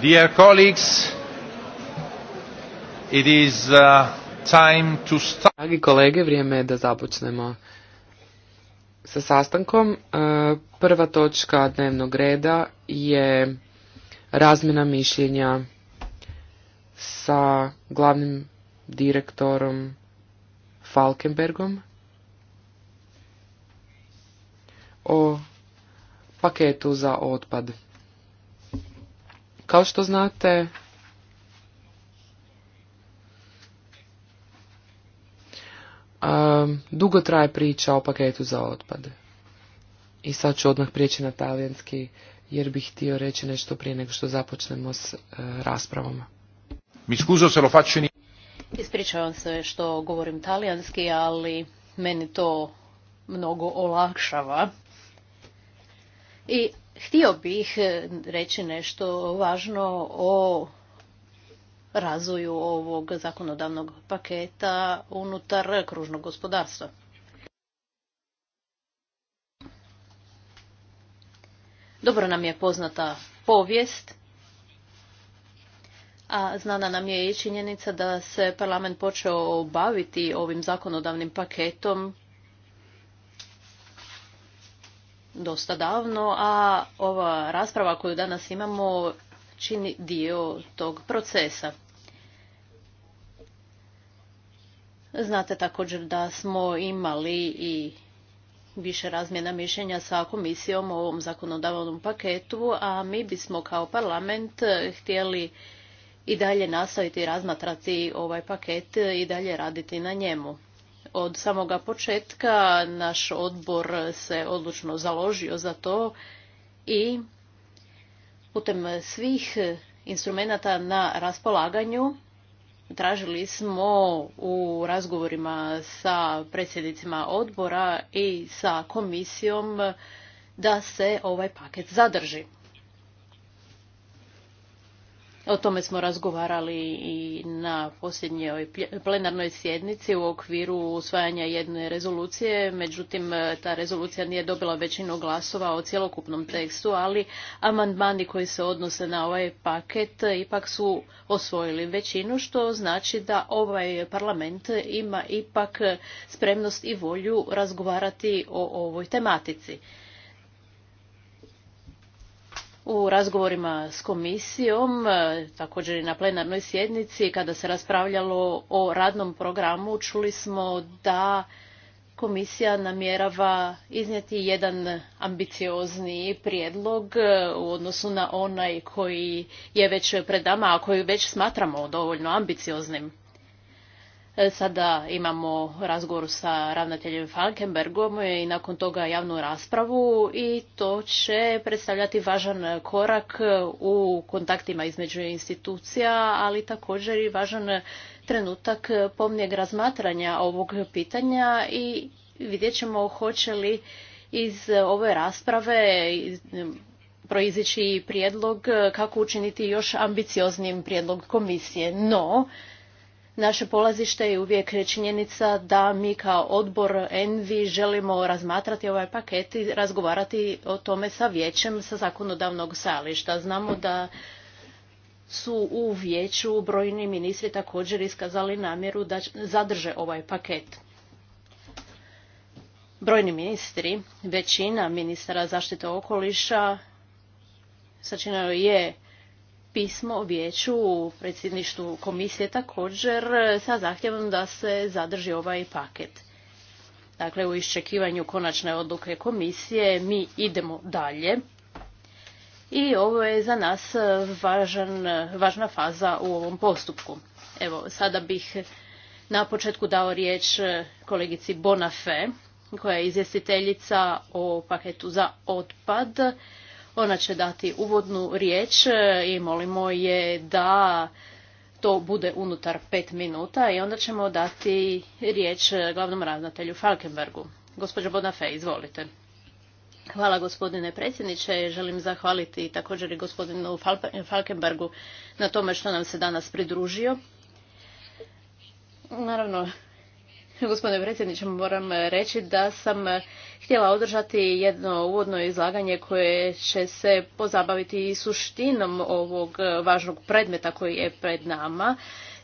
Dear colleagues, it is uh, time to start. Dragi kolege, vrijeme je da započnemo sa sastankom. E, prva točka dnevnog reda je razmjena mišljenja sa glavnim direktorom Falkenbergom o paketu za otpad. Kao što znate, um, dugo traje priča o paketu za otpade. I sad ću odmah prijeći na talijanski, jer bih htio reći nešto prije nego što započnemo s uh, raspravama. Mi scuso se lo faccio in... Ispričavam se što govorim talijanski, ali meni to mnogo olakšava. I Htio bih e, reći nešto važno o razvoju ovog zakonodavnog paketa unutar kružnog gospodarstva. Dobro nam je poznata povijest, a znana nam je i činjenica da se parlament počeo baviti ovim zakonodavnim paketom dosta davno, a ova rasprava koju danas imamo čini dio tog procesa. Znate također da smo imali i više razmjena mišljenja sa komisijom o ovom zakonodavnom paketu, a mi bismo kao parlament htjeli i dalje nastaviti razmatrati ovaj paket i dalje raditi na njemu. Od samoga početka naš odbor se odlučno založio za to i putem svih instrumenata na raspolaganju tražili smo u razgovorima sa predsjednicima odbora i sa komisijom da se ovaj paket zadrži. O tome smo razgovarali i na posljednjoj plenarnoj sjednici u okviru usvajanja jedne rezolucije. Međutim, ta rezolucija nije dobila većinu glasova o cjelokupnom tekstu, ali amandmani koji se odnose na ovaj paket ipak su osvojili većinu, što znači da ovaj parlament ima ipak spremnost i volju razgovarati o ovoj tematici u razgovorima s komisijom, e, također i na plenarnoj sjednici, kada se raspravljalo o radnom programu, čuli smo da komisija namjerava iznijeti jedan ambiciozni prijedlog e, u odnosu na onaj koji je već pred nama, a koji već smatramo dovoljno ambicioznim. E, sada imamo razgovor sa ravnateljem Falkenbergom i nakon toga javnu raspravu i to će predstavljati važan korak u kontaktima između institucija, ali također i važan trenutak pomnijeg razmatranja ovog pitanja i vidjet ćemo hoće li iz ove rasprave proizići prijedlog kako učiniti još ambicioznim prijedlog komisije. No, Naše polazište je uvijek činjenica da mi kao odbor ENVI želimo razmatrati ovaj paket i razgovarati o tome sa vijećem sa zakonodavnog stajališta. Znamo da su u vijeću brojni ministri također iskazali namjeru da zadrže ovaj paket. Brojni ministri, većina ministara zaštite okoliša sačinjeno je pismo vijeću predsjedništvu komisije također sa zahtjevom da se zadrži ovaj paket. Dakle, u iščekivanju konačne odluke komisije mi idemo dalje. I ovo je za nas važan, važna faza u ovom postupku. Evo, sada bih na početku dao riječ kolegici Bonafé, koja je izvjestiteljica o paketu za otpad ona će dati uvodnu riječ e, i molimo je da to bude unutar pet minuta i onda ćemo dati riječ e, glavnom ravnatelju Falkenbergu. Gospođo Bonafe, izvolite. Hvala gospodine predsjedniče. Želim zahvaliti također i gospodinu Falkenbergu na tome što nam se danas pridružio. Naravno, Gospodine predsjedniče, moram reći da sam htjela održati jedno uvodno izlaganje koje će se pozabaviti i suštinom ovog važnog predmeta koji je pred nama.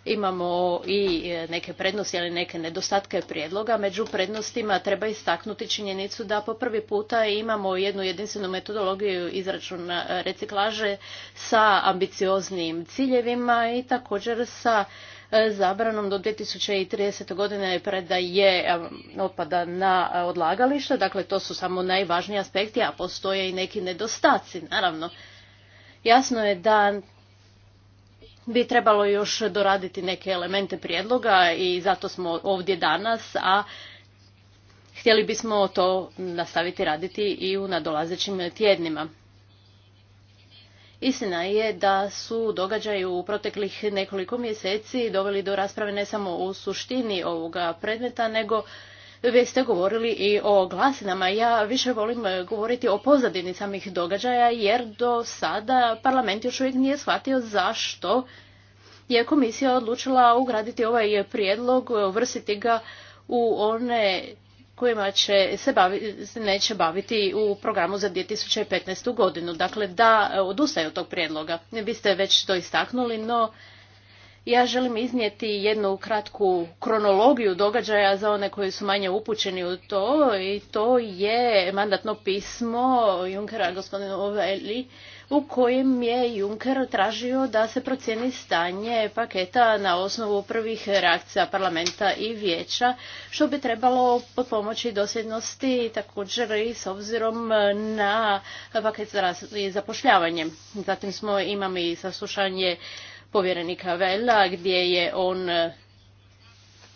Imamo i neke prednosti, ali neke nedostatke prijedloga. Među prednostima treba istaknuti činjenicu da po prvi puta imamo jednu jedinstvenu metodologiju izračuna reciklaže sa ambicioznim ciljevima i također sa E, zabranom do 2030. godine predaje e, otpada na e, odlagalište. Dakle, to su samo najvažniji aspekti, a postoje i neki nedostaci, naravno. Jasno je da bi trebalo još doraditi neke elemente prijedloga i zato smo ovdje danas, a htjeli bismo to nastaviti raditi i u nadolazećim tjednima. Istina je da su događaji u proteklih nekoliko mjeseci doveli do rasprave ne samo u suštini ovoga predmeta, nego vi ste govorili i o glasinama. Ja više volim govoriti o pozadini samih događaja, jer do sada parlament još uvijek nije shvatio zašto je komisija odlučila ugraditi ovaj prijedlog, uvrstiti ga u one kojima će se bavi, neće baviti u programu za 2015. godinu. Dakle, da e, odustaju od tog prijedloga. Vi ste već to istaknuli, no ja želim iznijeti jednu kratku kronologiju događaja za one koji su manje upućeni u to i to je mandatno pismo Junkera gospodinu Oveli u kojem je Juncker tražio da se procijeni stanje paketa na osnovu prvih reakcija parlamenta i vijeća, što bi trebalo pomoći dosljednosti također i s obzirom na paket za zapošljavanje. Zatim smo i saslušanje povjerenika Vela gdje je on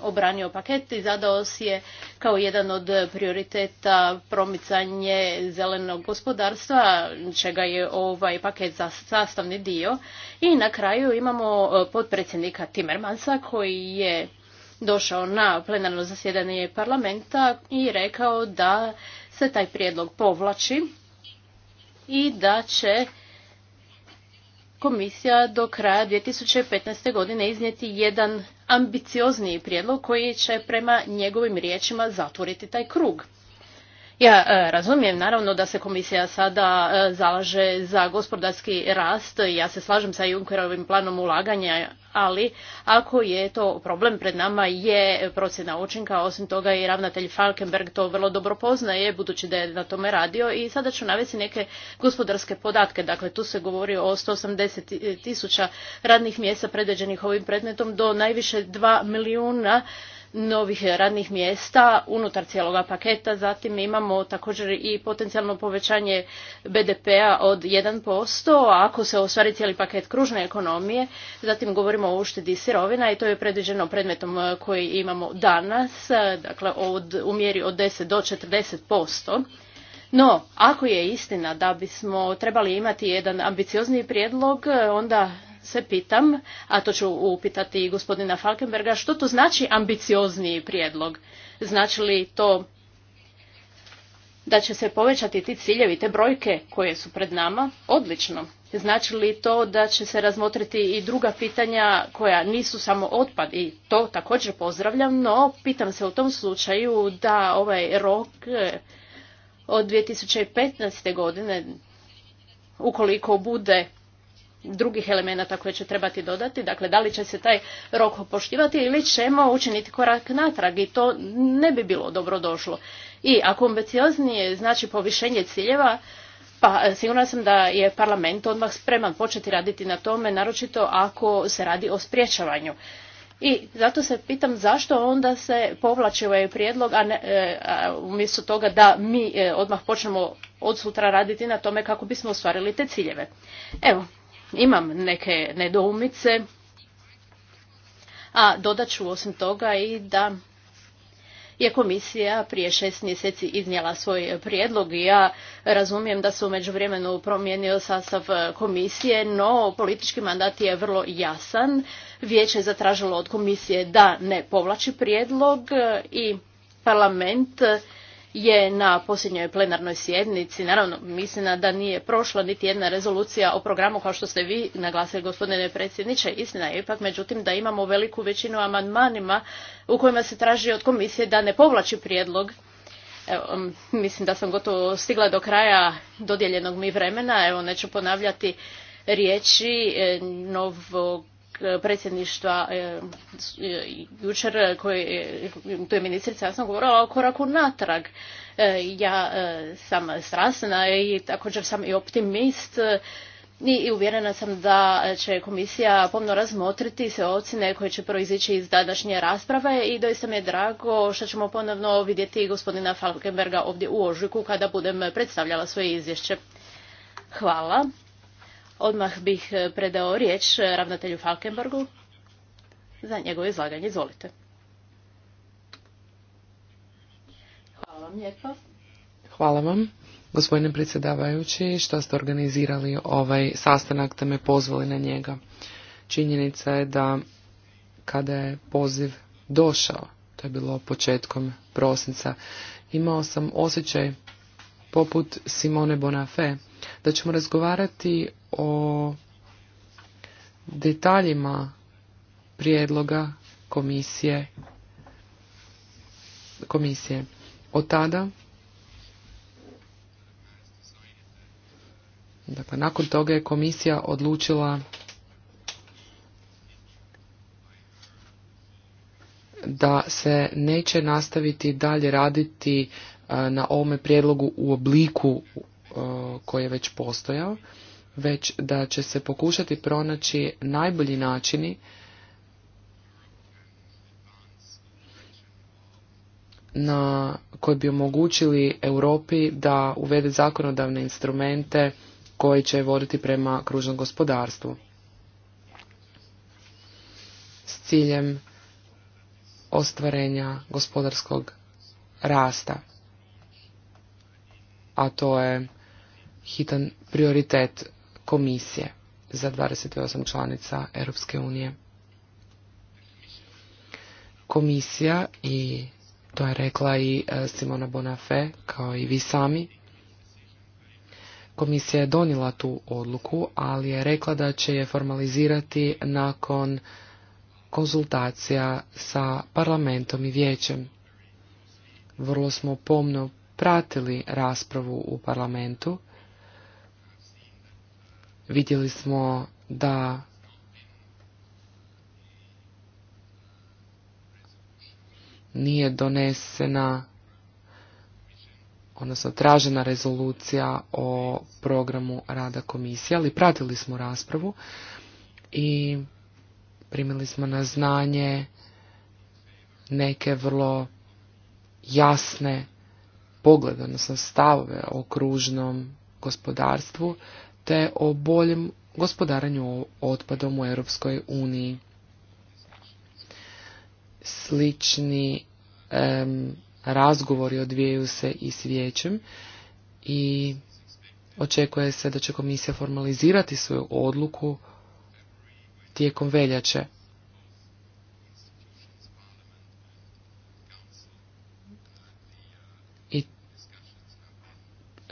obranio paket i zadao si je kao jedan od prioriteta promicanje zelenog gospodarstva, čega je ovaj paket za sastavni dio. I na kraju imamo e, potpredsjednika Timmermansa koji je došao na plenarno zasjedanje parlamenta i rekao da se taj prijedlog povlači i da će komisija do kraja 2015. godine iznijeti jedan ambiciozniji prijedlog koji će prema njegovim riječima zatvoriti taj krug. Ja e, razumijem naravno da se komisija sada e, zalaže za gospodarski rast, ja se slažem sa Junckerovim planom ulaganja, ali ako je to problem pred nama je procjena učinka, osim toga i ravnatelj Falkenberg to vrlo dobro poznaje, budući da je na tome radio i sada ću navesti neke gospodarske podatke. Dakle, tu se govori o osamdeset tisuća radnih mjesta predviđenih ovim predmetom do najviše 2 milijuna novih radnih mjesta unutar cijelog paketa. Zatim imamo također i potencijalno povećanje BDP-a od 1%, ako se ostvari cijeli paket kružne ekonomije. Zatim govorimo o uštedi sirovina i to je predviđeno predmetom koji imamo danas, dakle od, u mjeri od 10 do 40%. No, ako je istina da bismo trebali imati jedan ambiciozniji prijedlog, onda se pitam, a to ću upitati i gospodina Falkenberga, što to znači ambiciozniji prijedlog? Znači li to da će se povećati ti ciljevi, te brojke koje su pred nama? Odlično. Znači li to da će se razmotriti i druga pitanja koja nisu samo otpad i to također pozdravljam, no pitam se u tom slučaju da ovaj rok eh, od 2015. godine ukoliko bude drugih elemenata koje će trebati dodati, dakle da li će se taj rok poštivati ili ćemo učiniti korak natrag i to ne bi bilo dobro došlo. I ako ambicioznije znači povišenje ciljeva, pa e, sigurna sam da je parlament odmah spreman početi raditi na tome, naročito ako se radi o spriječavanju. I zato se pitam zašto onda se povlači ovaj prijedlog, a, ne, e, a umjesto toga da mi e, odmah počnemo od sutra raditi na tome kako bismo ostvarili te ciljeve. Evo, imam neke nedoumice, a dodat ću osim toga i da je komisija prije šest mjeseci iznijela svoj prijedlog i ja razumijem da se u međuvremenu promijenio sastav komisije, no politički mandat je vrlo jasan. Vijeće je zatražilo od komisije da ne povlači prijedlog i parlament je na posljednjoj plenarnoj sjednici, naravno mislim da nije prošla niti jedna rezolucija o programu kao što ste vi naglasili gospodine predsjedniče, istina je ipak međutim da imamo veliku većinu amandmanima u kojima se traži od komisije da ne povlači prijedlog Evo, mislim da sam gotovo stigla do kraja dodijeljenog mi vremena. Evo, neću ponavljati riječi e, novog predsjedništva e, e, jučer e, tu je ministrica ja sam govorila o koraku natrag ja sam strasna i također sam i optimist i uvjerena sam da će komisija pomno razmotriti sve ocjene koje će proizići iz današnje rasprave i doista mi je drago što ćemo ponovno vidjeti gospodina Falkenberga ovdje u ožujku kada budem predstavljala svoje izvješće. Hvala. Odmah bih e, predao riječ e, ravnatelju Falkenbergu za njegovo izlaganje. Izvolite. Hvala vam Hvala vam. Gospodine predsjedavajući, što ste organizirali ovaj sastanak te me pozvali na njega. Činjenica je da kada je poziv došao, to je bilo početkom prosinca, imao sam osjećaj poput Simone Bonafé da ćemo razgovarati o detaljima prijedloga komisije. komisije. Od tada, dakle, nakon toga je komisija odlučila da se neće nastaviti dalje raditi e, na ovome prijedlogu u obliku e, koji je već postojao već da će se pokušati pronaći najbolji načini na koji bi omogućili Europi da uvede zakonodavne instrumente koji će voditi prema kružnom gospodarstvu s ciljem ostvarenja gospodarskog rasta. A to je hitan prioritet komisije za 28 članica Europske unije. Komisija i to je rekla i e, Simona Bonafé kao i vi sami. Komisija je donijela tu odluku, ali je rekla da će je formalizirati nakon konzultacija sa parlamentom i vijećem. Vrlo smo pomno pratili raspravu u parlamentu Vidjeli smo da nije donesena odnosno tražena rezolucija o programu rada komisije, ali pratili smo raspravu i primili smo na znanje neke vrlo jasne poglede, odnosno stavove o kružnom gospodarstvu te o boljem gospodaranju otpadom u Europskoj uniji. Slični razgovori odvijaju se i s vijećem i očekuje se da će komisija formalizirati svoju odluku tijekom veljače.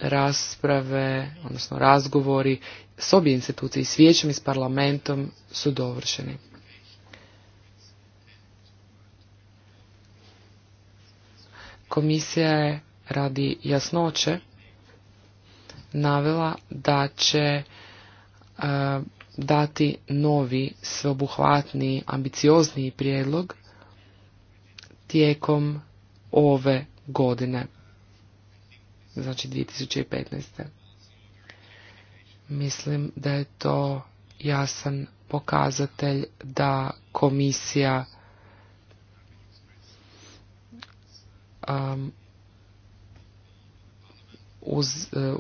rasprave, odnosno razgovori s obje institucije i s vijećem i s parlamentom su dovršeni. Komisija je radi jasnoće navela da će e, dati novi, sveobuhvatniji, ambiciozniji prijedlog tijekom ove godine znači 2015. Mislim da je to jasan pokazatelj da komisija um, uh,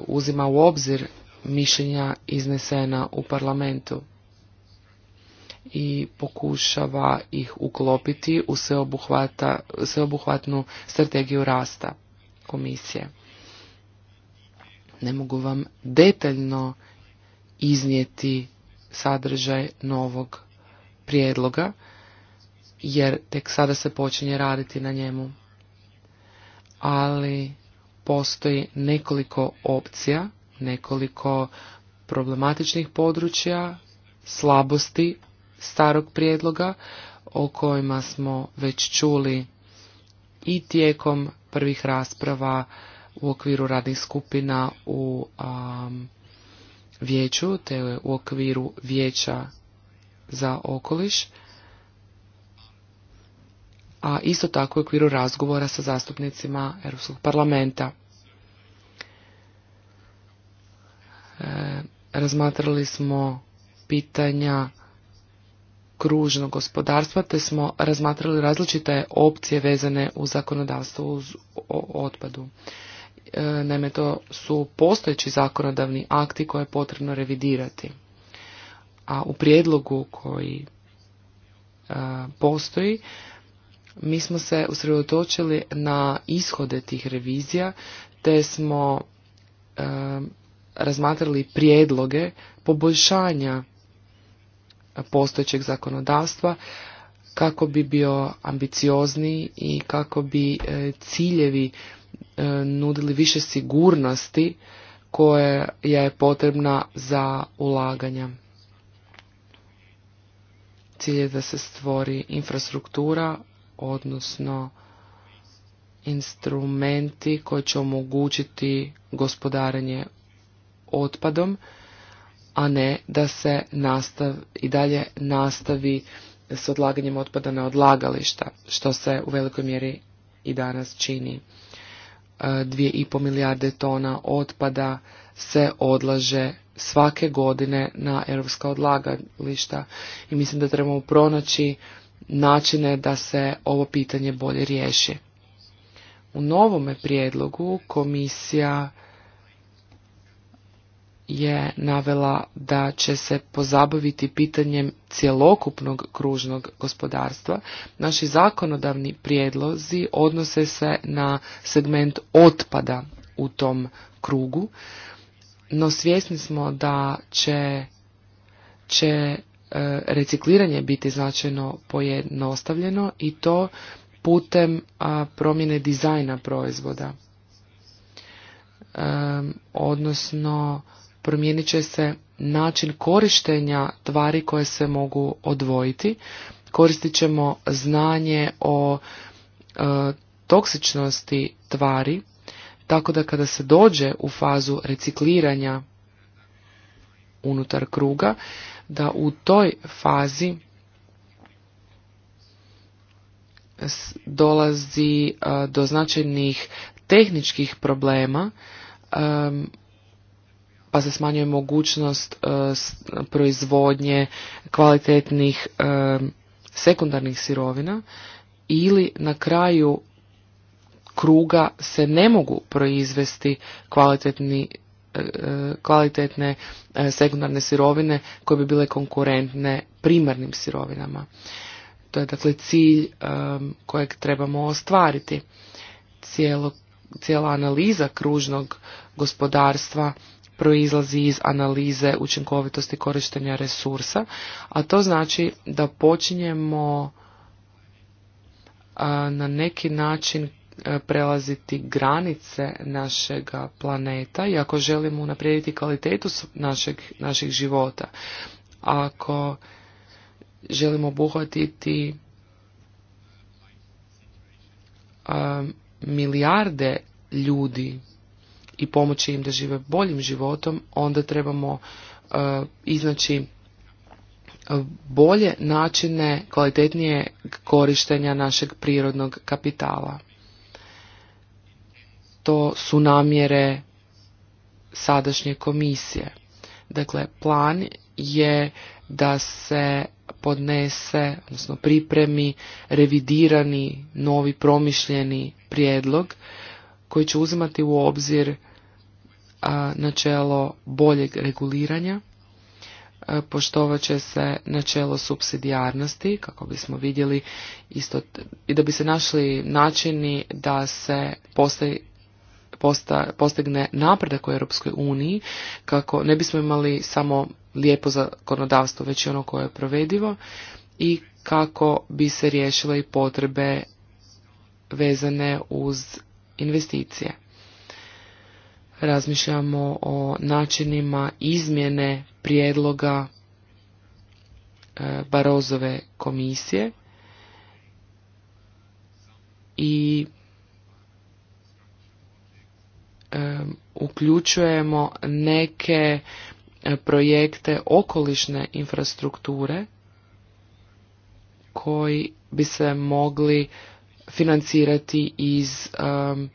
uzima u obzir mišljenja iznesena u parlamentu i pokušava ih uklopiti u sveobuhvatnu strategiju rasta komisije. Ne mogu vam detaljno iznijeti sadržaj novog prijedloga, jer tek sada se počinje raditi na njemu. Ali postoji nekoliko opcija, nekoliko problematičnih područja, slabosti starog prijedloga o kojima smo već čuli i tijekom prvih rasprava u okviru radnih skupina u vijeću te u okviru vijeća za okoliš, a isto tako u okviru razgovora sa zastupnicima Europskog parlamenta. E, razmatrali smo pitanja kružnog gospodarstva, te smo razmatrali različite opcije vezane u zakonodavstvo uz otpadu. E, naime to su postojeći zakonodavni akti koje je potrebno revidirati. A u prijedlogu koji e, postoji, mi smo se usredotočili na ishode tih revizija, te smo e, razmatrali prijedloge poboljšanja postojećeg zakonodavstva kako bi bio ambiciozniji i kako bi ciljevi E, nudili više sigurnosti koja je potrebna za ulaganja. Cilj je da se stvori infrastruktura, odnosno instrumenti koji će omogućiti gospodarenje otpadom, a ne da se nastav, i dalje nastavi s odlaganjem otpada na odlagališta, što se u velikoj mjeri i danas čini. 2,5 milijarde tona otpada se odlaže svake godine na europska odlagališta i mislim da trebamo pronaći načine da se ovo pitanje bolje riješi. U novome prijedlogu komisija je navela da će se pozabaviti pitanjem cjelokupnog kružnog gospodarstva. Naši zakonodavni prijedlozi odnose se na segment otpada u tom krugu, no svjesni smo da će, će e, recikliranje biti značajno pojednostavljeno i to putem promjene dizajna proizvoda. odnosno promijenit će se način korištenja tvari koje se mogu odvojiti. Koristit ćemo znanje o e, toksičnosti tvari, tako da kada se dođe u fazu recikliranja unutar kruga, da u toj fazi dolazi e, do značajnih tehničkih problema pa se smanjuje mogućnost e, proizvodnje kvalitetnih e, sekundarnih sirovina ili na kraju kruga se ne mogu proizvesti kvalitetni e, kvalitetne sekundarne sirovine koje bi bile konkurentne primarnim sirovinama. To je dakle cilj kojeg trebamo ostvariti. cijela analiza kružnog gospodarstva proizlazi iz analize učinkovitosti korištenja resursa, a to znači da počinjemo na neki način e, prelaziti granice našega planeta i ako želimo unaprijediti kvalitetu našeg, života, ako želimo obuhvatiti milijarde ljudi i pomoći im da žive boljim životom, onda trebamo e, iznaći e, bolje načine kvalitetnije korištenja našeg prirodnog kapitala. To su namjere sadašnje komisije. Dakle, plan je da se podnese, odnosno pripremi revidirani, novi promišljeni prijedlog koji će uzimati u obzir a, načelo boljeg reguliranja, a, poštovat će se načelo subsidijarnosti, kako bismo vidjeli isto, i da bi se našli načini da se postigne napredak u Europskoj uniji, kako ne bismo imali samo lijepo zakonodavstvo, već i ono koje je provedivo i kako bi se riješile i potrebe vezane uz investicije. Razmišljamo o načinima izmjene prijedloga e, Barozove komisije i e, uključujemo neke e, projekte okolišne infrastrukture koji bi se mogli financirati iz um,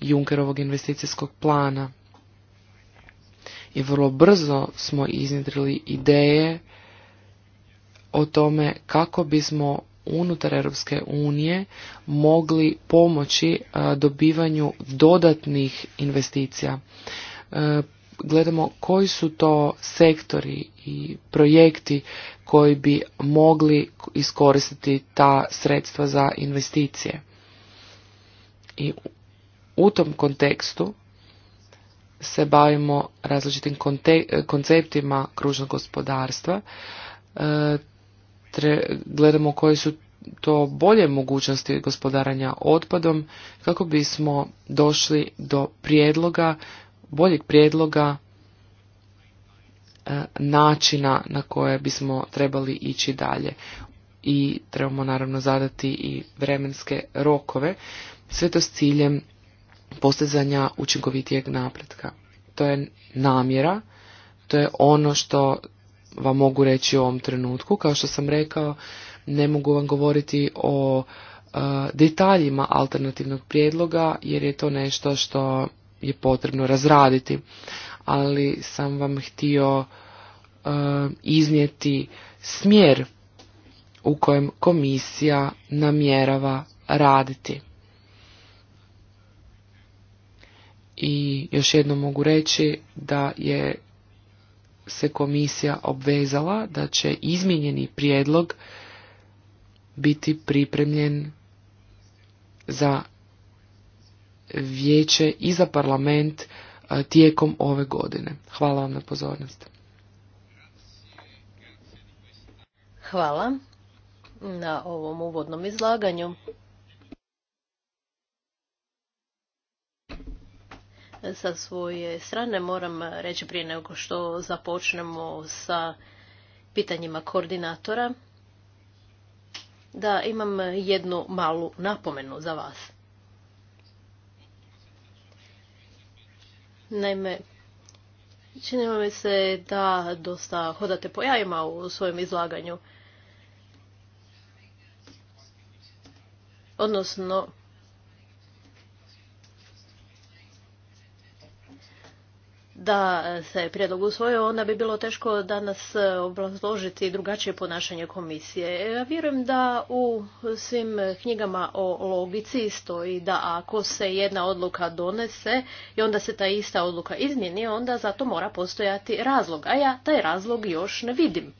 Junkerovog investicijskog plana. I vrlo brzo smo iznjedrili ideje o tome kako bismo unutar Europske unije mogli pomoći uh, dobivanju dodatnih investicija. Uh, gledamo koji su to sektori i projekti koji bi mogli iskoristiti ta sredstva za investicije. I u tom kontekstu se bavimo različitim konceptima kružnog gospodarstva. E, gledamo koji su to bolje mogućnosti gospodaranja otpadom kako bismo došli do prijedloga boljeg prijedloga e, načina na koje bismo trebali ići dalje. I trebamo naravno zadati i vremenske rokove, sve to s ciljem postizanja učinkovitijeg napretka. To je namjera, to je ono što vam mogu reći u ovom trenutku. Kao što sam rekao, ne mogu vam govoriti o e, detaljima alternativnog prijedloga jer je to nešto što je potrebno razraditi. Ali sam vam htio e, iznijeti smjer u kojem komisija namjerava raditi. I još jedno mogu reći da je se komisija obvezala da će izmijenjeni prijedlog biti pripremljen za vijeće i za parlament e, tijekom ove godine. Hvala vam na pozornost. Hvala na ovom uvodnom izlaganju. Sa svoje strane moram reći prije nego što započnemo sa pitanjima koordinatora da imam jednu malu napomenu za vas. Naime, čini mi se da dosta hodate po jajima u svojem izlaganju. Odnosno, da e, se prijedlog usvojio, onda bi bilo teško danas e, obrazložiti drugačije ponašanje komisije. E, ja vjerujem da u svim knjigama o logici stoji da ako se jedna odluka donese i onda se ta ista odluka izmjeni, onda za to mora postojati razlog, a ja taj razlog još ne vidim.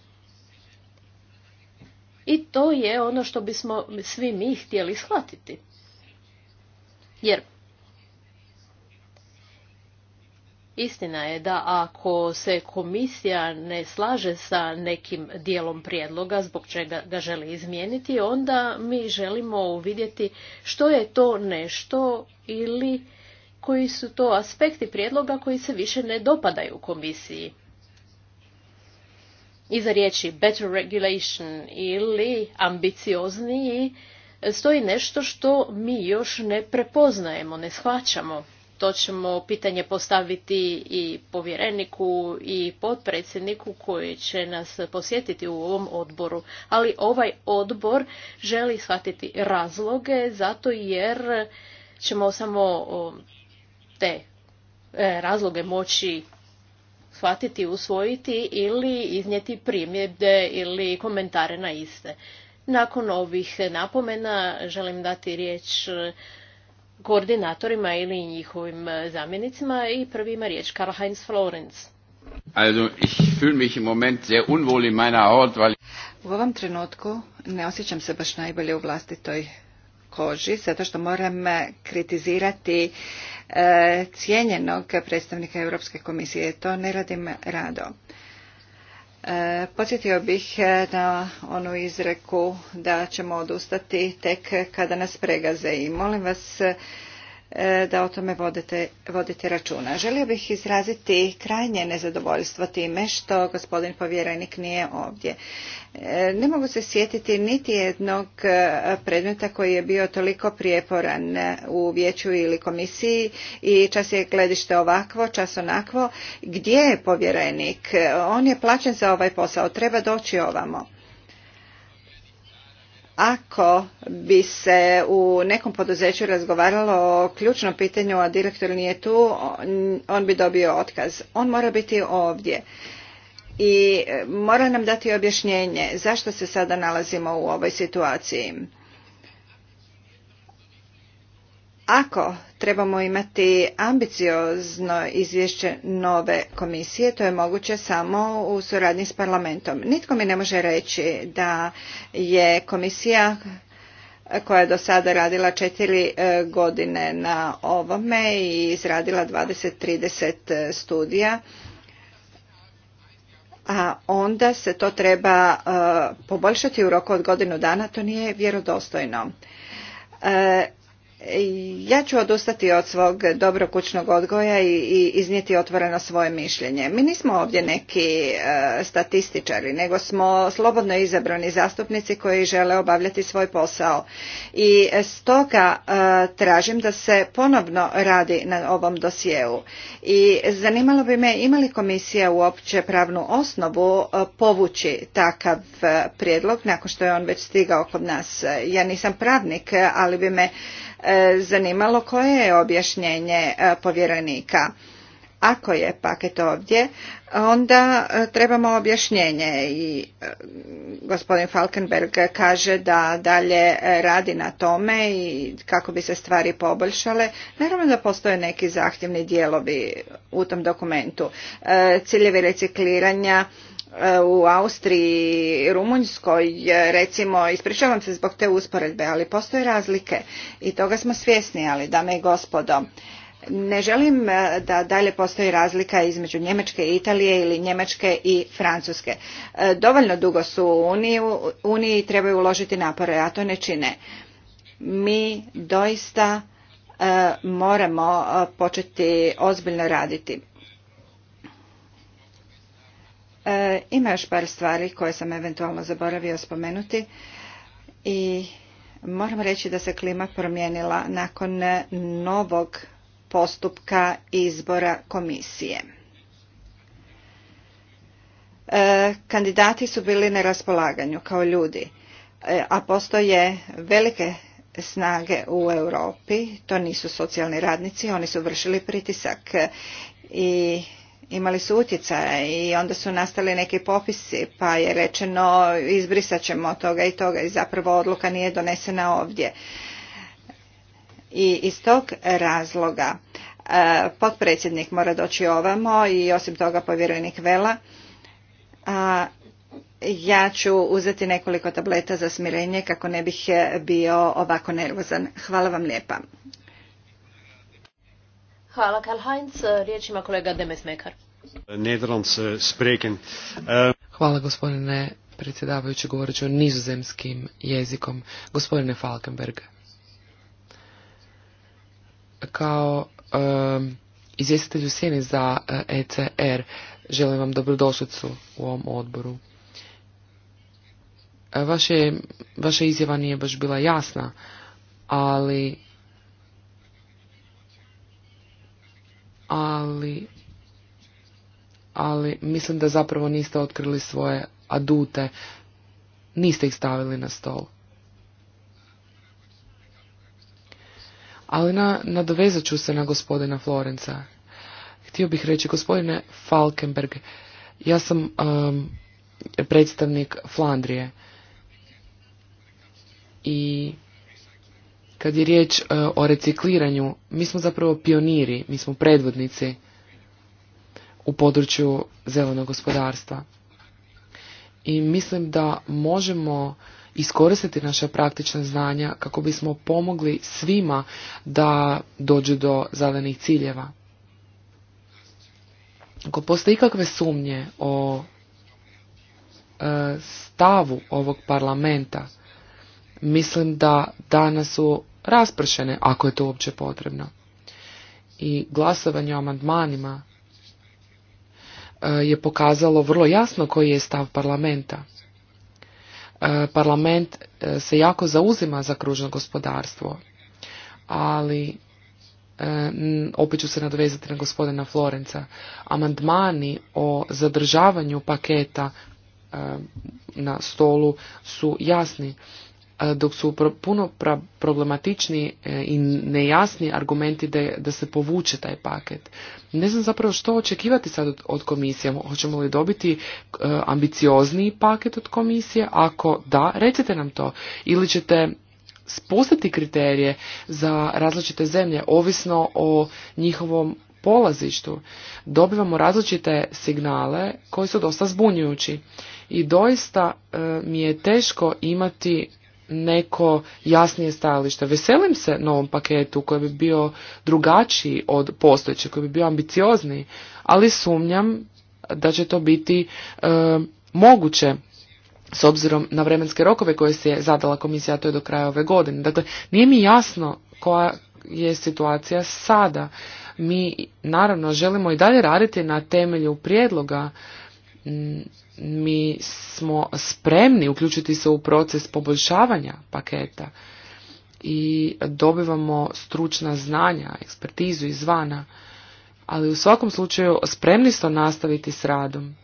I to je ono što bismo svi mi htjeli shvatiti. Jer Istina je da ako se komisija ne slaže sa nekim dijelom prijedloga zbog čega ga želi izmijeniti, onda mi želimo uvidjeti što je to nešto ili koji su to aspekti prijedloga koji se više ne dopadaju komisiji. Iza riječi better regulation ili ambiciozniji stoji nešto što mi još ne prepoznajemo, ne shvaćamo to ćemo pitanje postaviti i povjereniku i potpredsjedniku koji će nas posjetiti u ovom odboru. Ali ovaj odbor želi shvatiti razloge zato jer ćemo samo te e, razloge moći shvatiti, usvojiti ili iznijeti primjedbe ili komentare na iste. Nakon ovih napomena želim dati riječ koordinatorima ili njihovim e, zamjenicima i prvima ima riječ Karl Heinz Florenz. Also ich fühle mich im Moment sehr unwohl in meiner Haut, weil u ovom trenutku ne osjećam se baš najbolje u vlastitoj koži, zato što moram e, kritizirati e, cijenjenog predstavnika Europske komisije. To ne radim rado. Podsjetio bih e, na onu izreku da ćemo odustati tek kada nas pregaze i molim vas E, da o tome vodite, vodite računa. Želio bih izraziti krajnje nezadovoljstvo time što gospodin povjerenik nije ovdje. E, ne mogu se sjetiti niti jednog e, predmeta koji je bio toliko prijeporan u vijeću ili komisiji i čas je gledište ovakvo, čas onakvo. Gdje je povjerenik? On je plaćen za ovaj posao, treba doći ovamo ako bi se u nekom poduzeću razgovaralo o ključnom pitanju, a direktor nije tu, on bi dobio otkaz. On mora biti ovdje i mora nam dati objašnjenje zašto se sada nalazimo u ovoj situaciji. Ako trebamo imati ambiciozno izvješće nove komisije. To je moguće samo u suradnji s parlamentom. Nitko mi ne može reći da je komisija koja je do sada radila četiri e, godine na ovome i izradila 20-30 studija, a onda se to treba e, poboljšati u roku od godinu dana, to nije vjerodostojno. E, ja ću odustati od svog dobro kućnog odgoja i iznijeti otvoreno svoje mišljenje. Mi nismo ovdje neki e, statističari, nego smo slobodno izabrani zastupnici koji žele obavljati svoj posao. I stoga e, tražim da se ponovno radi na ovom dosjeu. I zanimalo bi me imali komisija uopće pravnu osnovu e, povući takav prijedlog nakon što je on već stigao kod nas. Ja nisam pravnik, ali bi me E, zanimalo koje je objašnjenje e, povjerenika. Ako je paket ovdje, onda e, trebamo objašnjenje i gospodin Falkenberg kaže da dalje radi na tome i kako bi se stvari poboljšale. Naravno da postoje neki zahtjevni dijelovi u tom dokumentu. Ciljevi recikliranja, E, u Austriji i Rumunjskoj, e, recimo, ispričavam se zbog te usporedbe, ali postoje razlike i toga smo svjesni, ali dame i gospodo, ne želim e, da dalje postoji razlika između Njemačke i Italije ili Njemačke i Francuske. Dovoljno dugo su u Uniji, u Uniji trebaju uložiti napore, a to ne čine. Mi doista moramo početi ozbiljno raditi. E, ima još par stvari koje sam eventualno zaboravio spomenuti i moram reći da se klima promijenila nakon novog postupka izbora komisije. E, kandidati su bili na raspolaganju kao ljudi, e, a postoje velike snage u Europi, to nisu socijalni radnici, oni su vršili pritisak i imali su utjecaja i onda su nastali neki popisi pa je rečeno izbrisat ćemo toga i toga i zapravo odluka nije donesena ovdje. I iz tog razloga e, potpredsjednik mora doći ovamo i osim toga povjerenik Vela. A ja ću uzeti nekoliko tableta za smirenje kako ne bih bio ovako nervozan. Hvala vam lijepa. Hvala Karl Heinz. Eh, riječ ima kolega eh, eh, Hvala gospodine predsjedavajući, govorit ću nizozemskim jezikom. Gospodine Falkenberg, kao izvjestitelju u sjeni za ECR, e želim vam dobrodošlicu u ovom odboru. vaša izjava nije baš bila jasna, ali ali ali mislim da zapravo niste otkrili svoje adute, niste ih stavili na stol. Ali na, nadovezat ću se na gospodina Florenca. Htio bih reći, gospodine Falkenberg, ja sam um, predstavnik Flandrije i kad je riječ e, o recikliranju, mi smo zapravo pioniri, mi smo predvodnici u području zelenog gospodarstva. I mislim da možemo iskoristiti naša praktična znanja kako bismo pomogli svima da dođu do zelenih ciljeva. Ako postoje ikakve sumnje o e, stavu ovog parlamenta mislim da danas su raspršene, ako je to uopće potrebno. I glasovanje o amandmanima e, je pokazalo vrlo jasno koji je stav parlamenta. E, parlament e, se jako zauzima za kružno gospodarstvo, ali opet ću se nadovezati na gospodina Florenca, amandmani o zadržavanju paketa na stolu su jasni dok su puno problematični e, i nejasni argumenti da, da se povuče taj paket. Ne znam zapravo što očekivati sad od, od komisije. Hoćemo li dobiti e, ambiciozniji paket od komisije? Ako da, recite nam to. Ili ćete spustiti kriterije za različite zemlje, ovisno o njihovom polazištu, dobivamo različite signale koji su dosta zbunjujući. I doista e, mi je teško imati neko jasnije stajalište. Veselim se novom paketu koji bi bio drugačiji od postojećeg, koji bi bio ambiciozniji, ali sumnjam da će to biti e, moguće s obzirom na vremenske rokove koje se je zadala komisija, to je do kraja ove godine. Dakle, nije mi jasno koja je situacija sada. Mi, naravno, želimo i dalje raditi na temelju prijedloga mi smo spremni uključiti se u proces poboljšavanja paketa i dobivamo stručna znanja, ekspertizu izvana, ali u svakom slučaju spremni smo nastaviti s radom.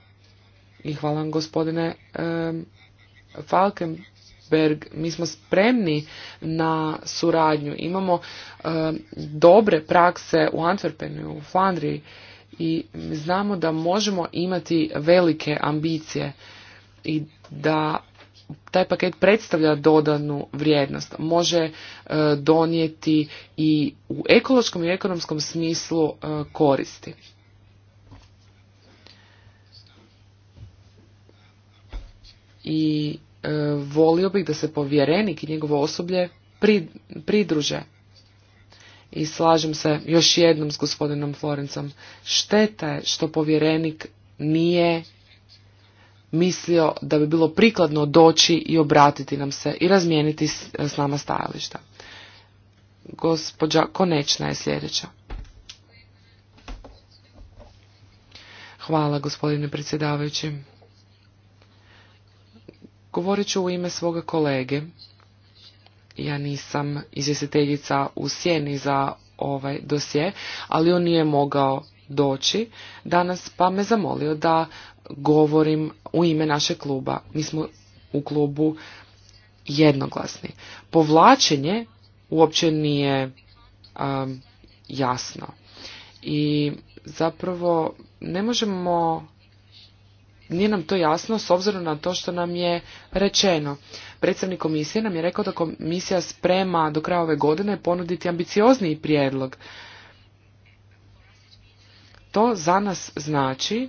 I hvala vam gospodine Falkenberg, mi smo spremni na suradnju. Imamo dobre prakse u Antwerpenu, u Flandriji i znamo da možemo imati velike ambicije i da taj paket predstavlja dodanu vrijednost. Može e, donijeti i u ekološkom i ekonomskom smislu e, koristi. I e, volio bih da se povjerenik i njegovo osoblje pridruže i slažem se još jednom s gospodinom Florencom. Šteta je što povjerenik nije mislio da bi bilo prikladno doći i obratiti nam se i razmijeniti s nama stajališta. Gospođa Konečna je sljedeća. Hvala gospodine predsjedavajući. Govorit ću u ime svoga kolege ja nisam izvjestiteljica u sjeni za ovaj dosje, ali on nije mogao doći danas, pa me zamolio da govorim u ime naše kluba. Mi smo u klubu jednoglasni. Povlačenje uopće nije um, jasno. I zapravo ne možemo nije nam to jasno s obzirom na to što nam je rečeno. Predstavnik komisije nam je rekao da komisija sprema do kraja ove godine ponuditi ambiciozniji prijedlog. To za nas znači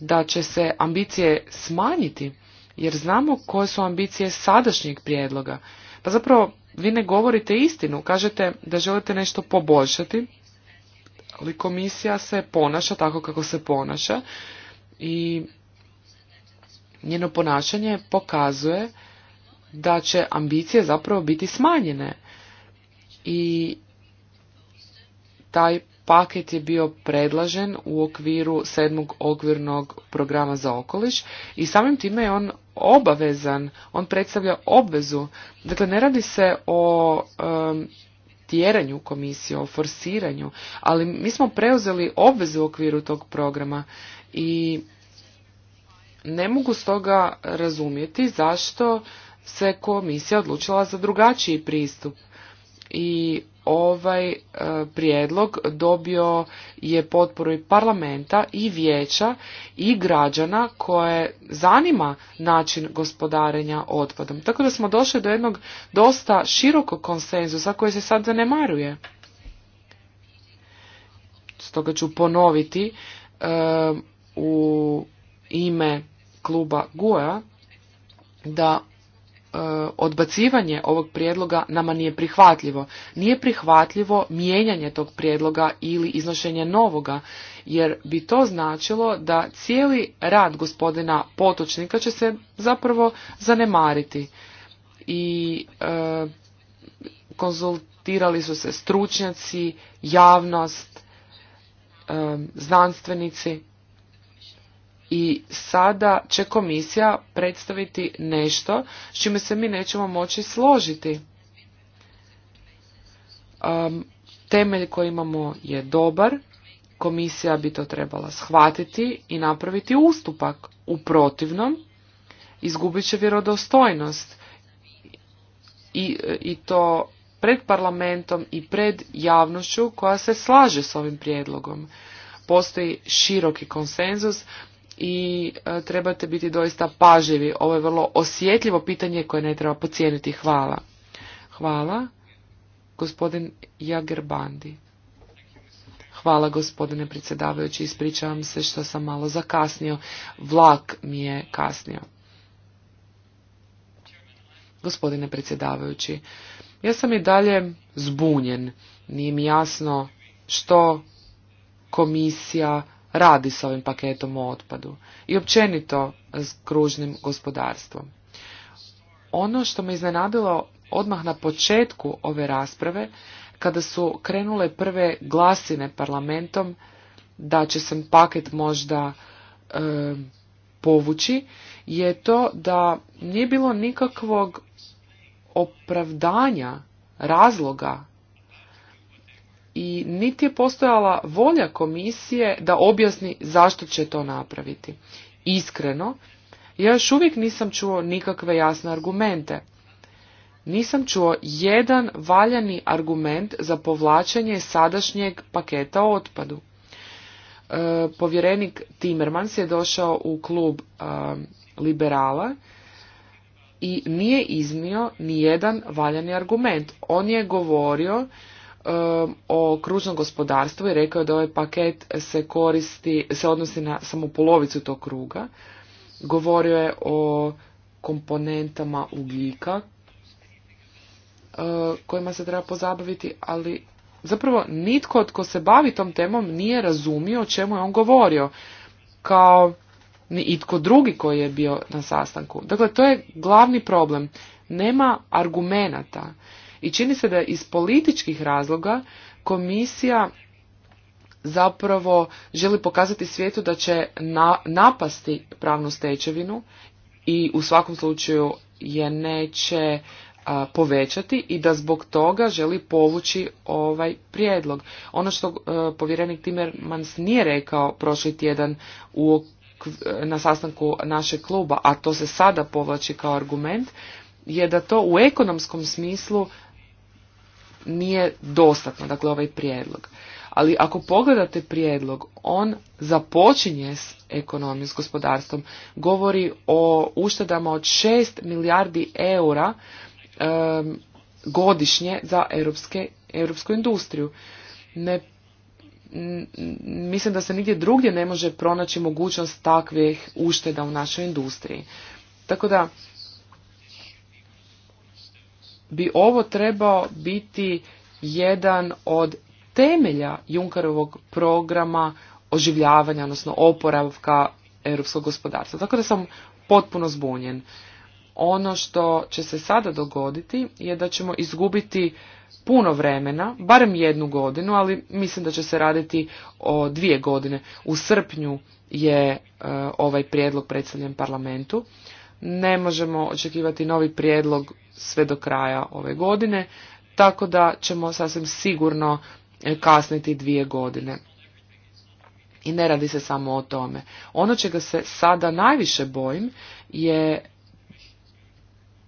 da će se ambicije smanjiti, jer znamo koje su ambicije sadašnjeg prijedloga. Pa zapravo vi ne govorite istinu, kažete da želite nešto poboljšati, ali komisija se ponaša tako kako se ponaša i Njeno ponašanje pokazuje da će ambicije zapravo biti smanjene i taj paket je bio predlažen u okviru sedmog okvirnog programa za okoliš i samim time je on obavezan, on predstavlja obvezu. Dakle, ne radi se o tjeranju komisije, o forsiranju, ali mi smo preuzeli obvezu u okviru tog programa i ne mogu stoga razumjeti zašto se komisija odlučila za drugačiji pristup i ovaj e, prijedlog dobio je potporu i parlamenta i vijeća i građana koje zanima način gospodarenja otpadom. Tako da smo došli do jednog dosta širokog konsenzusa koji se sad zanemaruje. Stoga ću ponoviti e, u ime kluba goa da e, odbacivanje ovog prijedloga nama nije prihvatljivo. Nije prihvatljivo mijenjanje tog prijedloga ili iznošenje novoga, jer bi to značilo da cijeli rad gospodina Potočnika će se zapravo zanemariti. I e, konzultirali su se stručnjaci, javnost, e, znanstvenici i sada će komisija predstaviti nešto s čime se mi nećemo moći složiti. temelj koji imamo je dobar, komisija bi to trebala shvatiti i napraviti ustupak. U protivnom, izgubit će vjerodostojnost i, i to pred parlamentom i pred javnošću koja se slaže s ovim prijedlogom. Postoji široki konsenzus i e, trebate biti doista paživi. Ovo je vrlo osjetljivo pitanje koje ne treba pocijeniti. Hvala. Hvala, gospodin Jager Hvala gospodine predsjedavajući, ispričavam se što sam malo zakasnio. Vlak mi je kasnio. Gospodine predsjedavajući, ja sam i dalje zbunjen. Nije mi jasno što komisija radi s ovim paketom o otpadu i općenito s kružnim gospodarstvom. Ono što me iznenadilo odmah na početku ove rasprave, kada su krenule prve glasine parlamentom da će se paket možda e, povući, je to da nije bilo nikakvog opravdanja razloga i niti je postojala volja komisije da objasni zašto će to napraviti. Iskreno, ja još uvijek nisam čuo nikakve jasne argumente. Nisam čuo jedan valjani argument za povlačenje sadašnjeg paketa otpadu. E, povjerenik Timmermans je došao u klub e, liberala i nije iznio ni jedan valjani argument. On je govorio Um, o kružnom gospodarstvu i rekao da ovaj paket se koristi, se odnosi na samo polovicu tog kruga. Govorio je o komponentama ugljika uh, kojima se treba pozabaviti, ali zapravo nitko tko se bavi tom temom nije razumio o čemu je on govorio, kao ni itko drugi koji je bio na sastanku. Dakle, to je glavni problem. Nema argumenata i čini se da iz političkih razloga komisija zapravo želi pokazati svijetu da će na, napasti pravnu stečevinu i u svakom slučaju je neće povećati i da zbog toga želi povući ovaj prijedlog. Ono što e, povjerenik Timmermans nije rekao prošli tjedan u, e, na sastanku našeg kluba, a to se sada povlači kao argument, je da to u ekonomskom smislu nije dostatno, dakle ovaj prijedlog. Ali ako pogledate prijedlog, on započinje s ekonomijom, s gospodarstvom, govori o uštedama od 6 milijardi eura godišnje za europske, europsku industriju. Ne, mislim da se nigdje drugdje ne može pronaći mogućnost takvih ušteda u našoj industriji. Tako da bi ovo trebao biti jedan od temelja Junkerovog programa oživljavanja, odnosno oporavka europskog gospodarstva. Tako da sam potpuno zbunjen. Ono što će se sada dogoditi je da ćemo izgubiti puno vremena, barem jednu godinu, ali mislim da će se raditi o dvije godine. U srpnju je e, ovaj prijedlog predstavljen parlamentu. Ne možemo očekivati novi prijedlog sve do kraja ove godine, tako da ćemo sasvim sigurno e, kasniti dvije godine. I ne radi se samo o tome. Ono čega se sada najviše bojim je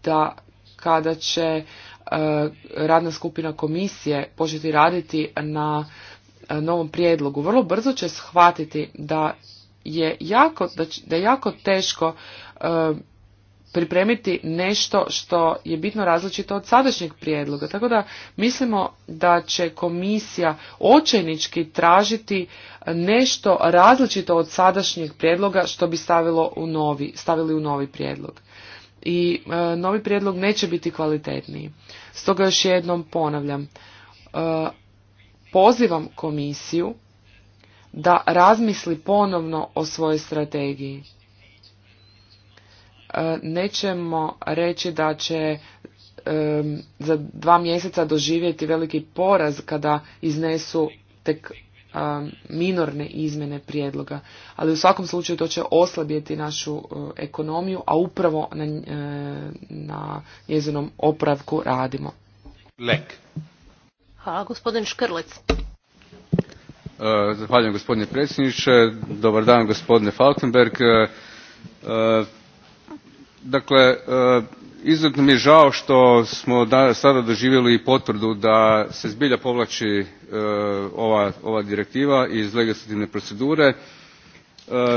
da kada će e, radna skupina komisije početi raditi na e, novom prijedlogu, vrlo brzo će shvatiti da je jako, teško pripremiti nešto što je bitno različito od sadašnjeg prijedloga. Tako da mislimo da će komisija očajnički tražiti nešto različito od sadašnjeg prijedloga što bi stavilo u novi, stavili u novi prijedlog. I e, novi prijedlog neće biti kvalitetniji. Stoga još jednom ponavljam. E, pozivam komisiju da razmisli ponovno o svojoj strategiji nećemo reći da će za dva mjeseca doživjeti veliki poraz kada iznesu tek minorne izmjene prijedloga. Ali u svakom slučaju to će oslabjeti našu e, ekonomiju, a upravo e, na, njezinom opravku radimo. Lek. Hvala, gospodin Škrlec. E, zahvaljujem, gospodine predsjedniče. Dobar dan, gospodine Falkenberg. Dakle, e, izuzetno mi je žao što smo sada doživjeli potvrdu da se zbilja povlači e, ova, direktiva iz legislativne procedure. E,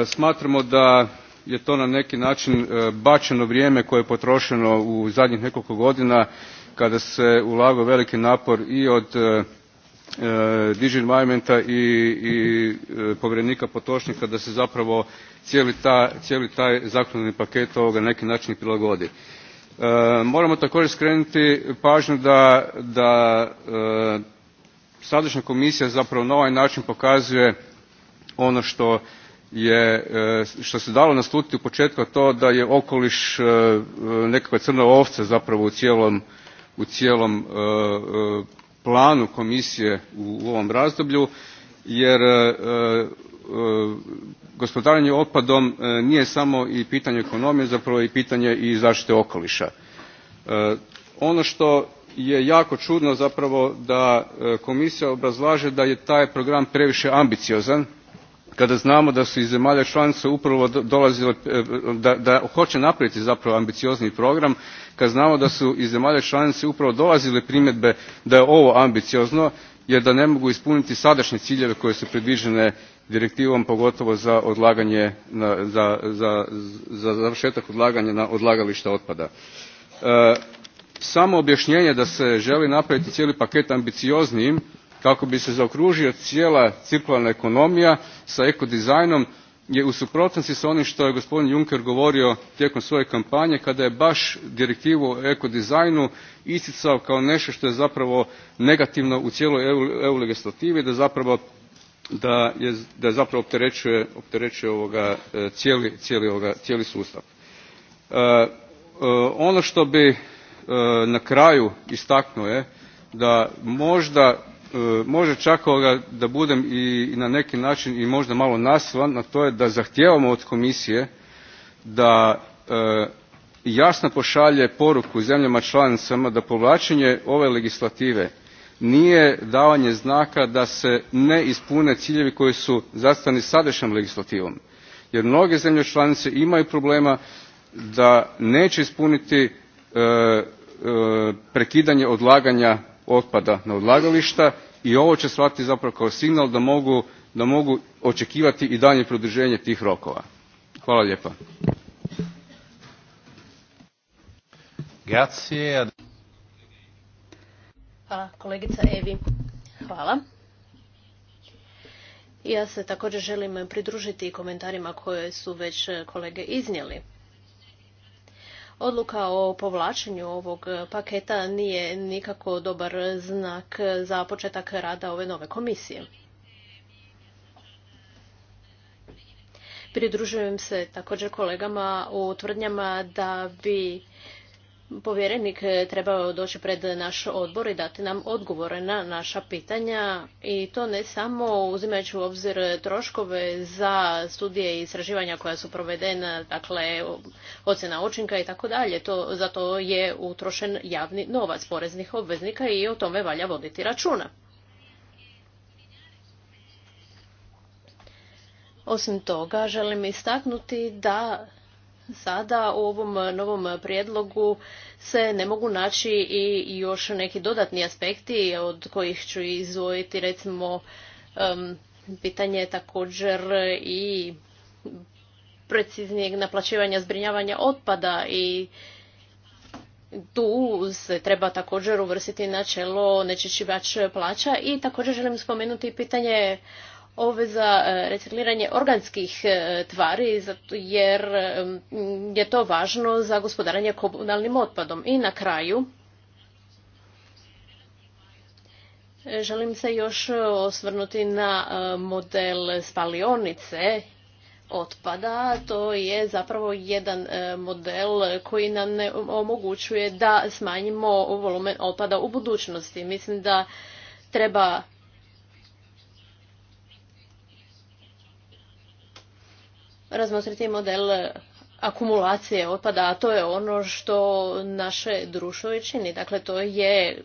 smatramo da je to na neki način bačeno vrijeme koje je potrošeno u zadnjih nekoliko godina kada se ulagao veliki napor i od E, DG Environmenta i, i e, povjerenika Potočnika da se zapravo cijeli, taj zakonodavni paket ovoga na neki način prilagodi. E, moramo također skrenuti pažnju da, da sadašnja komisija zapravo na ovaj način pokazuje ono što je što se dalo naslutiti u početku a to da je okoliš nekakva crna ovca zapravo u cijelom planu komisije u, ovom razdoblju jer e, e, e, gospodarenje otpadom nije samo i pitanje ekonomije zapravo i pitanje i zaštite okoliša. ono što je jako čudno zapravo da komisija obrazlaže da je taj program previše ambiciozan kada znamo da su iz zemalja članica upravo dolazile e, da, da hoće napraviti zapravo ambiciozniji program kad znamo da su iz zemalja članice upravo dolazile primjedbe da je ovo ambiciozno jer da ne mogu ispuniti sadašnje ciljeve koje su predviđene direktivom pogotovo za odlaganje za, za, za završetak odlaganja na odlagališta otpada. E, samo objašnjenje da se želi napraviti cijeli paket ambicioznijim kako bi se zaokružio cijela cirkularna ekonomija s ekodizajnom je u suprotnosti s onim što je gospodin juncker govorio tijekom svoje kampanje kada je baš direktivu o ekodizajnu isticao kao nešto što je zapravo negativno u cijeloj eu legislativi da zapravo opterećuje cijeli sustav. E, e, ono što bih e, na kraju istaknuo je da možda E, može čak da budem i na neki način i možda malo naslan, a to je da zahtijevamo od komisije da e, jasno pošalje poruku zemljama članicama da povlačenje ove legislative nije davanje znaka da se ne ispune ciljevi koji su zastani sadašnjom legislativom jer mnoge zemlje članice imaju problema da neće ispuniti e, prekidanje odlaganja otpada na odlagališta i ovo će shvatiti zapravo kao signal da mogu, da očekivati i daljnje produženje tih rokova. Hvala Evi. Hvala. Ja se također želim pridružiti komentarima koje su već kolege iznijeli. Odluka o povlačenju ovog e, paketa nije nikako dobar znak za početak rada ove nove komisije. Pridružujem se također kolegama u tvrdnjama da bi povjerenik eh, trebao doći pred naš odbor i dati nam odgovore na naša pitanja i to ne samo uzimajući u obzir troškove za studije i istraživanja koja su provedena, dakle ocjena učinka i tako dalje. To, za to je utrošen javni novac poreznih obveznika i o tome valja voditi računa. Osim toga, želim istaknuti da sada u ovom novom prijedlogu se ne mogu naći i još neki dodatni aspekti od kojih ću izdvojiti recimo pitanje također i preciznijeg naplaćivanja zbrinjavanja otpada i tu se treba također uvrstiti načelo nečišćivač plaća i također želim spomenuti pitanje za e, recikliranje organskih e, tvari jer e, je to važno za gospodaranje komunalnim otpadom. I na kraju želim se još osvrnuti na model spalionice otpada. To je zapravo jedan model koji nam omogućuje da smanjimo volumen otpada u budućnosti. Mislim da treba razmotriti model e, akumulacije otpada, a to je ono što naše društvo i čini. Dakle, to je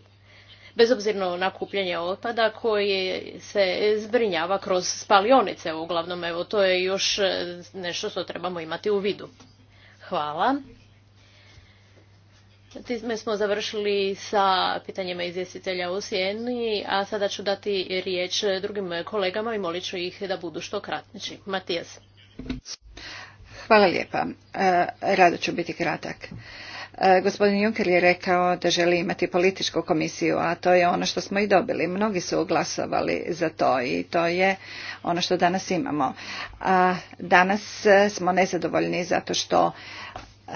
bezobzirno nakupljanje otpada koji se zbrinjava kroz spalionice uglavnom. Evo, to je još e, nešto što trebamo imati u vidu. Hvala. Time smo završili sa pitanjima izvjestitelja u Sjeni, a sada ću dati riječ drugim kolegama i molit ću ih da budu što kratniči. Matijas. Hvala e, Rado ću biti kratak. E, gospodin Juncker je rekao da želi imati političku komisiju, a to je ono što smo i dobili. Mnogi su glasovali za to i to je ono što danas imamo. A danas smo nezadovoljni zato što e,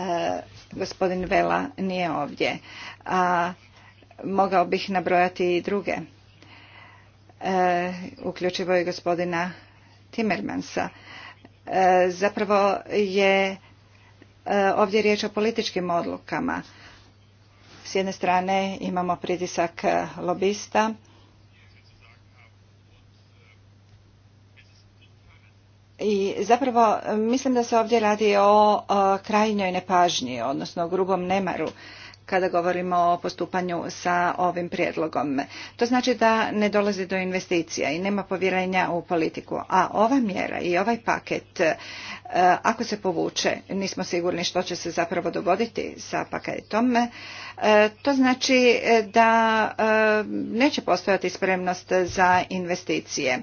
gospodin Vela nije ovdje. A mogao bih nabrojati i druge, uključivo i gospodina Timmermansa. E, zapravo je e, ovdje riječ o političkim odlukama. S jedne strane imamo pritisak e, lobista, I zapravo mislim da se ovdje radi o krajnjoj nepažnji, odnosno grubom nemaru kada govorimo o postupanju sa ovim prijedlogom. To znači da ne dolazi do investicija i nema povjerenja u politiku. A ova mjera i ovaj paket, e, ako se povuče, nismo sigurni što će se zapravo dogoditi sa paketom, e, to znači e, da neće postojati spremnost za investicije.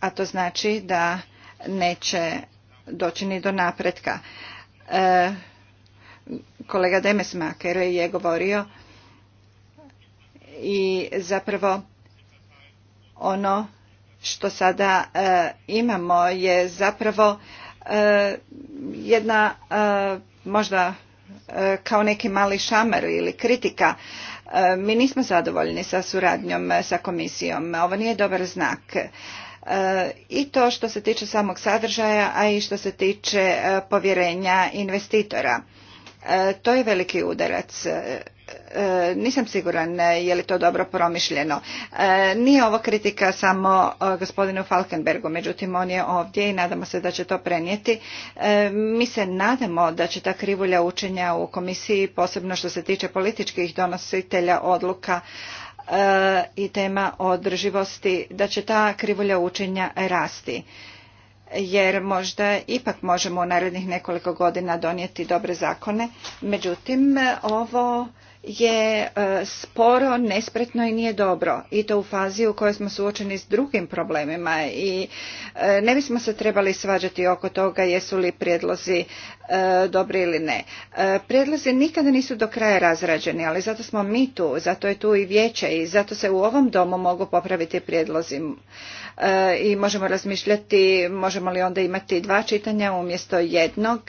A to znači da neće doći ni do napretka kolega Demesmaker je govorio i zapravo ono što sada e, imamo je zapravo e, jedna e, možda kao neki mali šamar ili kritika. Mi nismo zadovoljni sa suradnjom sa komisijom. Ovo nije dobar znak. I to što se tiče samog sadržaja, a i što se tiče povjerenja investitora. E, to je veliki udarac. E, e, nisam siguran je li to dobro promišljeno. Nije ovo kritika samo gospodinu Falkenbergu, međutim on je ovdje i nadamo se da će to prenijeti. Mi se nadamo da će ta krivulja učenja u komisiji, posebno što se tiče političkih donositelja odluka, i tema održivosti da će ta krivulja učenja rasti jer možda ipak možemo u narednih nekoliko godina donijeti dobre zakone. Međutim, ovo je e, sporo, nespretno i nije dobro. I to u fazi u kojoj smo suočeni s drugim problemima i e, ne bismo se trebali svađati oko toga jesu li prijedlozi E, dobri ili ne. E, prijedlozi nikada nisu do kraja razrađeni, ali zato smo mi tu, zato je tu i vijeće i zato se u ovom domu mogu popraviti prijedlozi e, i možemo razmišljati možemo li onda imati dva čitanja umjesto jednog.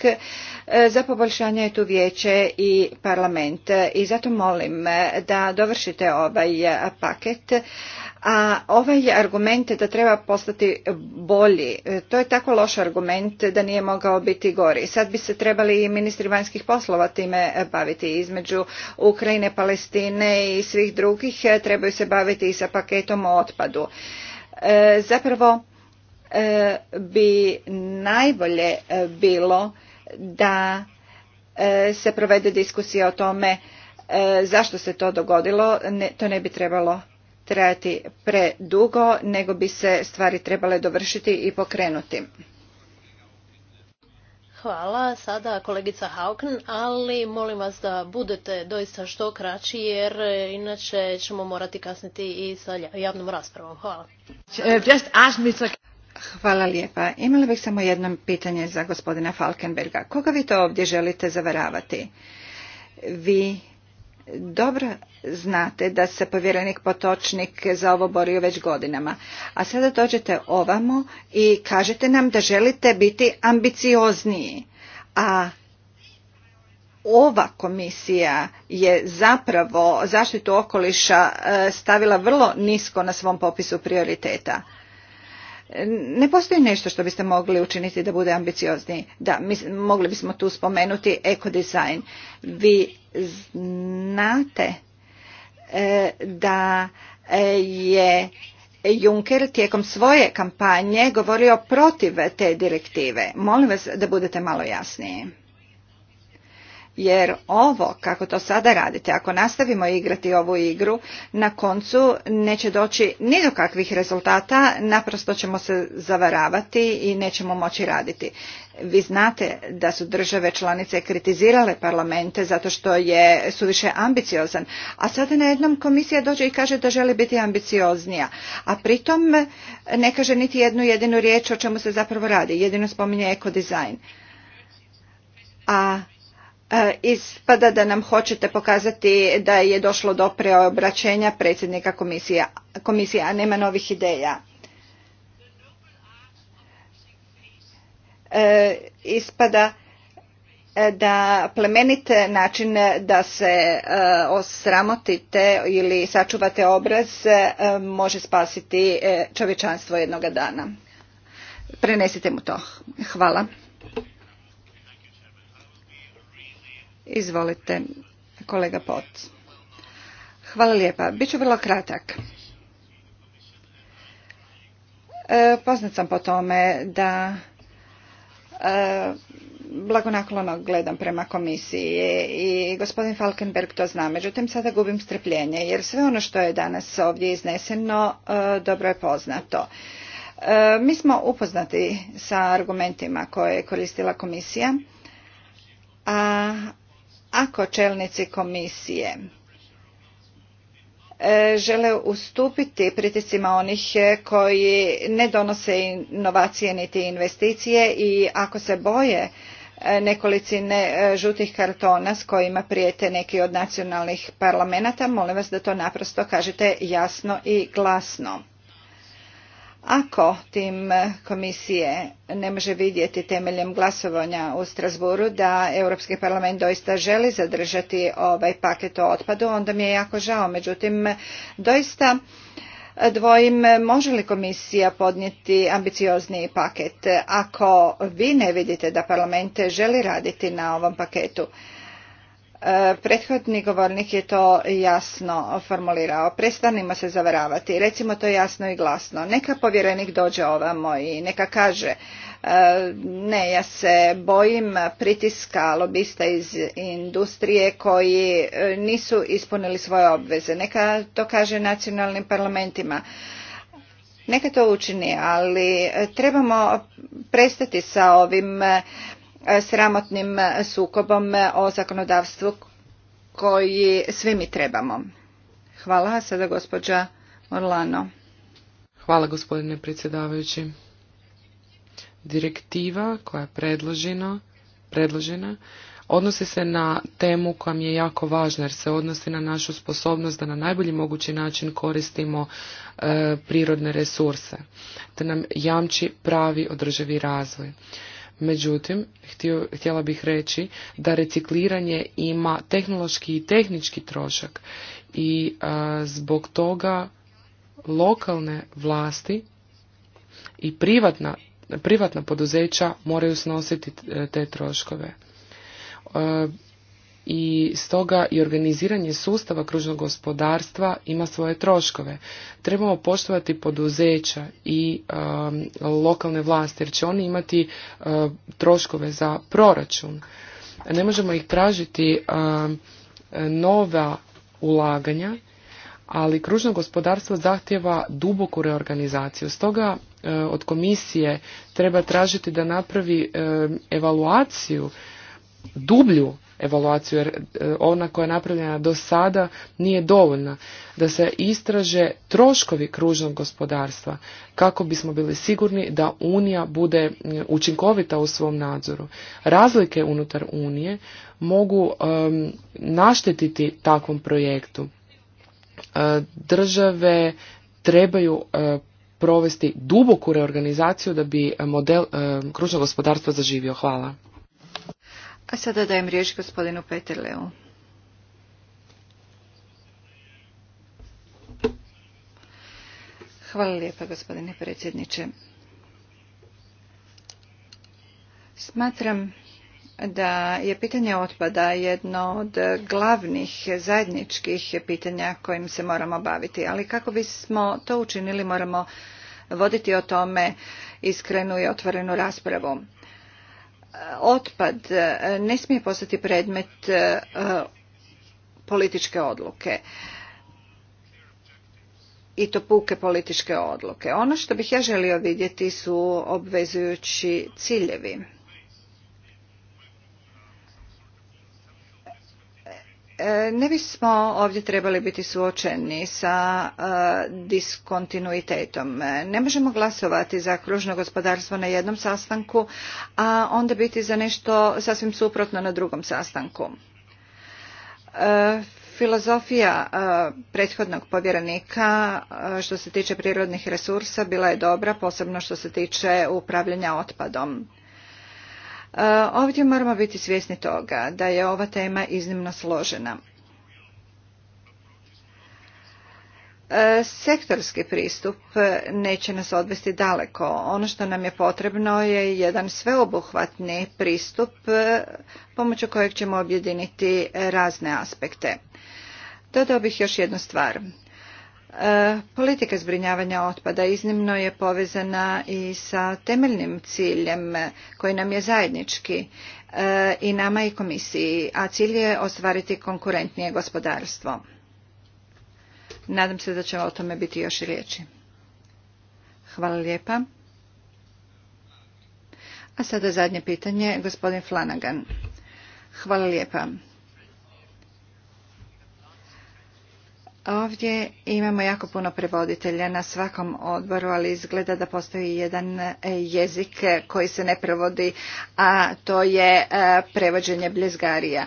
Za poboljšanje je tu vijeće i parlament i zato molim da dovršite ovaj paket a ovaj argument da treba postati bolji, e, to je tako loš argument da nije mogao biti gori. Sad bi se trebali i ministri vanjskih poslova time e, baviti između Ukrajine, Palestine i svih drugih, e, trebaju se baviti i sa paketom o otpadu. Zapravo bi najbolje bilo da se provede diskusija o tome zašto se to dogodilo, to ne bi trebalo trajati predugo, nego bi se stvari trebale dovršiti i pokrenuti. Hvala. Sada kolegica Hauken, ali molim vas da budete doista što kraći jer e, inače ćemo morati kasniti i sa javnom raspravom. Hvala. Uh, Hvala lijepa. Imala bih samo jedno pitanje za gospodina Falkenberga. Koga vi to ovdje želite zavaravati? Vi dobro znate da se povjerenik Potočnik za ovo borio već godinama. A sada dođete ovamo i kažete nam da želite biti ambiciozniji. A ova komisija je zapravo zaštitu okoliša e, stavila vrlo nisko na svom popisu prioriteta. Ne postoji nešto što biste mogli učiniti da bude ambiciozniji. Da, mogli bismo tu spomenuti ekodizajn. Vi znate E, da e, je Juncker tijekom svoje kampanje govorio protiv te direktive. Molim vas da budete malo jasniji. Jer ovo, kako to sada radite, ako nastavimo igrati ovu igru, na koncu neće doći ni do kakvih rezultata, naprosto ćemo se zavaravati i nećemo moći raditi. Vi znate da su države članice kritizirale parlamente zato što je suviše ambiciozan, a sada na jednom komisija dođe i kaže da želi biti ambicioznija, a pritom ne kaže niti jednu jedinu riječ o čemu se zapravo radi, jedino spominje ekodizajn. A e, ispada da nam hoćete pokazati da je došlo do preobraćenja predsjednika komisije, a nema novih ideja. E, ispada e, da plemenite način da se e, osramotite ili sačuvate obraz može spasiti čovječanstvo jednoga dana. Prenesite mu to. Hvala. Izvolite, kolega Pot. Hvala lijepa. Biću vrlo kratak. Poznat sam po tome da E, blagonaklono gledam prema komisiji i gospodin Falkenberg to zna. Međutim, sada gubim strpljenje jer sve ono što je danas ovdje izneseno e, dobro je poznato. E, mi smo upoznati sa argumentima koje je koristila komisija, a ako čelnici komisije E, žele ustupiti pritiscima onih e, koji ne donose inovacije niti investicije i ako se boje e, nekolicine žutih kartona s kojima prijete neki od nacionalnih parlamenata molim vas da to naprosto kažete jasno i glasno ako tim komisije ne može vidjeti temeljem glasovanja u strasbourgu da Europski parlament doista želi zadržati ovaj paket o otpadu, onda mi je jako žao. Međutim, doista dvojim može li komisija podnijeti ambiciozniji paket ako vi ne vidite da parlament želi raditi na ovom paketu. E, prethodni govornik je to jasno formulirao. Prestanimo se zavaravati. Recimo to jasno i glasno. Neka povjerenik dođe ovamo i neka kaže e, ne, ja se bojim pritiska lobista iz industrije koji e, nisu ispunili svoje obveze. Neka to kaže nacionalnim parlamentima. Neka to učini, ali trebamo prestati sa ovim E, sramotnim e, sukobom e, o zakonodavstvu koji svi mi trebamo. Hvala. Sada gospođa Orlano. Hvala gospodine predsjedavajući. Direktiva koja je predložena, predložena odnosi se na temu koja mi je jako važna jer se odnosi na našu sposobnost da na najbolji mogući način koristimo prirodne resurse, te nam jamči pravi održivi razvoj. Međutim, htio, htjela bih reći da recikliranje ima tehnološki i tehnički trošak i zbog toga lokalne vlasti i privatna, privatna poduzeća moraju snositi e, te troškove. E, i stoga i organiziranje sustava kružnog gospodarstva ima svoje troškove. Trebamo poštovati poduzeća i um, lokalne vlasti jer će oni imati uh, troškove za proračun. Ne možemo ih tražiti um, nova ulaganja, ali kružno gospodarstvo zahtjeva duboku reorganizaciju. Stoga uh, od komisije treba tražiti da napravi um, evaluaciju dublju evaluaciju jer e, ona koja je napravljena do sada nije dovoljna da se istraže troškovi kružnog gospodarstva kako bismo bili sigurni da unija bude e, učinkovita u svom nadzoru razlike unutar unije mogu e, naštetiti takvom projektu države trebaju provesti duboku reorganizaciju da bi model kružnog gospodarstva zaživio hvala a sada dajem riječ gospodinu Peterleu. Hvala lijepa gospodine predsjedniče. Smatram da je pitanje otpada jedno od glavnih zajedničkih pitanja kojim se moramo baviti, ali kako bismo to učinili moramo voditi o tome iskrenu i otvorenu raspravu otpad e, ne smije postati predmet e, političke odluke i to puke političke odluke. Ono što bih ja želio vidjeti su obvezujući ciljevi. E, ne bismo ovdje trebali biti suočeni sa e, diskontinuitetom. Ne možemo glasovati za kružno gospodarstvo na jednom sastanku, a onda biti za nešto sasvim suprotno na drugom sastanku. E, filozofija prethodnog povjerenika što se tiče prirodnih resursa bila je dobra, posebno što se tiče upravljanja otpadom E, ovdje moramo biti svjesni toga da je ova tema iznimno složena. E, sektorski pristup neće nas odvesti daleko. Ono što nam je potrebno je jedan sveobuhvatni pristup e, pomoću kojeg ćemo objediniti razne aspekte. Dodao bih još jednu stvar. E, politika zbrinjavanja otpada iznimno je povezana i sa temeljnim ciljem koji nam je zajednički e, i nama i komisiji, a cilj je ostvariti konkurentnije gospodarstvo. Nadam se da će o tome biti još i riječi. Hvala lijepa. A sada zadnje pitanje, gospodin Flanagan. Hvala lijepa. Ovdje imamo jako puno prevoditelja na svakom odboru, ali izgleda da postoji jedan e, jezik e, koji se ne prevodi, a to je e, prevođenje blizgarija.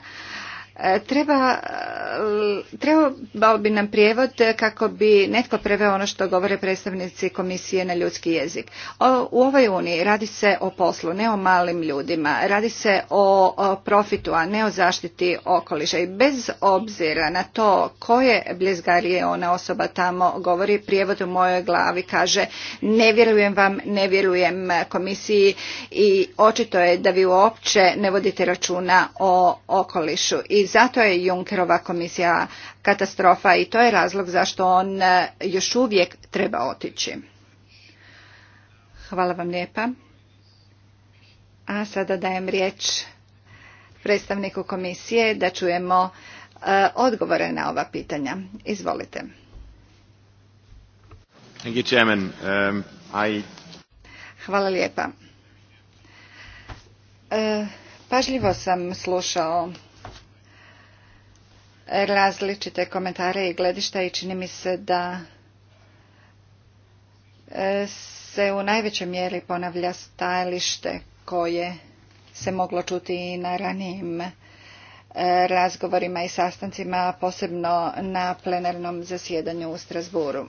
E, treba, e, trebao bi nam prijevod kako bi netko preveo ono što govore predstavnici komisije na ljudski jezik. u ovoj uniji radi se o poslu, ne o malim ljudima. Radi se o, o profitu, a ne o zaštiti okoliša. I bez obzira na to koje blizgarije ona osoba tamo govori, prijevod u mojoj glavi kaže ne vjerujem vam, ne vjerujem komisiji i očito je da vi uopće ne vodite računa o okolišu. I zato je Junckerova komisija katastrofa i to je razlog zašto on e, još uvijek treba otići. Hvala vam lijepa. A sada dajem riječ predstavniku komisije da čujemo e, odgovore na ova pitanja. Izvolite. Um, Hvala lijepa. E, pažljivo sam slušao različite komentare i gledišta i čini mi se da e, se u najvećoj mjeri ponavlja stajalište koje se moglo čuti i na ranijim e, razgovorima i sastancima, posebno na plenarnom zasjedanju u Strasburu.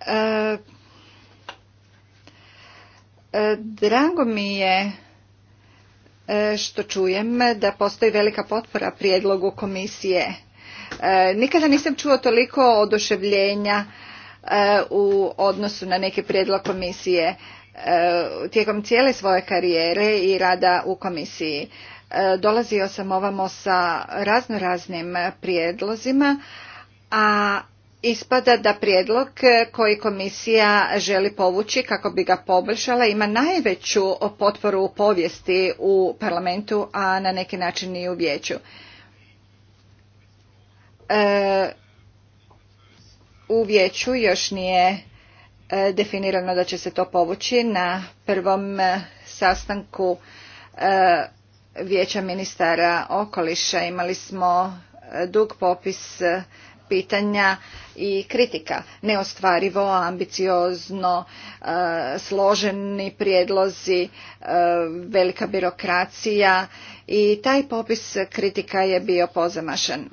E, drago mi je E, što čujem da postoji velika potpora prijedlogu komisije. E, nikada nisam čuo toliko oduševljenja e, u odnosu na neki prijedlog komisije tijekom cijele svoje karijere i rada u komisiji. Dolazio sam ovamo sa raznoraznim prijedlozima, a ispada da prijedlog e, koji komisija želi povući kako bi ga poboljšala ima najveću potporu u povijesti u parlamentu, a na neki način i u vijeću. E, u vijeću još nije e, definirano da će se to povući na prvom sastanku vijeća ministara okoliša imali smo dug popis pitanja i kritika. Neostvarivo, ambiciozno, e, složeni prijedlozi, e, velika birokracija i taj popis kritika je bio pozamašan.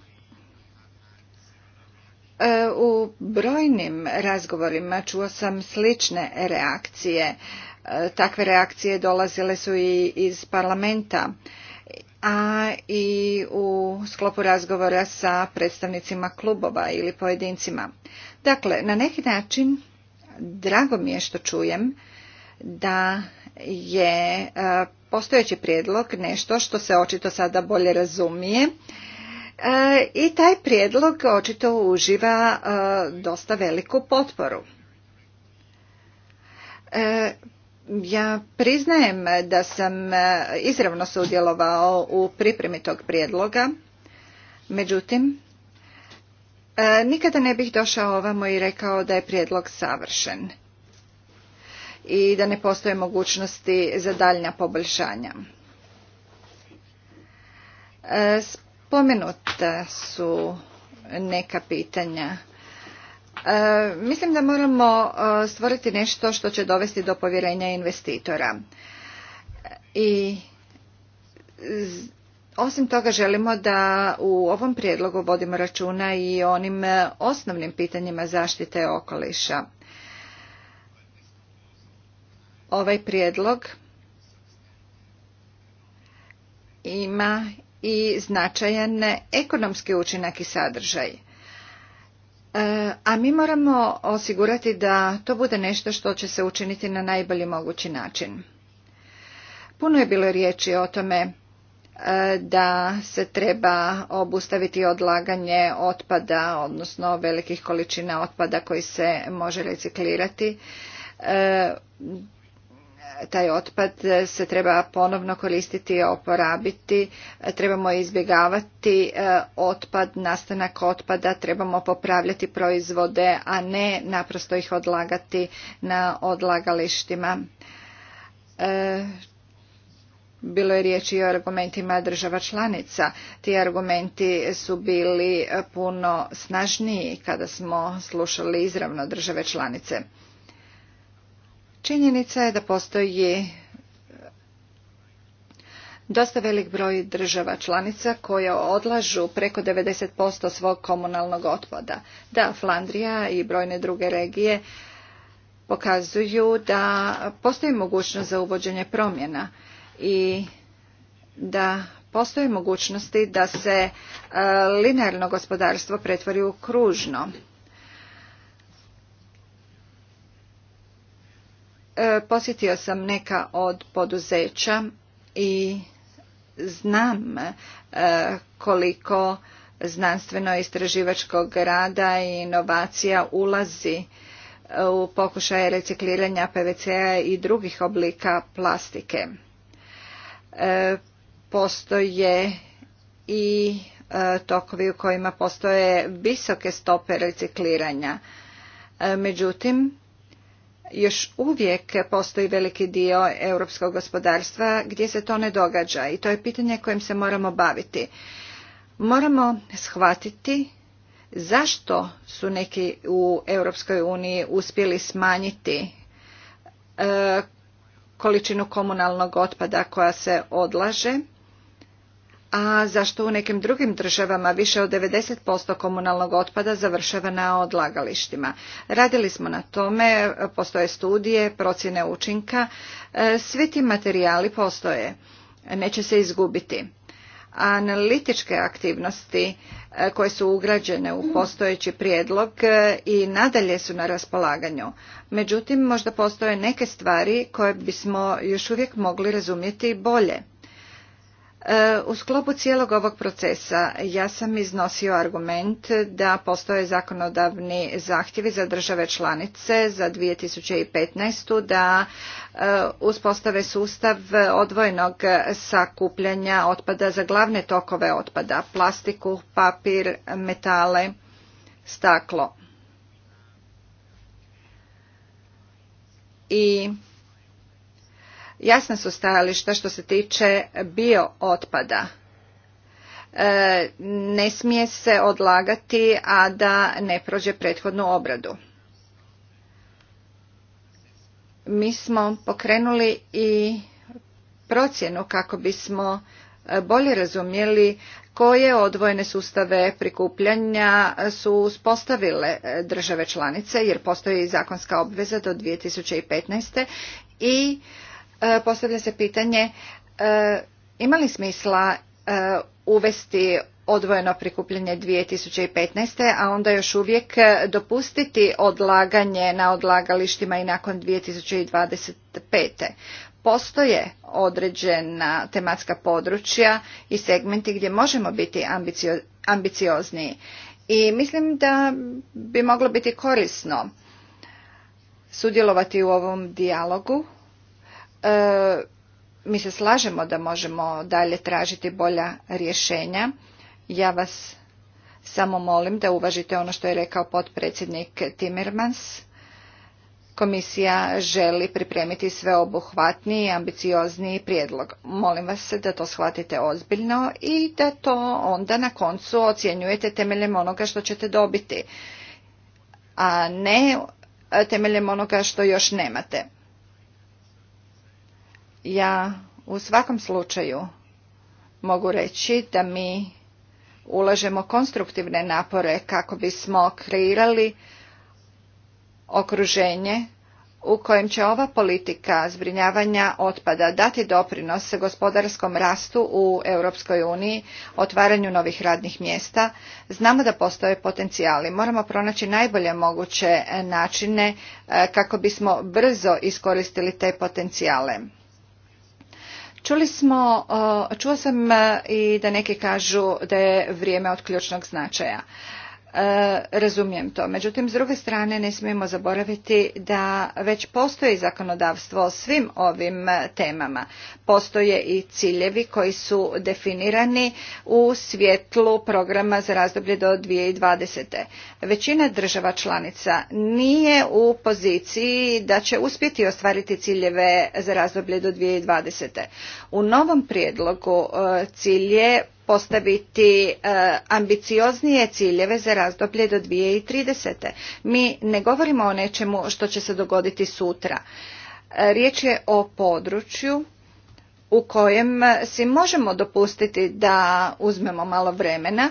E, u brojnim razgovorima čuo sam slične reakcije. Takve reakcije dolazile su i iz parlamenta a i u sklopu razgovora sa predstavnicima klubova ili pojedincima. Dakle, na neki način drago mi je što čujem da je e, postojeći prijedlog nešto što se očito sada bolje razumije e, i taj prijedlog očito uživa e, dosta veliku potporu ja priznajem da sam e, izravno sudjelovao u pripremi tog prijedloga, međutim, e, nikada ne bih došao ovamo i rekao da je prijedlog savršen i da ne postoje mogućnosti za daljnja poboljšanja. E, Spomenuta su neka pitanja E, mislim da moramo e, stvoriti nešto što će dovesti do povjerenja investitora. I osim toga želimo da u ovom prijedlogu vodimo računa i onim e, osnovnim pitanjima zaštite okoliša. Ovaj prijedlog ima i značajan ekonomski učinak i sadržaj. E, a mi moramo osigurati da to bude nešto što će se učiniti na najbolji mogući način. Puno je bilo riječi o tome e, da se treba obustaviti odlaganje otpada, odnosno velikih količina otpada koji se može reciklirati. E, taj otpad se treba ponovno koristiti, i oporabiti, trebamo izbjegavati e, otpad, nastanak otpada, trebamo popravljati proizvode, a ne naprosto ih odlagati na odlagalištima. E, bilo je riječ i o argumentima država članica. Ti argumenti su bili puno snažniji kada smo slušali izravno države članice. Činjenica je da postoji e, dosta velik broj država članica koje odlažu preko 90% svog komunalnog otpada. Da, Flandrija i brojne druge regije pokazuju da postoji mogućnost za uvođenje promjena i da postoje mogućnosti da se e, linearno gospodarstvo pretvori u kružno E, posjetio sam neka od poduzeća i znam e, koliko znanstveno-istraživačkog rada i inovacija ulazi e, u pokušaje recikliranja PVC-a i drugih oblika plastike. Postoje i tokovi u kojima postoje visoke stope recikliranja. Međutim, još uvijek postoji veliki dio europskog gospodarstva gdje se to ne događa i to je pitanje kojim se moramo baviti. Moramo shvatiti zašto su neki u Europskoj uniji uspjeli smanjiti e, količinu komunalnog otpada koja se odlaže a zašto u nekim drugim državama više od 90% komunalnog otpada završava na odlagalištima. Radili smo na tome, postoje studije, procjene učinka, e, svi ti materijali postoje, neće se izgubiti. Analitičke aktivnosti e, koje su ugrađene u postojeći prijedlog e, i nadalje su na raspolaganju. Međutim, možda postoje neke stvari koje bismo još uvijek mogli razumjeti bolje E, u sklopu cijelog ovog procesa ja sam iznosio argument da postoje zakonodavni zahtjevi za države članice za 2015. da e, uspostave sustav odvojenog sakupljanja otpada za glavne tokove otpada, plastiku, papir, metale, staklo. I Jasna su stajališta što se tiče biootpada. E, ne smije se odlagati, a da ne prođe prethodnu obradu. Mi smo pokrenuli i procjenu kako bismo e, bolje razumjeli koje odvojene sustave prikupljanja su uspostavile e, države članice jer postoji zakonska obveza do 2015. i E, postavlja se pitanje e, ima li smisla e, uvesti odvojeno prikupljanje 2015. a onda još uvijek dopustiti odlaganje na odlagalištima i nakon 2025. Postoje određena tematska područja i segmenti gdje možemo biti ambiciozniji i mislim da bi moglo biti korisno sudjelovati u ovom dijalogu E, mi se slažemo da možemo dalje tražiti bolja rješenja. Ja vas samo molim da uvažite ono što je rekao potpredsjednik Timmermans. Komisija želi pripremiti sveobuhvatniji i ambiciozniji prijedlog. Molim vas da to shvatite ozbiljno i da to onda na koncu ocjenjujete temeljem onoga što ćete dobiti, a ne temeljem onoga što još nemate. Ja u svakom slučaju mogu reći da mi ulažemo konstruktivne napore kako bismo kreirali okruženje u kojem će ova politika zbrinjavanja otpada dati doprinos gospodarskom rastu u Europskoj uniji, otvaranju novih radnih mjesta. Znamo da postoje potencijali. Moramo pronaći najbolje moguće načine eh, kako bismo brzo iskoristili te potencijale. Čuli smo, uh, čuo sam uh, i da neki kažu da je vrijeme od ključnog značaja. E, razumijem to. Međutim, s druge strane ne smijemo zaboraviti da već postoji zakonodavstvo o svim ovim e, temama. Postoje i ciljevi koji su definirani u svjetlu programa za razdoblje do 2020. Većina država članica nije u poziciji da će uspjeti ostvariti ciljeve za razdoblje do 2020. U novom prijedlogu e, cilj je postaviti e, ambicioznije ciljeve za razdoblje do 2030. Mi ne govorimo o nečemu što će se dogoditi sutra. E, riječ je o području u kojem si možemo dopustiti da uzmemo malo vremena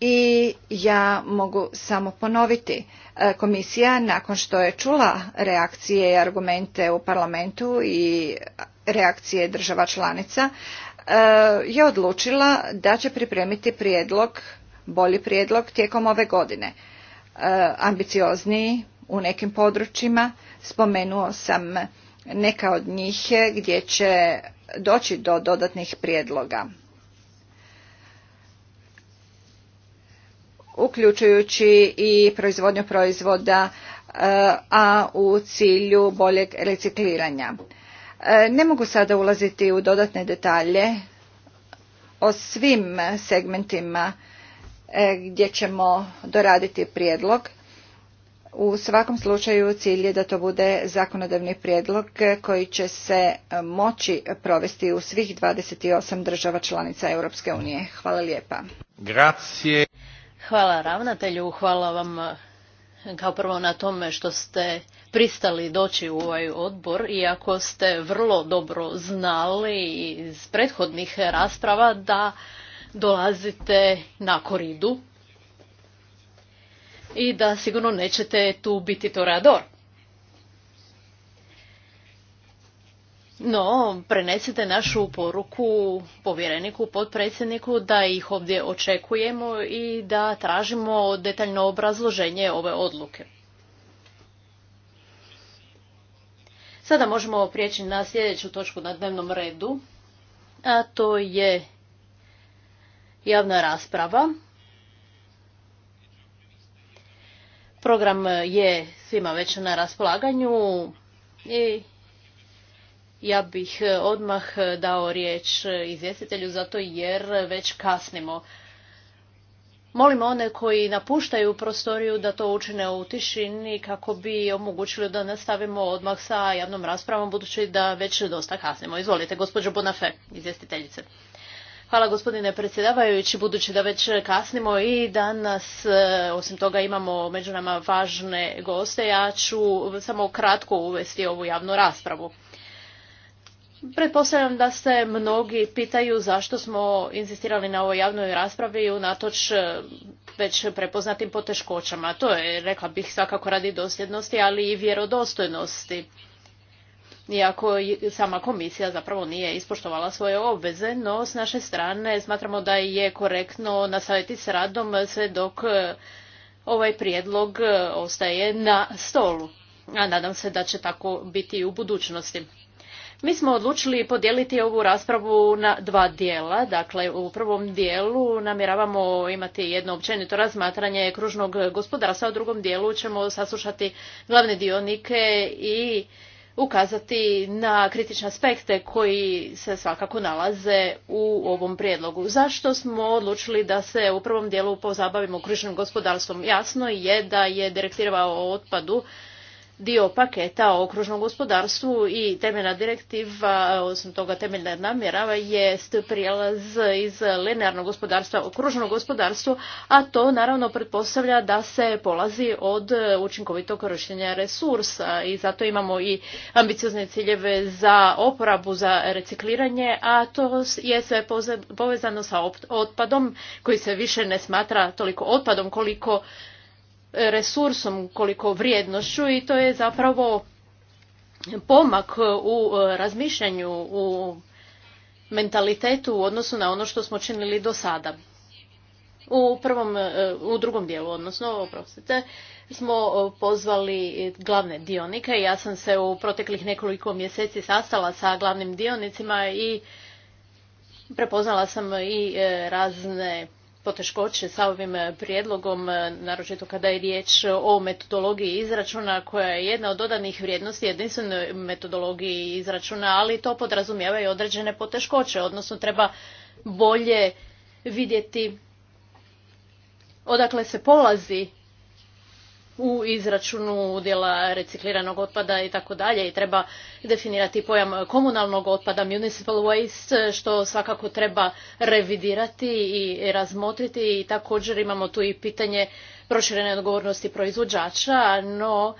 i ja mogu samo ponoviti. E, komisija nakon što je čula reakcije i argumente u parlamentu i reakcije država članica E, je odlučila da će pripremiti prijedlog, bolji prijedlog tijekom ove godine. E, ambiciozniji u nekim područjima, spomenuo sam neka od njih gdje će doći do dodatnih prijedloga. uključujući i proizvodnju proizvoda, e, a u cilju boljeg recikliranja. E, ne mogu sada ulaziti u dodatne detalje o svim segmentima e, gdje ćemo doraditi prijedlog. U svakom slučaju cilj je da to bude zakonodavni prijedlog koji će se moći provesti u svih 28 država članica Europske unije. Hvala lijepa. Grazie. Hvala ravnatelju, hvala vam kao prvo na tome što ste pristali doći u ovaj odbor, iako ste vrlo dobro znali iz prethodnih rasprava da dolazite na koridu i da sigurno nećete tu biti torador. No, prenesite našu poruku povjereniku, potpredsjedniku da ih ovdje očekujemo i da tražimo detaljno obrazloženje ove odluke. Sada možemo prijeći na sljedeću točku na dnevnom redu, a to je javna rasprava. Program je svima već na raspolaganju i ja bih odmah dao riječ izvjestitelju zato jer već kasnimo. Molimo one koji napuštaju prostoriju da to učine u tišini kako bi omogućili da nastavimo odmah sa javnom raspravom budući da već dosta kasnimo. Izvolite, gospođo Bonafe, izvjestiteljice. Hvala gospodine predsjedavajući, budući da već kasnimo i danas, e, osim toga imamo među nama važne goste, ja ću samo kratko uvesti ovu javnu raspravu. Pretpostavljam da se mnogi pitaju zašto smo insistirali na ovoj javnoj raspravi unatoč e, već prepoznatim poteškoćama. To je, rekla bih, svakako radi dosljednosti, ali i vjerodostojnosti. Iako sama komisija zapravo nije ispoštovala svoje obveze, no s naše strane smatramo da je korektno nastaviti s radom sve dok e, ovaj prijedlog e, ostaje na stolu. A nadam se da će tako biti i u budućnosti. Mi smo odlučili podijeliti ovu raspravu na dva dijela. Dakle, u prvom dijelu namjeravamo imati jedno općenito razmatranje kružnog gospodarstva, a u drugom dijelu ćemo saslušati glavne dionike i ukazati na kritične aspekte koji se svakako nalaze u ovom prijedlogu. Zašto smo odlučili da se u prvom dijelu pozabavimo kružnim gospodarstvom? Jasno je da je direktiva o otpadu dio paketa o okružnom gospodarstvu i temeljna direktiva, osim toga temeljna namjerava jest prijelaz iz linearnog gospodarstva u okružno gospodarstvo, a to naravno pretpostavlja da se polazi od učinkovitog korištenja resursa i zato imamo i ambiciozne ciljeve za oporabu, za recikliranje, a to je sve povezano sa otpadom koji se više ne smatra toliko otpadom koliko resursom koliko vrijednošću i to je zapravo pomak u e, razmišljanju u mentalitetu u odnosu na ono što smo činili do sada u prvom e, u drugom dijelu odnosno oprostite smo e, pozvali glavne dionike ja sam se u proteklih nekoliko mjeseci sastala sa glavnim dionicima i prepoznala sam i razne poteškoće sa ovim e, prijedlogom, e, naročito kada je riječ o metodologiji izračuna koja je jedna od dodanih vrijednosti jedinstvenoj metodologiji izračuna, ali to podrazumijeva i određene poteškoće, odnosno treba bolje vidjeti odakle se polazi u izračunu udjela recikliranog otpada i tako dalje i treba definirati pojam komunalnog otpada municipal waste što svakako treba revidirati i razmotriti i također imamo tu i pitanje proširene odgovornosti proizvođača no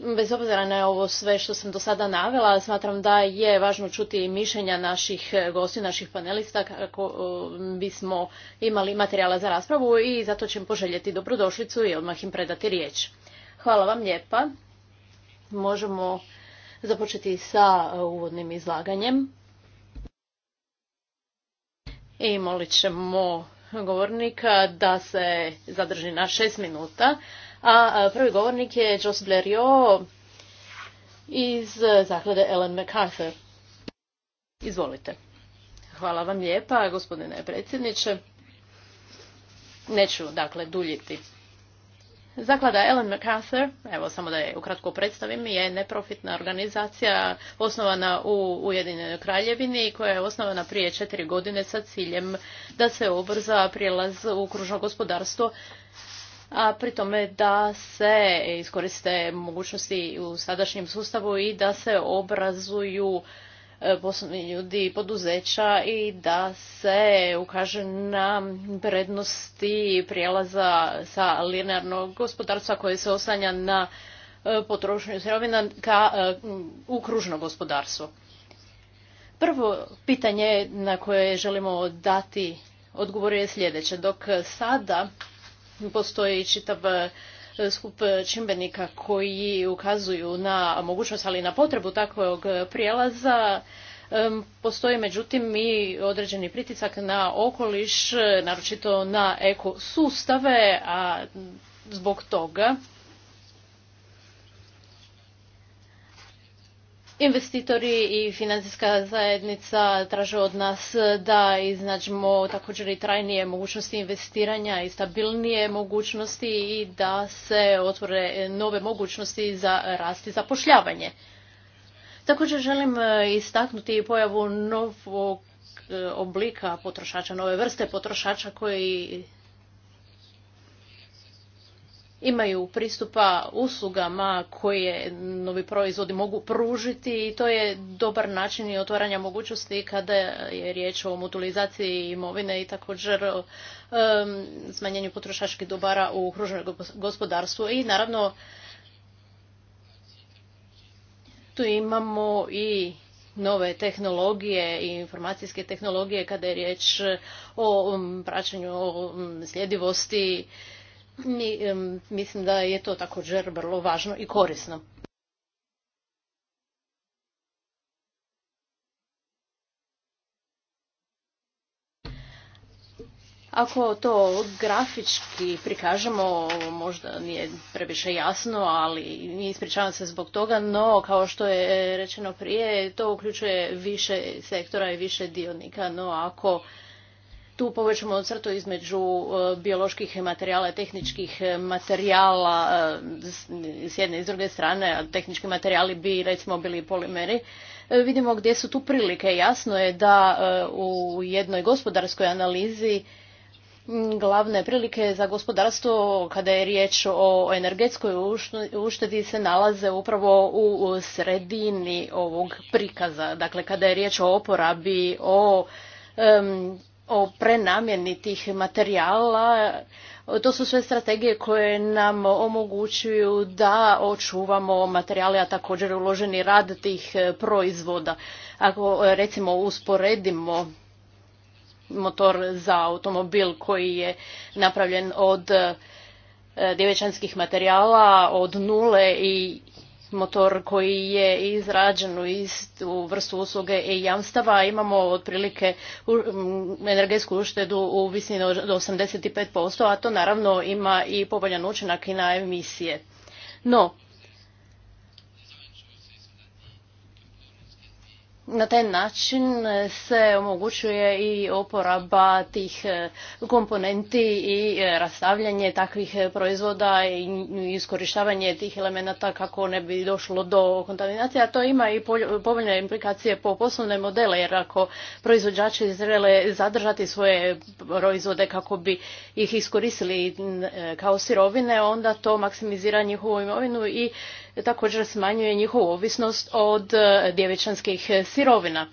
Bez obzira na ovo sve što sam do sada navela, smatram da je važno čuti mišljenja naših gostiju, naših panelista kako bismo imali materijala za raspravu i zato ćemo poželjeti dobrodošlicu i odmah im predati riječ. Hvala vam lijepa. Možemo započeti sa e, uvodnim izlaganjem. I molit ćemo govornika da se zadrži na šest minuta a prvi govornik je Jos Blériot iz e, zaklade Ellen MacArthur. Izvolite. Hvala vam lijepa, gospodine predsjedniče. Neću, dakle, duljiti. Zaklada Ellen MacArthur, evo samo da je ukratko predstavim, je neprofitna organizacija osnovana u Ujedinjenoj kraljevini koja je osnovana prije četiri godine sa ciljem da se obrza prijelaz u kružno gospodarstvo a pri tome da se iskoriste mogućnosti u sadašnjem sustavu i da se obrazuju e, poslovni ljudi i poduzeća i da se ukaže na prednosti prijelaza sa linearnog gospodarstva koje se osanja na e, potrošnju sirovina ka e, u kružno gospodarstvo. Prvo pitanje na koje želimo dati odgovor je sljedeće. Dok sada Postoji čitav e, skup čimbenika koji ukazuju na mogućnost, ali i na potrebu takvog prijelaza. Postoji međutim i određeni pritisak na okoliš, naročito na ekosustave, a zbog toga Investitori i financijska zajednica traže od nas da iznađemo također i trajnije mogućnosti investiranja i stabilnije mogućnosti i da se otvore nove mogućnosti za rast i zapošljavanje. Također želim e, istaknuti pojavu novog e, oblika potrošača, nove vrste potrošača koji imaju pristupa uslugama koje novi proizvodi mogu pružiti i to je dobar način i otvaranja mogućnosti kada je riječ o mutualizaciji imovine i također o smanjenju potrošačkih dobara u okruženom gospodarstvu i naravno tu imamo i nove tehnologije i informacijske tehnologije kada je riječ o praćenju sljedivosti mi, mislim da je to također vrlo važno i korisno. Ako to grafički prikažemo, možda nije previše jasno, ali ispričavam se zbog toga, no kao što je rečeno prije, to uključuje više sektora i više dionika, no ako tu povećamo crtu između e, bioloških materijala i tehničkih e, materijala e, s jedne i s druge strane, a tehnički materijali bi recimo bili polimeri, vidimo gdje su tu prilike. Jasno je da u jednoj gospodarskoj analizi glavne prilike za gospodarstvo kada je riječ o energetskoj uštedi se nalaze upravo u sredini ovog prikaza. Dakle, kada je riječ o oporabi, o o prenamjeni tih materijala. To su sve strategije koje nam omogućuju da očuvamo materijale, a također uloženi rad tih e, proizvoda. Ako e, recimo usporedimo motor za automobil koji je napravljen od e, djevečanskih materijala od nule i motor koji je izrađen u istu vrstu usluge i jamstava imamo otprilike energetsku uštedu u visini od 85%, a to naravno ima i povoljan učinak i na emisije. No, na taj način e, se omogućuje i oporaba tih e, komponenti i e, rastavljanje takvih proizvoda i iskorištavanje tih elemenata kako ne bi došlo do kontaminacije, a to ima i povoljne implikacije po poslovne modele, jer ako proizvođači žele zadržati svoje proizvode kako bi ih iskoristili kao sirovine, onda to maksimizira njihovu imovinu i također smanjuje njihovu ovisnost od e, djevičanskih e, sirovina.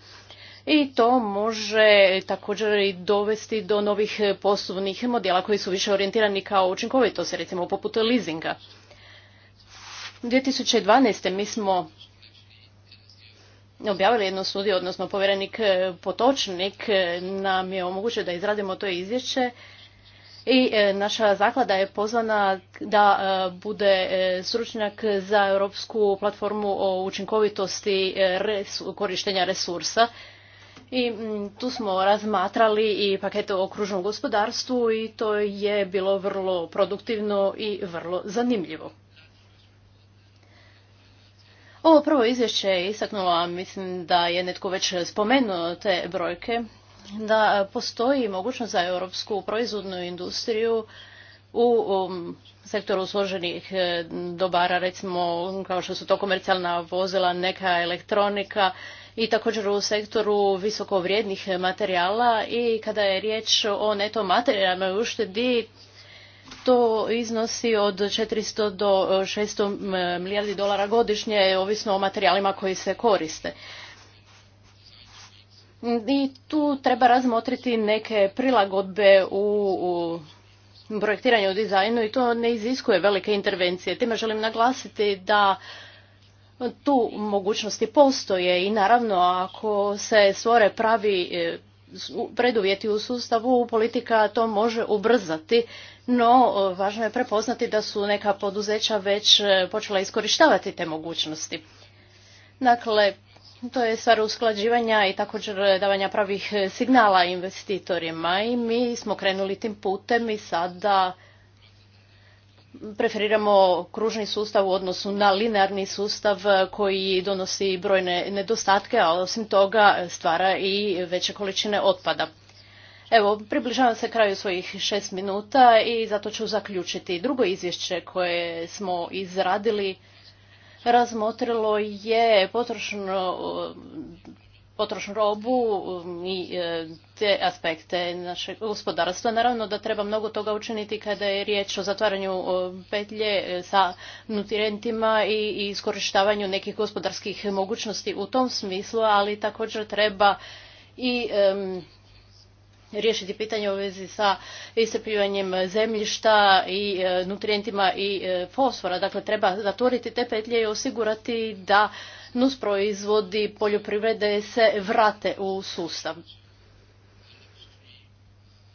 I to može također i dovesti do novih e, poslovnih modela koji su više orijentirani kao učinkovitost, recimo poput leasinga. 2012. mi smo objavili jednu studiju, odnosno povjerenik Potočnik nam je omogućio da izradimo to izvješće i e, naša zaklada je pozvana da e, bude e, stručnjak za europsku platformu o učinkovitosti korištenja resursa i tu smo razmatrali i pakete o okružnom gospodarstvu i to je bilo vrlo produktivno i vrlo zanimljivo. Ovo prvo izvješće je istaknula, mislim da je netko već spomenuo te brojke, da e, postoji mogućnost za europsku proizvodnu industriju u um, sektoru složenih e, dobara, recimo kao što su to komercijalna vozila, neka elektronika i također u sektoru visokovrijednih materijala i kada je riječ o neto materijalnoj uštedi, to iznosi od 400 do 600 milijardi dolara godišnje, ovisno o materijalima koji se koriste i tu treba razmotriti neke prilagodbe u, u projektiranju, dizajnu i to ne iziskuje velike intervencije. Time želim naglasiti da tu mogućnosti postoje i naravno ako se stvore pravi e, preduvjeti u sustavu, politika to može ubrzati, no e, važno je prepoznati da su neka poduzeća već e, počela iskorištavati te mogućnosti. Dakle, to je stvar usklađivanja i također davanja pravih signala investitorima i mi smo krenuli tim putem i sada preferiramo kružni sustav u odnosu na linearni sustav koji donosi brojne nedostatke, a osim toga stvara i veće količine otpada. Evo, približavam se kraju svojih šest minuta i zato ću zaključiti drugo izvješće koje smo izradili razmotrilo je potrošno potrošnu robu um, i e, te aspekte našeg gospodarstva. Naravno da treba mnogo toga učiniti kada je riječ o zatvaranju petlje e, sa nutrientima i iskorištavanju nekih gospodarskih mogućnosti u tom smislu, ali također treba i riješiti pitanje u vezi sa iscrpljivanjem zemljišta i e, nutrijentima i e, fosfora. Dakle, treba zatvoriti te petlje i osigurati da nusproizvodi poljoprivrede se vrate u sustav.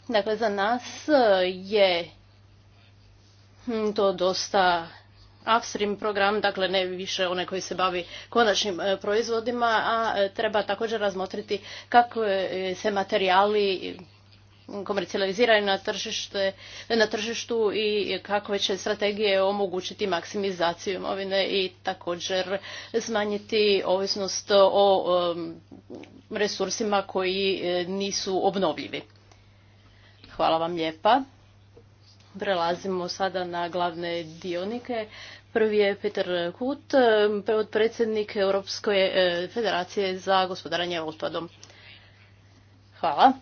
Dakle, za nas je hm, to dosta upstream program, dakle ne više onaj koji se bavi konačnim e, proizvodima, a e, treba također razmotriti kako e, se materijali komercijaliziraju na, na tržištu i kakve će strategije omogućiti maksimizaciju imovine i također smanjiti ovisnost o resursima koji nisu obnovljivi. Hvala vam lijepa. Prelazimo sada na glavne dionike. Prvi je Peter Kut, predsjednik Europske e, federacije za gospodaranje otpadom. Hvala.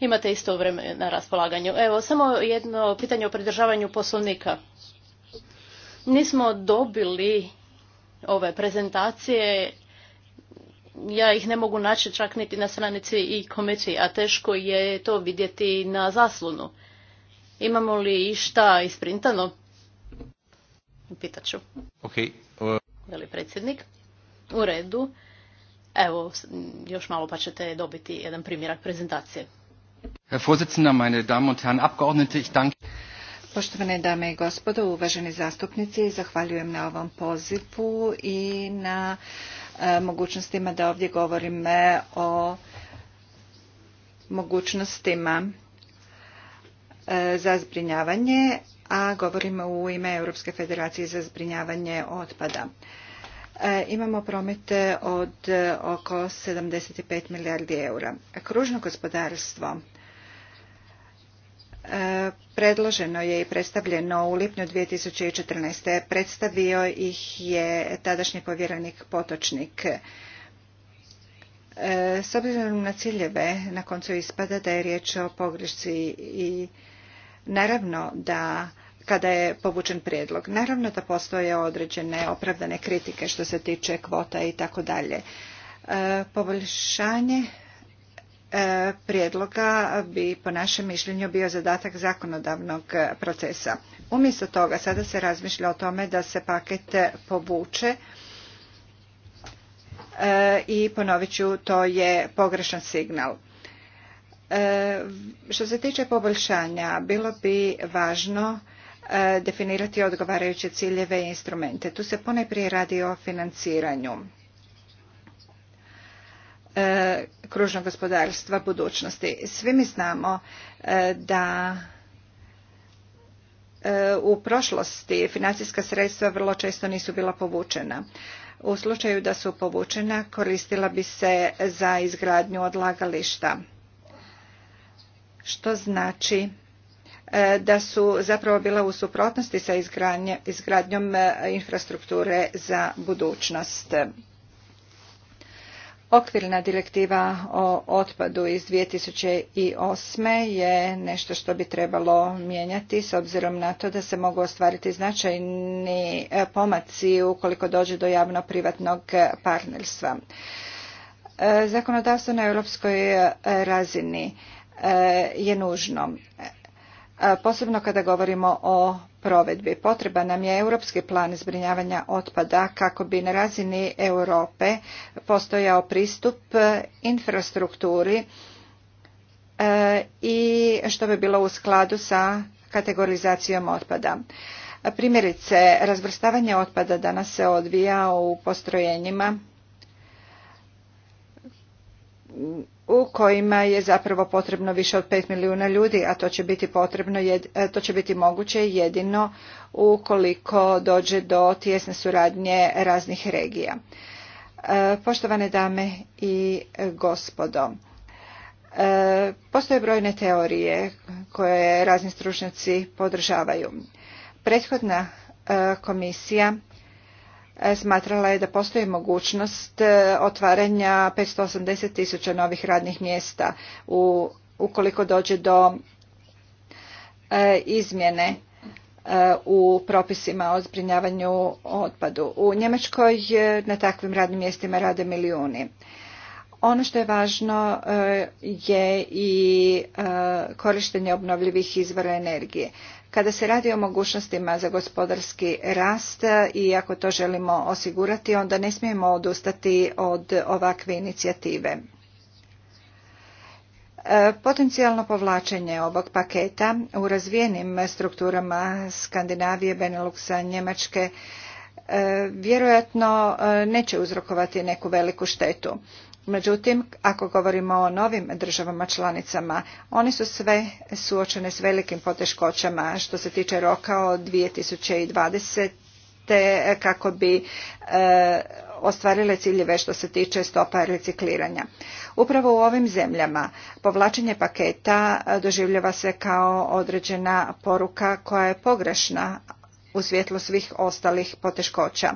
Imate isto vreme na raspolaganju. Evo, samo jedno pitanje o pridržavanju poslovnika. Nismo dobili ove prezentacije, ja ih ne mogu naći čak niti na stranici i komisiji, a teško je to vidjeti na zaslonu. Imamo li išta isprintano? Pitaću. Ok. Uh, li predsjednik? U redu. Evo, još malo pa ćete dobiti jedan primjerak prezentacije. Herr meine Damen und Herren Abgeordnete, ich danke. Poštovane dame i gospodo, uvaženi zastupnici, zahvaljujem na ovom pozivu i na e, mogućnostima da ovdje govorim e, o mogućnostima E, za zbrinjavanje, a govorimo u ime Europske federacije za zbrinjavanje otpada. E, imamo promete od oko 75 milijardi eura. Kružno gospodarstvo e, predloženo je i predstavljeno u lipnju 2014. Predstavio ih je tadašnji povjerenik Potočnik. S obzirom na ciljeve, na koncu ispada da je riječ o pogrešci i Naravno da kada je povučen prijedlog. Naravno da postoje određene opravdane kritike što se tiče kvota i tako dalje. E, poboljšanje e, prijedloga bi po našem mišljenju bio zadatak zakonodavnog procesa. Umjesto toga sada se razmišlja o tome da se paket povuče e, i ponovit ću to je pogrešan signal. E, što se tiče poboljšanja, bilo bi važno e, definirati odgovarajuće ciljeve i instrumente. Tu se ponajprije radi o financiranju e, kružnog gospodarstva budućnosti. Svi mi znamo da u prošlosti financijska sredstva vrlo često nisu bila povučena. U slučaju da su povučena koristila bi se za izgradnju odlagališta što znači e, da su zapravo bila u suprotnosti sa izgradnjom e, infrastrukture za budućnost. Okvirna direktiva o otpadu iz 2008. je nešto što bi trebalo mijenjati s obzirom na to da se mogu ostvariti značajni e, pomaci ukoliko dođe do javno-privatnog partnerstva. Zakonodavstvo na europskoj razini E, je nužno e, posebno kada govorimo o provedbi. Potreban nam je europski plan zbrinjavanja otpada kako bi na razini Europe postojao pristup infrastrukturi e, i što bi bilo u skladu sa kategorizacijom otpada. Primjerice, razvrstavanje otpada danas se odvija u postrojenjima u kojima je zapravo potrebno više od 5 milijuna ljudi, a to će biti potrebno, e, to će biti moguće jedino ukoliko dođe do tjesne suradnje raznih regija. E, poštovane dame i gospodo, e, postoje brojne teorije koje razni stručnjaci podržavaju. Prethodna komisija E, smatrala je da postoji mogućnost e, otvaranja 580 tisuća novih radnih mjesta ukoliko dođe do e, izmjene u propisima o zbrinjavanju otpadu. U Njemačkoj na takvim radnim mjestima rade milijuni. Ono što je važno je i korištenje obnovljivih izvora energije. Kada se radi o mogućnostima za gospodarski rast e, i ako to želimo osigurati, onda ne smijemo odustati od ovakve inicijative. E, potencijalno povlačenje ovog paketa u razvijenim strukturama Skandinavije, Beneluxa, Njemačke e, vjerojatno neće uzrokovati neku veliku štetu. Međutim, ako govorimo o novim državama članicama, one su sve suočene s velikim poteškoćama što se tiče roka od 2020 te kako bi e, ostvarile ciljeve što se tiče stopa recikliranja. Upravo u ovim zemljama povlačenje paketa doživljava se kao određena poruka koja je pogrešna u svjetlu svih ostalih poteškoća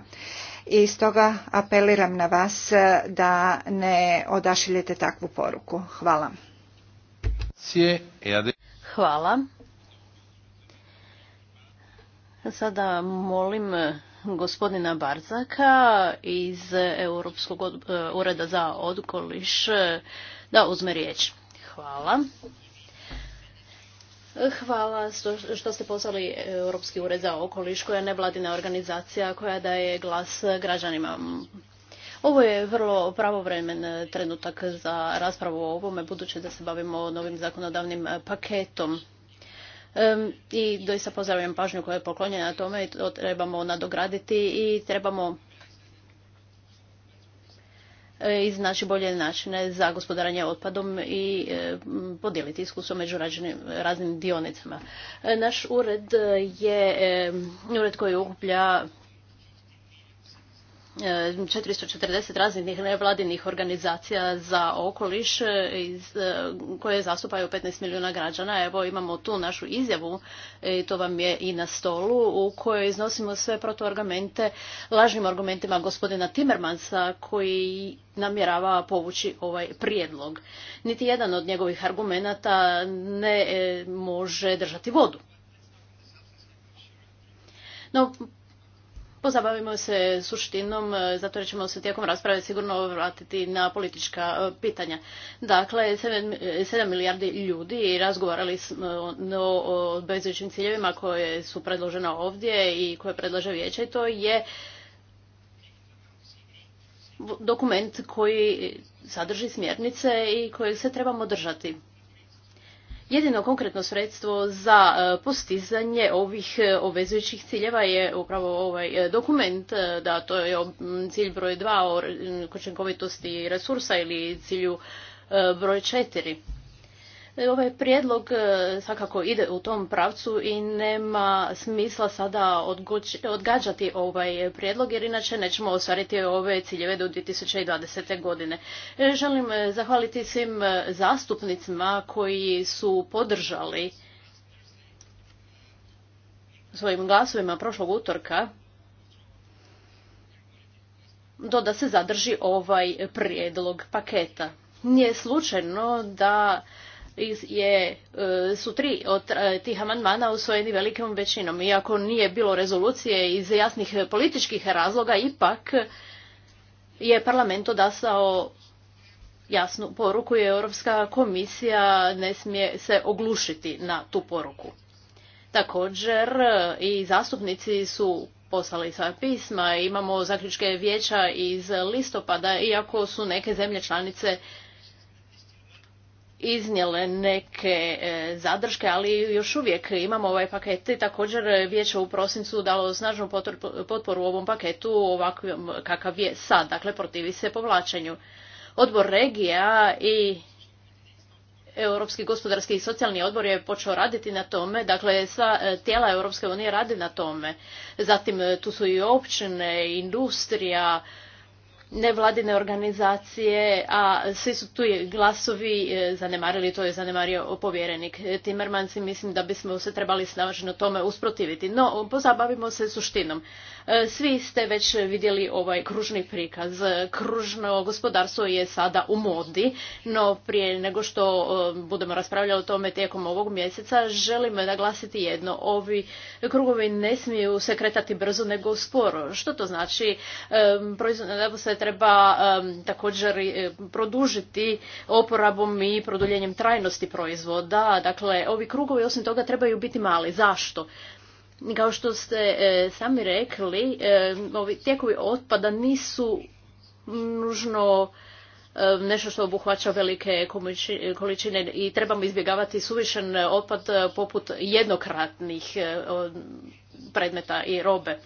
i stoga apeliram na vas e, da ne odašiljete takvu poruku. Hvala. E Hvala. Sada molim e, gospodina Barzaka iz Europskog ureda za odkoliš da uzme riječ. Hvala. Hvala što ste poslali Europski ured za okoliš koja je nevladina organizacija koja daje glas građanima. Ovo je vrlo pravovremen trenutak za raspravu o ovome budući da se bavimo novim zakonodavnim paketom. I doista pozdravljam pažnju koja je poklonjena tome i to trebamo nadograditi i trebamo E, iznaći bolje načine za gospodaranje otpadom i e, podijeliti iskustvo među raznim dionicama. E, naš ured je ured koji okuplja 440 raznih nevladinih organizacija za okoliš e, koje zastupaju 15 milijuna građana. Evo imamo tu našu izjavu, to vam je i na stolu, u kojoj iznosimo sve protuargumente, lažnim argumentima gospodina Timmermansa koji namjerava povući ovaj prijedlog. Niti jedan od njegovih argumenata ne e, može držati vodu. No, pozabavimo se suštinom, e, zato jer ćemo se tijekom rasprave sigurno vratiti na politička e, pitanja. Dakle, 7 e, milijardi ljudi razgovarali smo o obvezujućim ciljevima koje su predložene ovdje i koje predlaže vijeće i to je dokument koji sadrži smjernice i kojeg se trebamo držati jedino konkretno sredstvo za e, postizanje ovih e, obvezujućih ciljeva je upravo ovaj e, dokument, da to je cilj broj dva o učinkovitosti resursa ili cilju broj četiri. E, ovaj prijedlog e, svakako ide u tom pravcu i nema smisla sada odgađati ovaj prijedlog jer inače nećemo ostvariti ove ciljeve do 2020. godine. E, želim zahvaliti svim zastupnicima koji su podržali svojim glasovima prošlog utorka do da se zadrži ovaj prijedlog paketa. Nije slučajno da je, e, su tri od e, tih amandmana usvojeni velikom većinom. Iako nije bilo rezolucije iz jasnih političkih razloga, ipak je parlament odasao jasnu poruku i Europska komisija ne smije se oglušiti na tu poruku. Također e, i zastupnici su poslali sva pisma, imamo zaključke vijeća iz listopada, iako su neke zemlje članice iznijele neke e, zadrške, ali još uvijek imamo ovaj paket i također e, vijeće u prosincu dalo snažnu potporu ovom paketu ovakvom kakav je sad, dakle protivi se povlačenju. Odbor regija i Europski gospodarski i socijalni odbor je počeo raditi na tome, dakle sva e, tijela Europske unije rade na tome. Zatim tu su i općine, industrija, nevladine organizacije, a svi su tu glasovi e, zanemarili, to je zanemario povjerenik Timmermans i mislim da bismo se trebali snažno tome usprotiviti. No, pozabavimo se suštinom. E, svi ste već vidjeli ovaj kružni prikaz. Kružno gospodarstvo je sada u modi, no prije nego što e, budemo raspravljali o tome tijekom ovog mjeseca, želim naglasiti jedno. Ovi krugovi ne smiju se kretati brzo nego sporo. Što to znači? E, Proizvodno se treba također produžiti oporabom i produljenjem trajnosti proizvoda. Dakle, ovi krugovi osim toga trebaju biti mali. Zašto? Kao što ste e, sami rekli, e, ovi tijekovi otpada nisu nužno e, nešto što obuhvaća velike količine i trebamo izbjegavati suvišen otpad poput jednokratnih predmeta i robe.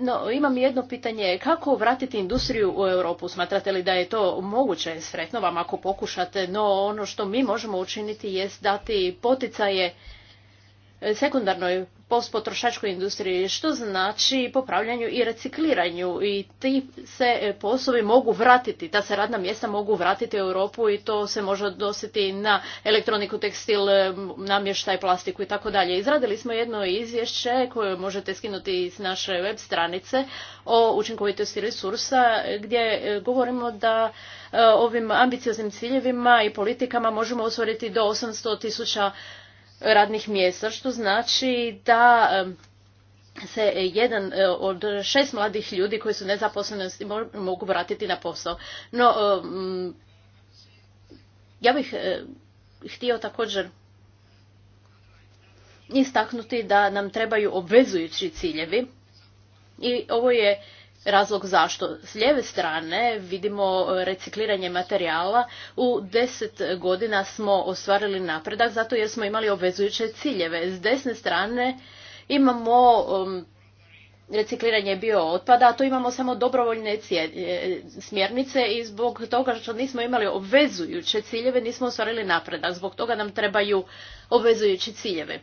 No, imam jedno pitanje. Kako vratiti industriju u Europu? Smatrate li da je to moguće? Sretno vam ako pokušate, no ono što mi možemo učiniti jest dati poticaje sekundarnoj postpotrošačkoj industriji, što znači popravljanju i recikliranju. I ti se e, poslovi mogu vratiti, ta se radna mjesta mogu vratiti u Europu i to se može odnositi na elektroniku, tekstil, e, namještaj, plastiku i tako dalje. Izradili smo jedno izvješće koje možete skinuti s naše web stranice o učinkovitosti resursa gdje e, govorimo da ovim ambicioznim ciljevima i politikama možemo osvoriti do 800 tisuća radnih mjesta, što znači da se jedan e, od šest mladih ljudi koji su nezaposlenosti mogu vratiti na posao. No, ja bih e, htio također istaknuti da nam trebaju obvezujući ciljevi i ovo je razlog zašto. S lijeve strane vidimo e, recikliranje materijala. U deset godina smo ostvarili napredak zato jer smo imali obvezujuće ciljeve. S desne strane imamo recikliranje biootpada, a to imamo samo dobrovoljne e, smjernice i zbog toga što nismo imali obvezujuće ciljeve nismo ostvarili napredak. Zbog toga nam trebaju obvezujući ciljeve.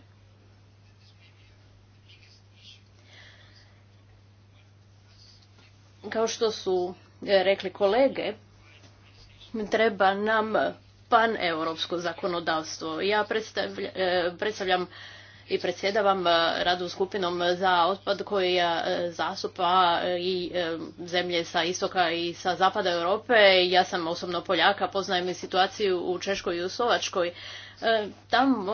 Kao što su e, rekli kolege, treba nam paneuropsko zakonodavstvo. Ja e, predstavljam i predsjedavam e, radu skupinom za otpad koja zastupa i zemlje sa istoka i sa zapada Europe. Ja sam osobno Poljaka, poznajem i situaciju u Češkoj i u Slovačkoj. E, Tam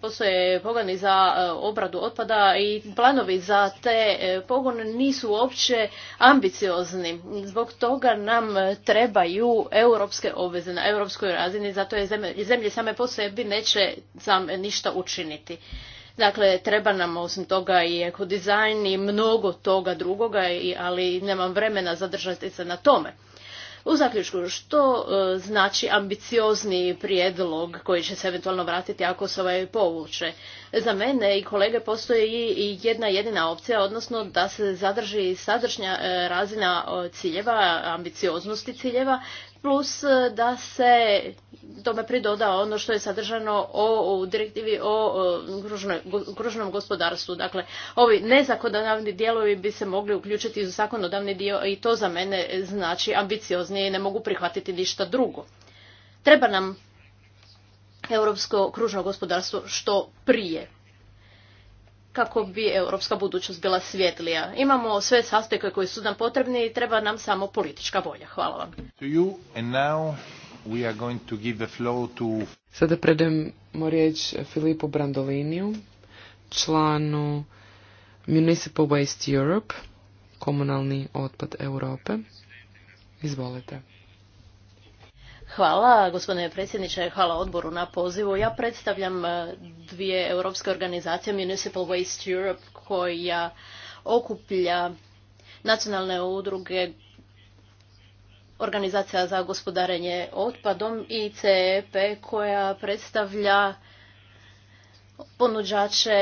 postoje pogoni za e, obradu otpada i planovi za te e, pogone nisu uopće ambiciozni. Zbog toga nam trebaju europske obveze na europskoj razini, zato je zemlje, zemlje same po sebi neće sam ništa učiniti. Dakle, treba nam osim toga i ekodizajn i mnogo toga drugoga, ali nemam vremena zadržati se na tome. U zaključku, što e, znači ambiciozni prijedlog koji će se eventualno vratiti ako se ovaj povuče? Za mene i kolege postoji i jedna jedina opcija, odnosno da se zadrži sadršnja e, razina ciljeva, ambicioznosti ciljeva, plus e, da se tome pridoda ono što je sadržano o, u direktivi o kružnom gospodarstvu. Dakle, ovi nezakonodavni dijelovi bi se mogli uključiti u zakonodavni dio i to za mene znači ambicioznije i ne mogu prihvatiti ništa drugo. Treba nam europsko kružno gospodarstvo što prije kako bi europska budućnost bila svjetlija. Imamo sve sastojke koji su nam potrebni i treba nam samo politička volja. Hvala vam. Sada predajemo riječ Filipu Brandoliniju, članu Municipal Waste Europe, komunalni otpad Europe. Izvolite. Hvala gospodine predsjedniče, hvala odboru na pozivu. Ja predstavljam e, dvije europske organizacije Municipal Waste Europe koja okuplja nacionalne udruge organizacija za gospodarenje otpadom i CEP koja predstavlja ponuđače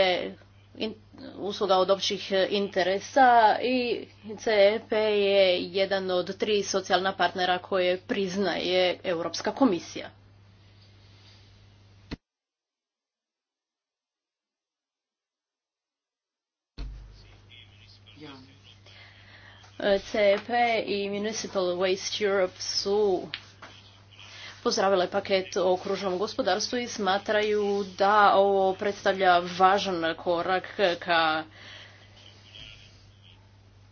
usluga od općih e, interesa i CEP je jedan od tri socijalna partnera koje priznaje Europska komisija. E, CEP i Municipal Waste Europe su pozdravile paket o kružnom gospodarstvu i smatraju da ovo predstavlja važan korak ka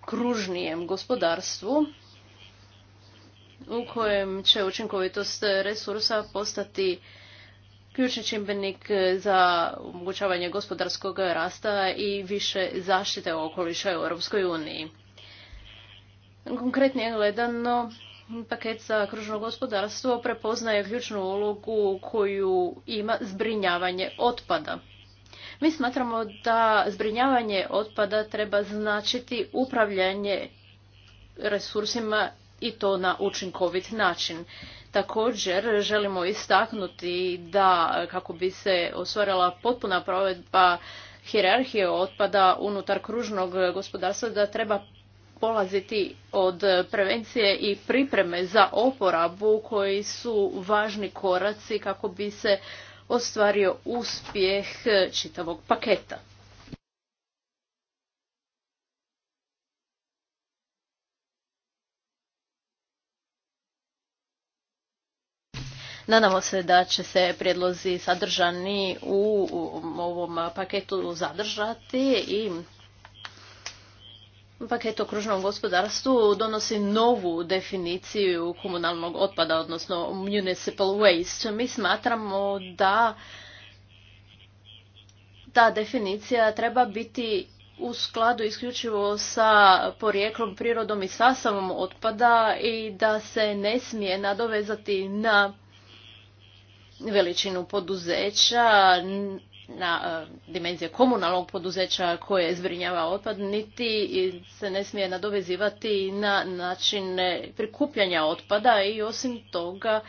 kružnijem gospodarstvu u kojem će učinkovitost resursa postati ključni čimbenik za omogućavanje gospodarskog rasta i više zaštite okoliša u Europskoj uniji. Konkretnije gledano, paket za kružno gospodarstvo prepoznaje ključnu ulogu koju ima zbrinjavanje otpada. Mi smatramo da zbrinjavanje otpada treba značiti upravljanje resursima i to na učinkovit način. Također želimo istaknuti da kako bi se ostvarila potpuna provedba hierarhije otpada unutar kružnog gospodarstva da treba polaziti od prevencije i pripreme za oporabu koji su važni koraci kako bi se ostvario uspjeh čitavog paketa. Nadamo se da će se prijedlozi sadržani u ovom paketu zadržati i paket o kružnom gospodarstvu donosi novu definiciju komunalnog otpada, odnosno municipal waste. Mi smatramo da ta definicija treba biti u skladu isključivo sa porijeklom, prirodom i sastavom otpada i da se ne smije nadovezati na veličinu poduzeća, na e, dimenzije komunalnog poduzeća koje zbrinjava otpad, niti se ne smije nadovezivati na način prikupljanja otpada i osim toga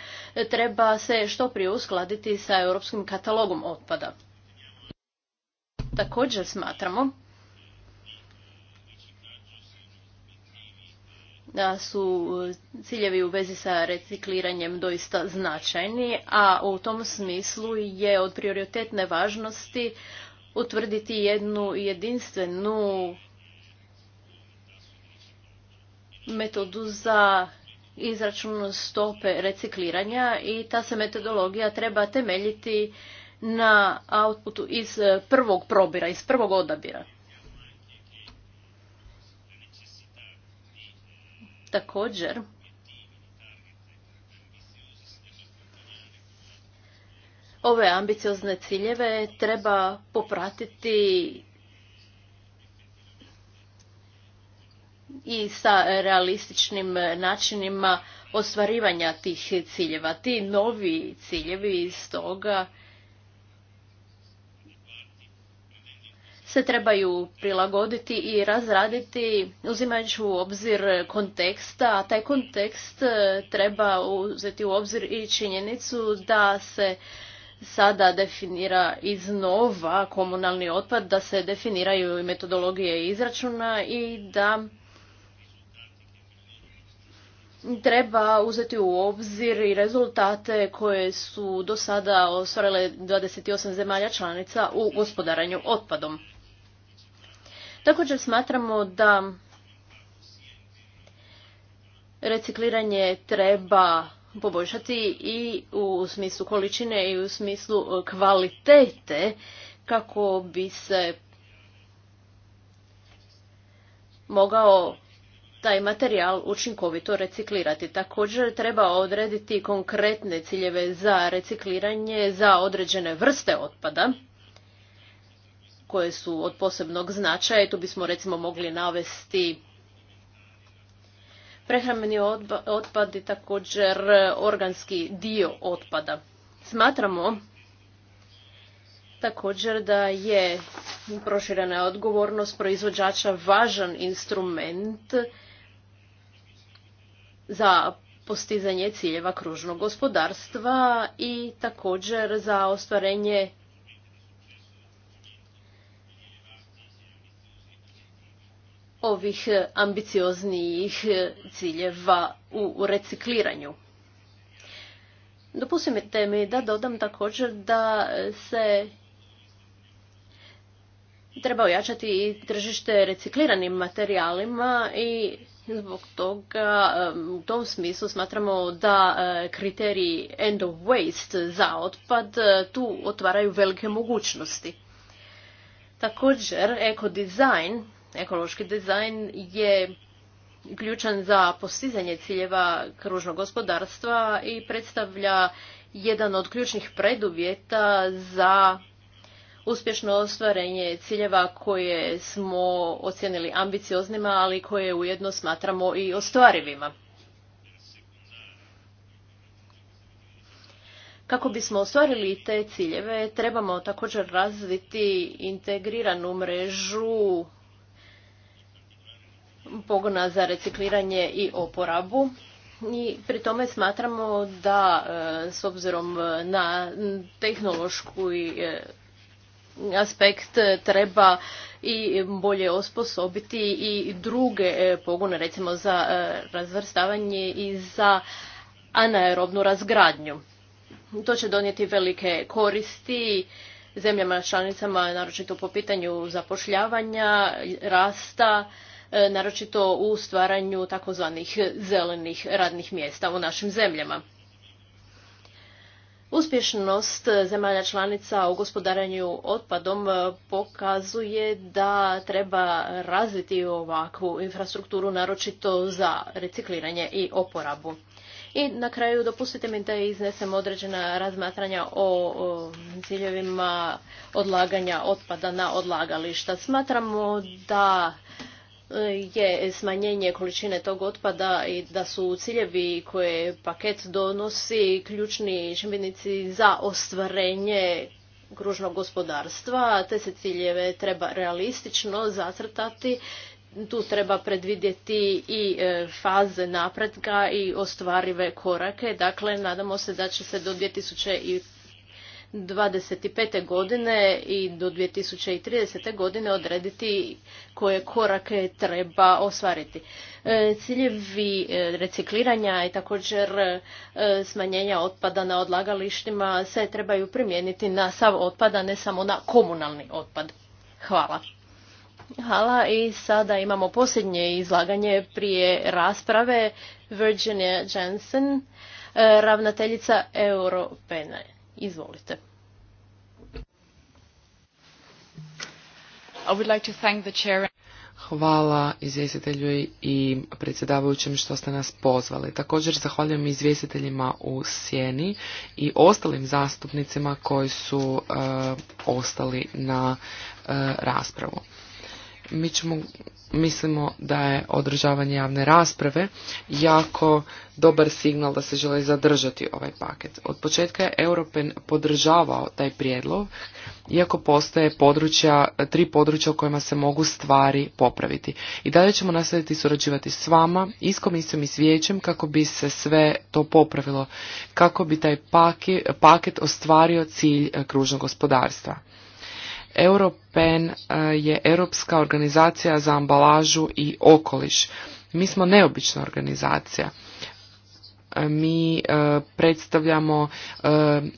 treba se što prije uskladiti sa europskim katalogom otpada. Također smatramo da su e, ciljevi u vezi sa recikliranjem doista značajni, a u tom smislu je od prioritetne važnosti utvrditi jednu jedinstvenu metodu za izračun stope recikliranja i ta se metodologija treba temeljiti na outputu iz e, prvog probira, iz prvog odabira. Također, ove ambiciozne ciljeve treba popratiti i sa realističnim načinima ostvarivanja tih ciljeva. Ti novi ciljevi stoga se trebaju prilagoditi i razraditi uzimajući u obzir konteksta, a taj kontekst e, treba uzeti u obzir i činjenicu da se sada definira iznova komunalni otpad, da se definiraju i metodologije izračuna i da treba uzeti u obzir i rezultate koje su do sada ostvarile 28 zemalja članica u gospodaranju otpadom. Također smatramo da recikliranje treba poboljšati i u smislu količine i u smislu e, kvalitete kako bi se mogao taj materijal učinkovito reciklirati. Također treba odrediti konkretne ciljeve za recikliranje za određene vrste otpada koje su od posebnog značaja tu bismo recimo mogli navesti prehrambeni otpad i također organski dio otpada. Smatramo također da je proširena odgovornost proizvođača važan instrument za postizanje ciljeva kružnog gospodarstva i također za ostvarenje ovih e, ambicioznijih e, ciljeva u recikliranju. Dopustite mi da dodam također da se treba ojačati i tržište recikliranim materijalima i zbog toga u tom smislu smatramo da e, kriteriji end of waste za otpad tu otvaraju velike mogućnosti. Također, ekodizajn Ekološki dizajn je ključan za postizanje ciljeva kružnog gospodarstva i predstavlja jedan od ključnih preduvjeta za uspješno ostvarenje ciljeva koje smo ocijenili ambicioznima, ali koje ujedno smatramo i ostvarivima. Kako bismo ostvarili te ciljeve, trebamo također razviti integriranu mrežu pogona za recikliranje i oporabu. I pri tome smatramo da e, s obzirom na tehnološku e, aspekt treba i bolje osposobiti i druge e, pogone recimo za razvrstavanje i za anaerobnu razgradnju. To će donijeti velike koristi zemljama članicama, naročito po pitanju zapošljavanja, rasta, E, naročito u stvaranju takozvanih zelenih radnih mjesta u našim zemljama. Uspješnost zemalja članica u gospodaranju otpadom e, pokazuje da treba razviti ovakvu infrastrukturu, naročito za recikliranje i oporabu. I na kraju dopustite mi da iznesem određena razmatranja o ciljevima odlaganja otpada na odlagališta. Smatramo da je smanjenje količine tog otpada i da su ciljevi koje paket donosi ključni čimbenici za ostvarenje kružnog gospodarstva. Te se ciljeve treba realistično zacrtati. Tu treba predvidjeti i e, faze napretka i ostvarive korake. Dakle, nadamo se da će se do tisuće 25. godine i do 2030. godine odrediti koje korake treba ostvariti. E, ciljevi e, recikliranja i također e, smanjenja otpada na odlagalištima se trebaju primijeniti na sav otpad, a ne samo na komunalni otpad. Hvala. Hvala i sada imamo posljednje izlaganje prije rasprave Virginia Jensen, ravnateljica Europene. Izvolite. I would like to thank the chair. Hvala izvjestitelju i predsjedavajućem što ste nas pozvali. Također zahvaljujem izvjestiteljima u sjeni i ostalim zastupnicima koji su e, ostali na e, raspravu mi ćemo, mislimo da je održavanje javne rasprave jako dobar signal da se želi zadržati ovaj paket. Od početka je Europen podržavao taj prijedlog, iako postoje područja, tri područja u kojima se mogu stvari popraviti. I dalje ćemo nastaviti surađivati s vama i s komisijom i svijećem kako bi se sve to popravilo, kako bi taj paket ostvario cilj eh, kružnog gospodarstva. Europen e, je europska organizacija za ambalažu i okoliš. Mi smo neobična organizacija. E, mi e, predstavljamo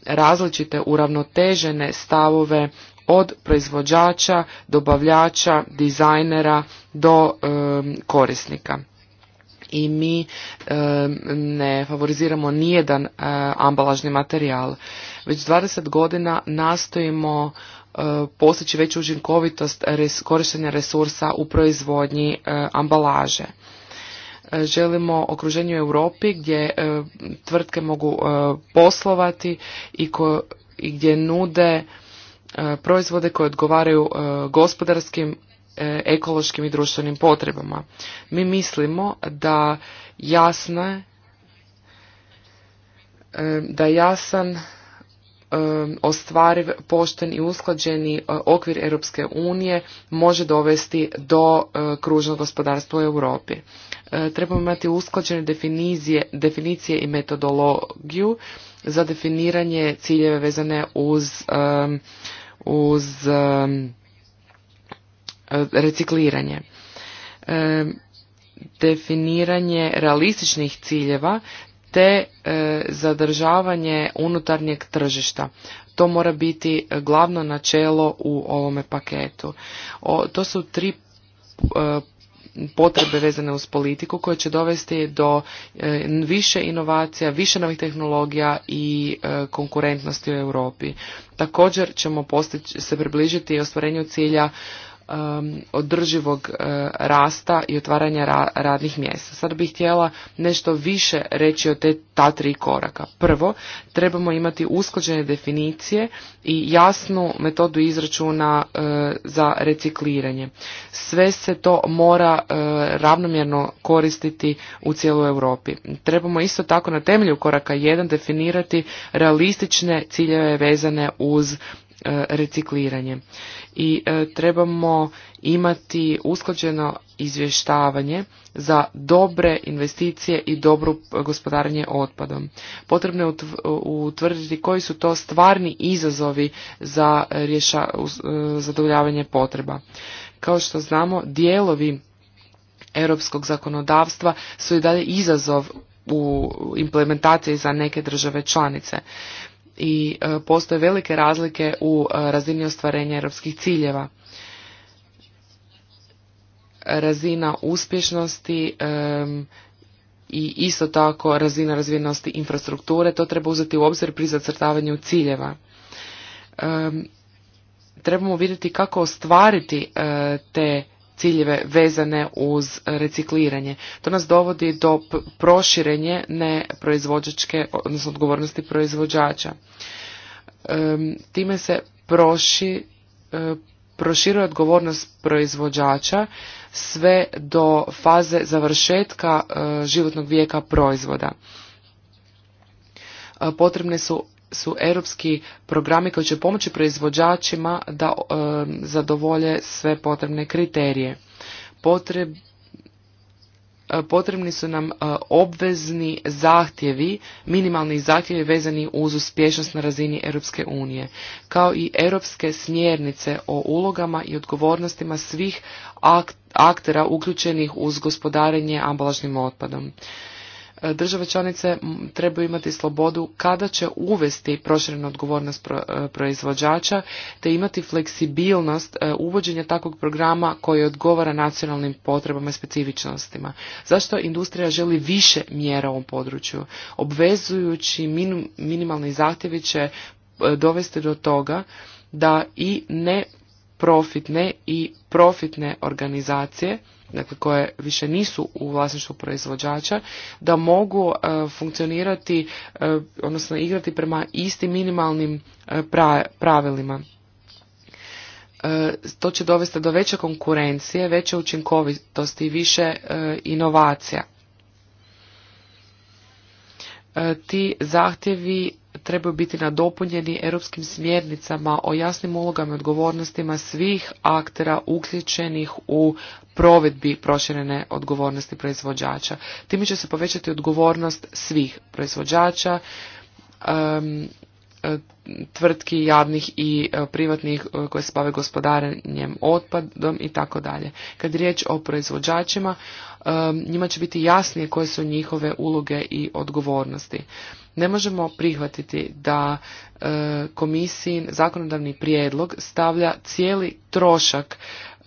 različite uravnotežene stavove od proizvođača, dobavljača, dizajnera do korisnika i mi ne favoriziramo nijedan ambalažni materijal. Već 20 godina nastojimo postići veću učinkovitost res, korištenja resursa u proizvodnji e, ambalaže e, želimo okruženje u Europi gdje e, tvrtke mogu poslovati i, gdje nude proizvode koje odgovaraju gospodarskim, ekološkim i društvenim potrebama. Mi mislimo da jasne da jasan Um, ostvariv, pošten i usklađeni uh, okvir Europske unije može dovesti do uh, kružnog gospodarstva u Europi. Uh, trebamo imati usklađene definicije, definicije i metodologiju za definiranje ciljeve vezane uz, um, uz um, recikliranje. Definiranje realističnih ciljeva te e, zadržavanje unutarnjeg tržišta. To mora biti glavno načelo u ovome paketu. to su tri e, potrebe vezane uz politiku koje će dovesti do e, više inovacija, više novih tehnologija i konkurentnosti u Europi. Također ćemo postići, se približiti ostvarenju cilja Um, održivog uh, rasta i otvaranja radnih mjesta. Sad bih htjela nešto više reći o te ta tri koraka. Prvo, trebamo imati usklađene definicije i jasnu metodu izračuna uh, za recikliranje. Sve se to mora uh, ravnomjerno koristiti u cijeloj Europi. Trebamo isto tako na temelju koraka jedan definirati realistične ciljeve vezane uz recikliranje i e, trebamo imati usklađeno izvještavanje za dobre investicije i dobro gospodarenje otpadom. Potrebno je utvrditi koji su to stvarni izazovi za e, zadovoljavanje potreba. Kao što znamo, dijelovi europskog zakonodavstva su i dalje izazov u implementaciji za neke države članice i e, postoje velike razlike u e, razini ostvarenja europskih ciljeva. Razina uspješnosti e, i isto tako razina razvijenosti infrastrukture, to treba uzeti u obzir pri zacrtavanju ciljeva. Trebamo vidjeti kako ostvariti te ciljeve vezane uz recikliranje. To nas dovodi do proširenje neproizvođačke, odnosno odgovornosti proizvođača. time se proši, e, proširuje odgovornost proizvođača sve do faze završetka e, životnog vijeka proizvoda. E, potrebne su su europski programi koji će pomoći proizvođačima da e, zadovolje sve potrebne kriterije. Potreb, e, potrebni su nam e, obvezni zahtjevi, minimalni zahtjevi vezani uz uspješnost na razini Europske unije, kao i europske smjernice o ulogama i odgovornostima svih aktera uključenih uz gospodarenje ambalažnim otpadom. E, države članice trebaju imati slobodu kada će uvesti proširenu odgovornost e, proizvođača te imati fleksibilnost e, uvođenja takvog programa koji odgovara nacionalnim potrebama i specifičnostima. Zašto industrija želi više mjera u ovom području? Obvezujući minimalni zahtjevi će dovesti do toga da i neprofitne i profitne organizacije dakle koje više nisu u vlasništvu proizvođača, da mogu e, funkcionirati, e, odnosno igrati prema istim minimalnim e, pravilima. To će dovesti do veće konkurencije, veće učinkovitosti i više inovacija. Ti zahtjevi trebaju biti nadopunjeni europskim smjernicama o jasnim ulogama i odgovornostima svih aktera uključenih u provedbi proširene odgovornosti proizvođača. Time će se povećati odgovornost svih proizvođača, e, tvrtki javnih i e, privatnih e, koje se bave gospodarenjem otpadom i tako dalje. Kad je riječ o proizvođačima, njima će biti jasnije koje su njihove uloge i odgovornosti. Ne možemo prihvatiti da komisijin zakonodavni prijedlog stavlja cijeli trošak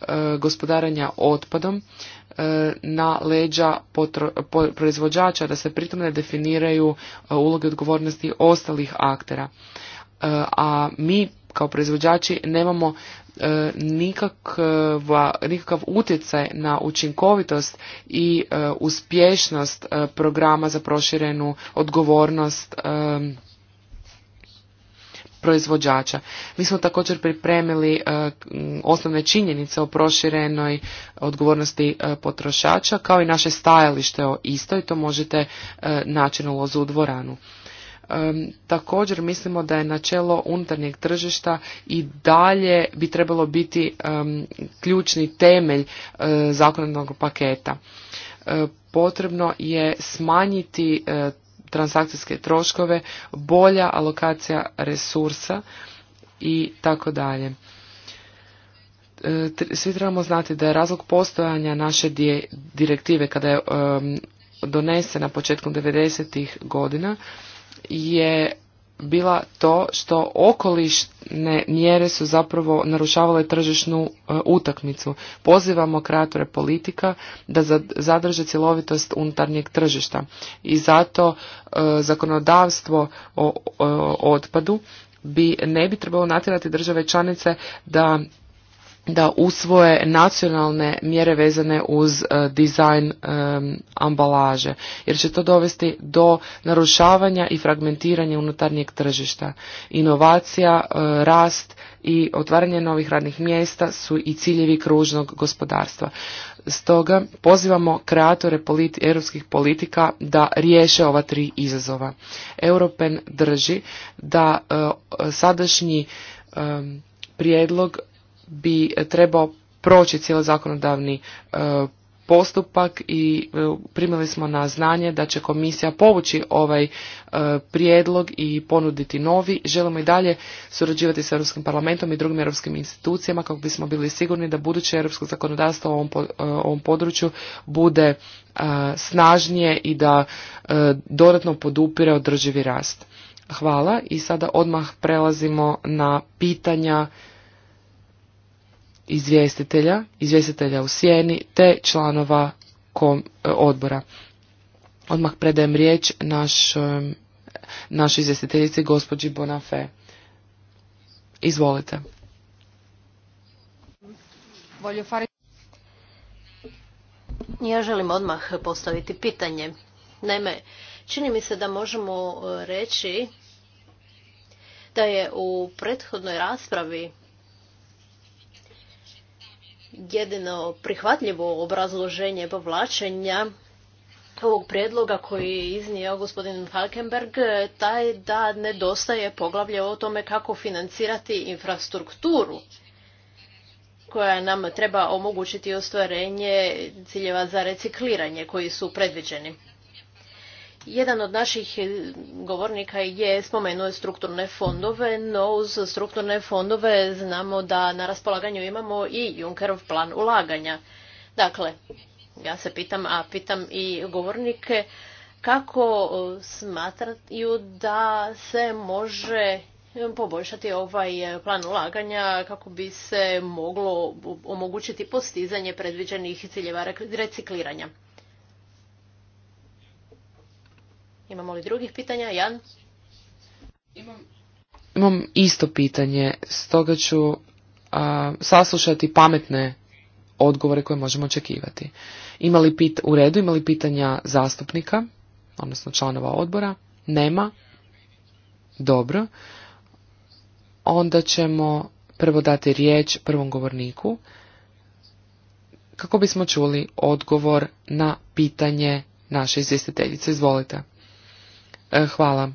E, gospodaranja otpadom e, na leđa proizvođača da se pritom ne definiraju e, uloge odgovornosti ostalih aktera. A mi kao proizvođači nemamo nikakva, nikakav utjecaj na učinkovitost i uspješnost programa za proširenu odgovornost proizvođača. Mi smo također pripremili e, osnovne činjenice o proširenoj odgovornosti e, potrošača kao i naše stajalište o istoj, to možete e, naći na lozu u dvoranu. Također mislimo da je načelo unutarnjeg tržišta i dalje bi trebalo biti ključni temelj zakonodnog paketa potrebno je smanjiti transakcijske troškove, bolja alokacija resursa i tako dalje. E, svi trebamo znati da je razlog postojanja naše direktive kada je donesena početkom 90. godina je bila to što okolišne mjere su zapravo narušavale tržišnu e, utakmicu. Pozivamo kreatore politika da zadrže cjelovitost unutarnjeg tržišta i zato e, zakonodavstvo o otpadu bi ne bi trebalo natjerati države članice da da usvoje nacionalne mjere vezane uz e, dizajn e, ambalaže jer će to dovesti do narušavanja i fragmentiranja unutarnjeg tržišta inovacija e, rast i otvaranje novih radnih mjesta su i ciljevi kružnog gospodarstva stoga pozivamo kreatore politi europskih politika da riješe ova tri izazova europen drži da sadašnji prijedlog bi trebao proći cijeli zakonodavni e, postupak i e, primili smo na znanje da će komisija povući ovaj e, prijedlog i ponuditi novi. Želimo i dalje surađivati s Europskim parlamentom i drugim europskim institucijama kako bismo bili sigurni da buduće europsko zakonodavstvo u ovom, ovom području bude snažnije i da dodatno podupire održivi rast. Hvala i sada odmah prelazimo na pitanja izvjestitelja, izvjestitelja u sjeni te članova kom, e, odbora. Odmah predajem riječ našoj e, izvjestiteljici gospođi Bonafé. Izvolite. Ja želim odmah postaviti pitanje. Naime, čini mi se da možemo reći da je u prethodnoj raspravi jedino prihvatljivo obrazloženje povlačenja ovog prijedloga koji je iznio gospodin Falkenberg, taj da nedostaje poglavlje o tome kako financirati infrastrukturu koja nam treba omogućiti ostvarenje ciljeva za recikliranje koji su predviđeni. Jedan od naših govornika je spomenuo strukturne fondove, no uz strukturne fondove znamo da na raspolaganju imamo i Junckerov plan ulaganja. Dakle, ja se pitam, a pitam i govornike, kako smatraju da se može poboljšati ovaj plan ulaganja kako bi se moglo omogućiti postizanje predviđenih ciljeva recikliranja. Imamo li drugih pitanja? Jan? Imam, Imam isto pitanje, stoga ću saslušati pametne odgovore koje možemo očekivati. Ima li pit, u redu, ima li pitanja zastupnika, odnosno članova odbora? Nema? Dobro. Onda ćemo prvo dati riječ prvom govorniku kako bismo čuli odgovor na pitanje naše izvjestiteljice. Izvolite. E, hvala.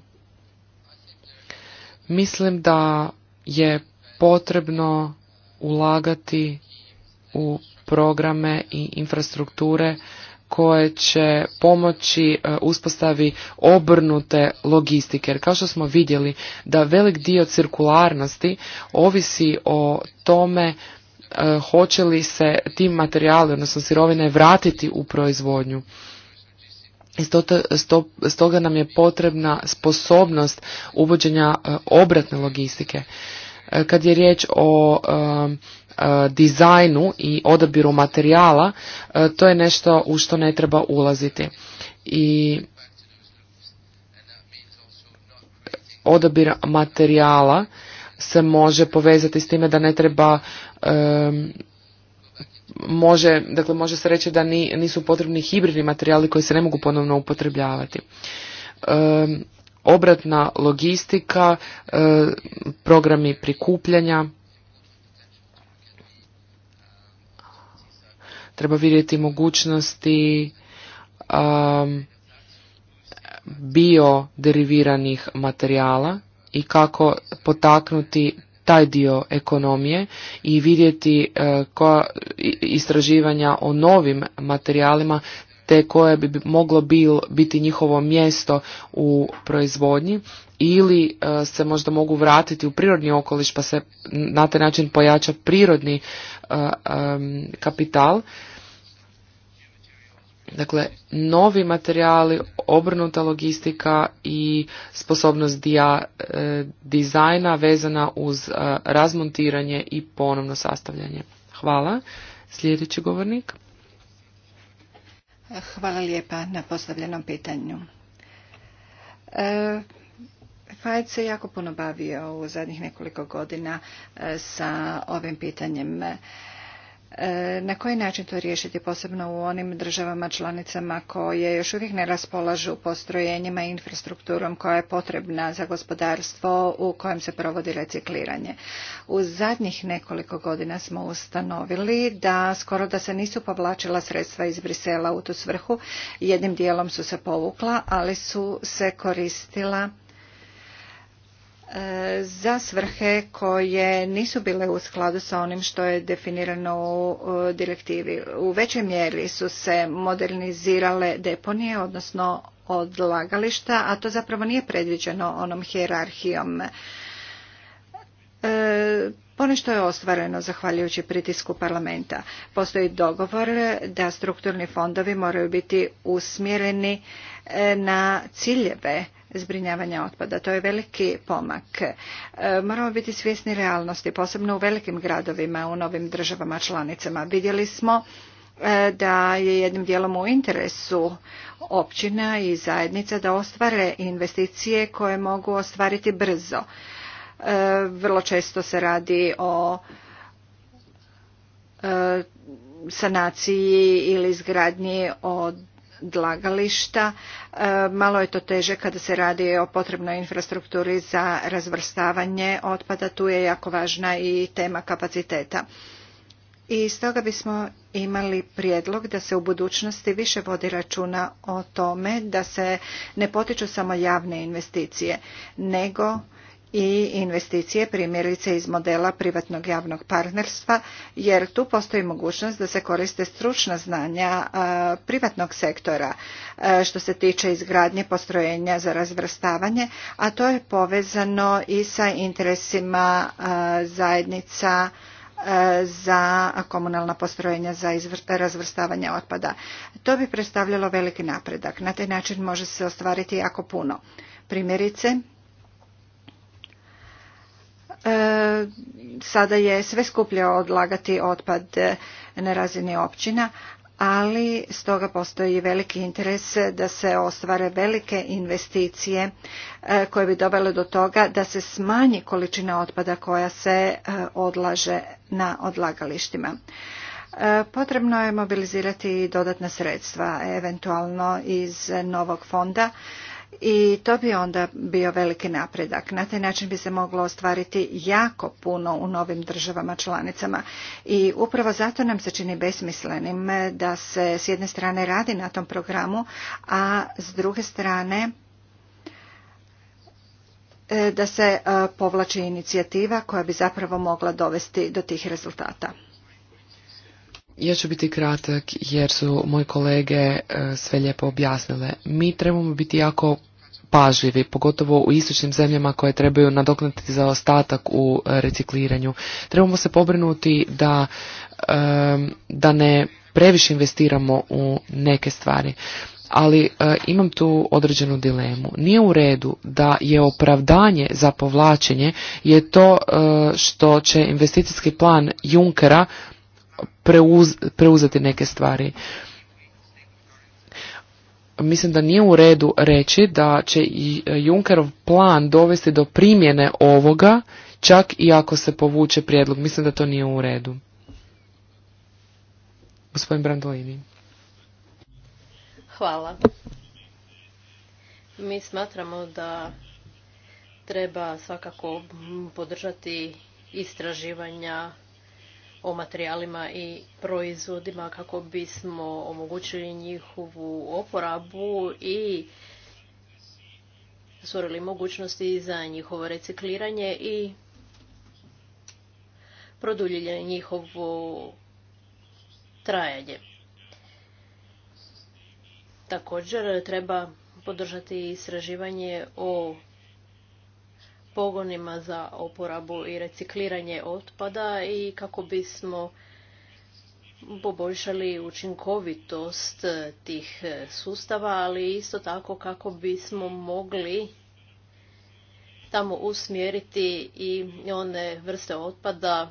Mislim da je potrebno ulagati u programe i infrastrukture koje će pomoći e, uspostavi obrnute logistike. Jer kao što smo vidjeli da velik dio cirkularnosti ovisi o tome e, hoće li se ti materijali, odnosno sirovine, vratiti u proizvodnju i stoga nam je potrebna sposobnost uvođenja e, obratne logistike. E, kad je riječ o e, dizajnu i odabiru materijala, to je nešto u što ne treba ulaziti. I odabir materijala se može povezati s time da ne treba može, dakle može se reći da ni, nisu potrebni hibridni materijali koji se ne mogu ponovno upotrebljavati. obratna logistika, programi prikupljanja, treba vidjeti mogućnosti e, bioderiviranih materijala i kako potaknuti taj dio ekonomije i vidjeti e, koja istraživanja o novim materijalima te koje bi moglo biti njihovo mjesto u proizvodnji ili e, se možda mogu vratiti u prirodni okoliš pa se na taj način pojača prirodni e, kapital Dakle, novi materijali, obrnuta logistika i sposobnost e, dizajna vezana uz e, razmontiranje i ponovno sastavljanje. Hvala. Sljedeći govornik. Hvala lijepa na postavljenom pitanju. E... Fajt se jako puno bavio u zadnjih nekoliko godina e, sa ovim pitanjem. E, na koji način to riješiti posebno u onim državama članicama koje još uvijek ne raspolažu postrojenjima i infrastrukturom koja je potrebna za gospodarstvo u kojem se provodi recikliranje. U zadnjih nekoliko godina smo ustanovili da skoro da se nisu povlačila sredstva iz Brisela u tu svrhu. Jednim dijelom su se povukla, ali su se koristila za svrhe koje nisu bile u skladu sa onim što je definirano u direktivi. U većoj mjeri su se modernizirale deponije, odnosno odlagališta, a to zapravo nije predviđeno onom hjerarhijom. E, ponešto je ostvareno zahvaljujući pritisku parlamenta. Postoji dogovor da strukturni fondovi moraju biti usmjereni e, na ciljeve zbrinjavanja otpada. To je veliki pomak. E, moramo biti svjesni realnosti, posebno u velikim gradovima, u novim državama članicama. Vidjeli smo e, da je jednim dijelom u interesu općina i zajednica da ostvare investicije koje mogu ostvariti brzo. E, vrlo često se radi o sanaciji ili izgradnji od odlagališta. E, malo je to teže kada se radi o potrebnoj infrastrukturi za razvrstavanje otpada. Tu je jako važna i tema kapaciteta. I stoga bismo imali prijedlog da se u budućnosti više vodi računa o tome da se ne potiču samo javne investicije, nego i investicije primjerice iz modela privatnog javnog partnerstva jer tu postoji mogućnost da se koriste stručna znanja privatnog sektora što se tiče izgradnje postrojenja za razvrstavanje a to je povezano i sa interesima zajednica za komunalna postrojenja za razvrstavanje otpada. To bi predstavljalo veliki napredak. Na taj način može se ostvariti jako puno. Primjerice, E, sada je sve skuplje odlagati otpad e, na razini općina, ali stoga postoji veliki interes da se ostvare velike investicije e, koje bi dovele do toga da se smanji količina otpada koja se odlaže na odlagalištima. Potrebno je mobilizirati dodatna sredstva, eventualno iz novog fonda i to bi onda bio veliki napredak. Na taj način bi se moglo ostvariti jako puno u novim državama članicama i upravo zato nam se čini besmislenim da se s jedne strane radi na tom programu, a s druge strane e, da se e, povlači inicijativa koja bi zapravo mogla dovesti do tih rezultata. Ja ću biti kratak jer su moji kolege e, sve lijepo objasnile. Mi trebamo biti jako pažljivi, pogotovo u istočnim zemljama koje trebaju nadoknati za ostatak u e, recikliranju. Trebamo se pobrinuti da, e, da ne previše investiramo u neke stvari. Ali imam tu određenu dilemu. Nije u redu da je opravdanje za povlačenje je to što će investicijski plan Junkera preuzeti neke stvari. Mislim da nije u redu reći da će e, Junkerov plan dovesti do primjene ovoga, čak i ako se povuče prijedlog. Mislim da to nije u redu. Gospodin Brandolini. Hvala. Mi smatramo da treba svakako podržati istraživanja o materijalima i proizvodima kako bismo omogućili njihovu oporabu i stvorili mogućnosti za njihovo recikliranje i produljenje njihovo trajanje. Također treba podržati istraživanje o pogonima za oporabu i recikliranje otpada i kako bismo poboljšali učinkovitost tih sustava, ali isto tako kako bismo mogli tamo usmjeriti i one vrste otpada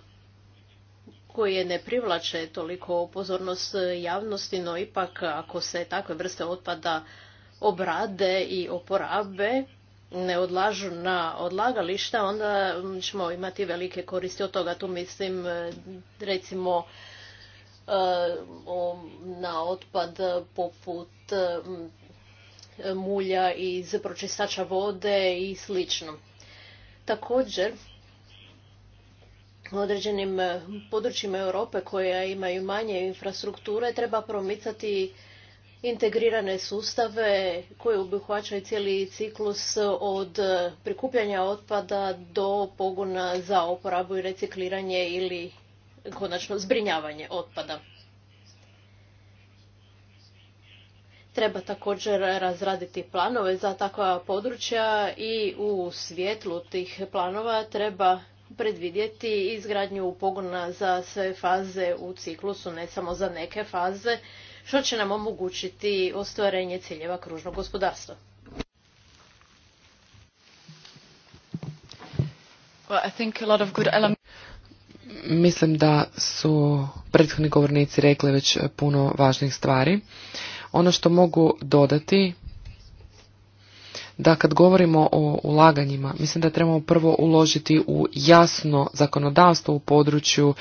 koje ne privlače toliko pozornost javnosti, no ipak ako se takve vrste otpada obrade i oporabe, ne odlažu na odlagališta, onda mm, ćemo imati velike koristi od toga. Tu mislim e, recimo e, na otpad poput e, mulja iz pročistača vode i slično. Također, u određenim područjima Europe koja imaju manje infrastrukture treba promicati integrirane sustave koji obuhvaćaju cijeli ciklus od prikupljanja otpada do pogona za oporabu i recikliranje ili konačno zbrinjavanje otpada. Treba također razraditi planove za takva područja i u svjetlu tih planova treba predvidjeti izgradnju pogona za sve faze u ciklusu, ne samo za neke faze, što će nam omogućiti ostvarenje ciljeva kružnog gospodarstva. Mislim da su prethodni govornici rekli već puno važnih stvari. Ono što mogu dodati da kad govorimo o ulaganjima, mislim da trebamo prvo uložiti u jasno zakonodavstvo u području uh,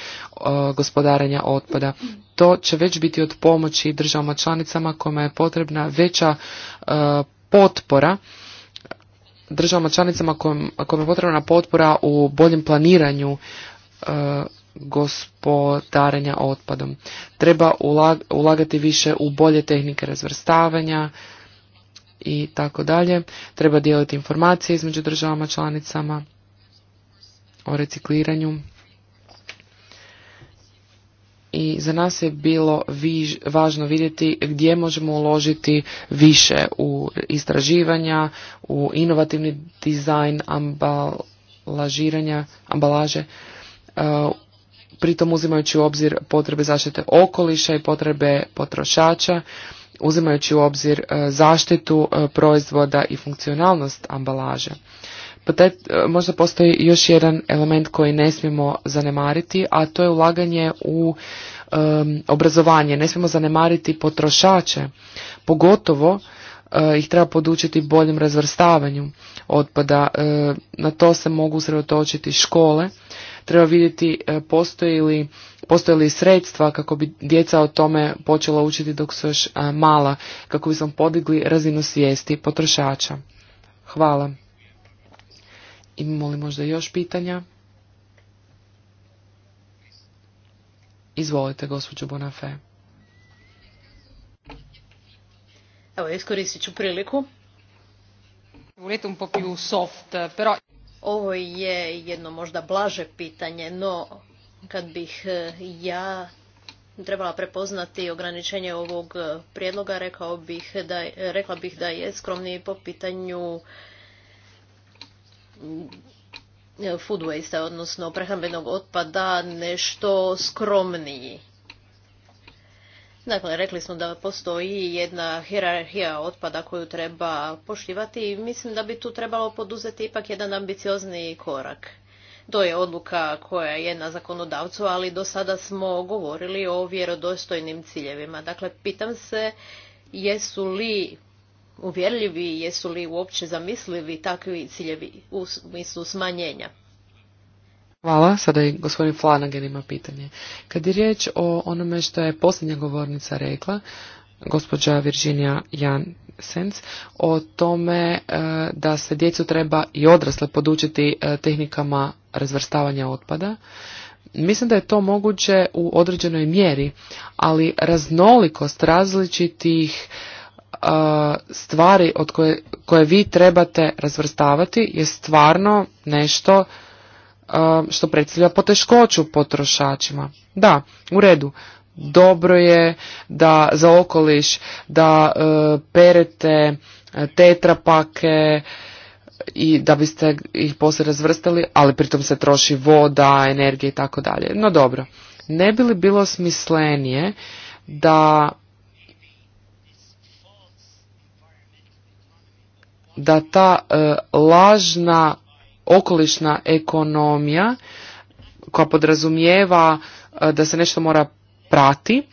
gospodarenja otpada. To će već biti od pomoći državama članicama kojima je potrebna veća uh, potpora državama članicama kojima je potrebna potpora u boljem planiranju uh, gospodarenja otpadom. Treba ulagati više u bolje tehnike razvrstavanja, i tako dalje. Treba dijeliti informacije između državama članicama o recikliranju. I za nas je bilo važno vidjeti gdje možemo uložiti više u istraživanja, u inovativni dizajn ambalažiranja, ambalaže, e, pritom uzimajući u obzir potrebe zaštite okoliša i potrebe potrošača uzimajući u obzir e, zaštitu e, proizvoda i funkcionalnost ambalaže. Pa e, možda postoji još jedan element koji ne smijemo zanemariti, a to je ulaganje u obrazovanje. Ne smijemo zanemariti potrošače, pogotovo ih treba podučiti boljem razvrstavanju otpada. na to se mogu usredotočiti škole Treba vidjeti e, postoje li sredstva kako bi djeca o tome počela učiti dok su još e, mala, kako bi podigli razinu svijesti potrošača. Hvala. Imamo li možda još pitanja? Izvolite, gospođo Bonafe. Evo, iskoristit ću priliku. Volete un po' soft, però... Ovo je jedno možda blaže pitanje, no kad bih e, ja trebala prepoznati ograničenje ovog e, prijedloga, rekao bih da, rekla bih da je skromniji po pitanju mm, food waste, odnosno prehrambenog otpada, nešto skromniji. Dakle, rekli smo da postoji jedna hierarhija otpada koju treba poštivati i mislim da bi tu trebalo poduzeti ipak jedan ambiciozni korak. To je odluka koja je na zakonodavcu, ali do sada smo govorili o vjerodostojnim ciljevima. Dakle, pitam se jesu li uvjerljivi, jesu li uopće zamislivi takvi ciljevi u smislu smanjenja. Hvala. Sada i gospodin Flanagen ima pitanje. Kad je riječ o onome što je posljednja govornica rekla, gospođa Virginia Jansens, o tome e, da se djecu treba i odrasle podučiti e, tehnikama razvrstavanja otpada, Mislim da je to moguće u određenoj mjeri, ali raznolikost različitih e, stvari od koje, koje vi trebate razvrstavati je stvarno nešto što predstavlja poteškoću potrošačima. Da, u redu. Dobro je da za okoliš da e, perete e, tetrapake i da biste ih poslije razvrstali, ali pritom se troši voda, energija i tako dalje. No dobro, ne bi li bilo smislenije da da ta e, lažna okolišna ekonomija koja podrazumijeva e, da se nešto mora prati,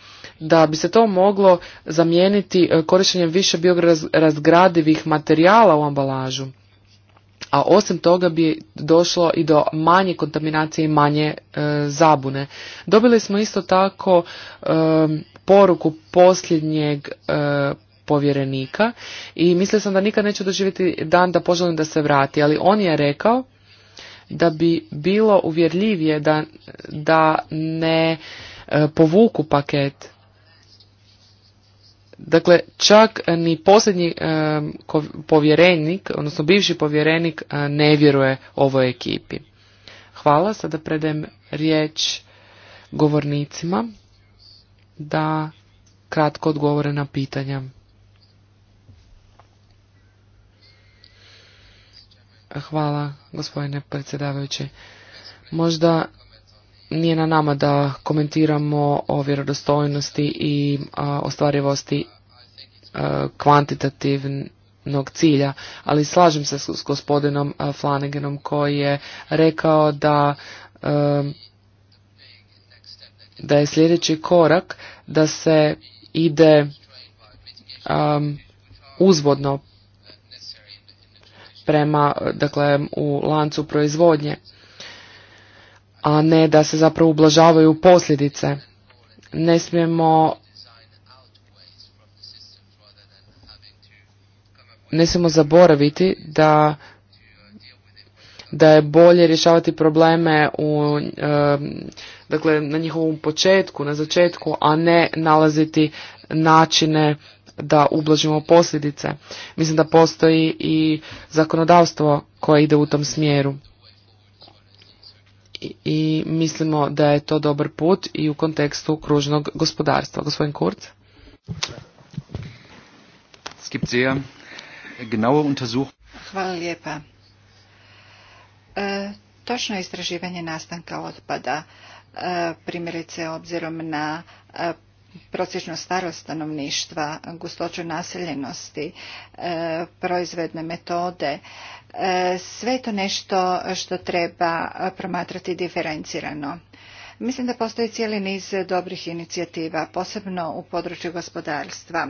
da bi se to moglo zamijeniti e, korištenjem više biorazgradivih materijala u ambalažu. A osim toga bi došlo i do manje kontaminacije i manje e, zabune. Dobili smo isto tako poruku posljednjeg povjerenika i mislio sam da nikad neću doživjeti dan da poželim da se vrati, ali on je rekao da bi bilo uvjerljivije da, da ne e, povuku paket. Dakle, čak ni posljednji e, povjerenik, odnosno bivši povjerenik e, ne vjeruje ovoj ekipi. Hvala, sada predajem riječ govornicima da kratko odgovore na pitanja. Hvala, gospodine predsjedavajući. Možda nije na nama da komentiramo o vjerodostojnosti i ostvarivosti kvantitativnog cilja, ali slažem se s, gospodinom Flanagenom koji je rekao da da je sljedeći korak da se ide uzvodno prema, dakle, u lancu proizvodnje, a ne da se zapravo ublažavaju posljedice. Ne smijemo ne smijemo zaboraviti da da je bolje rješavati probleme u, dakle, na njihovom početku, na začetku, a ne nalaziti načine da ublažimo posljedice. Mislim da postoji i zakonodavstvo koje ide u tom smjeru. I, mislimo da je to dobar put i u kontekstu kružnog gospodarstva. Gospodin Kurz. Hvala lijepa. E, točno istraživanje nastanka otpada, e, primjerice obzirom na e, prosječno starost stanovništva, gustoću naseljenosti, e, proizvedne metode. E, sve je to nešto što treba promatrati diferencirano. Mislim da postoji cijeli niz dobrih inicijativa, posebno u području gospodarstva.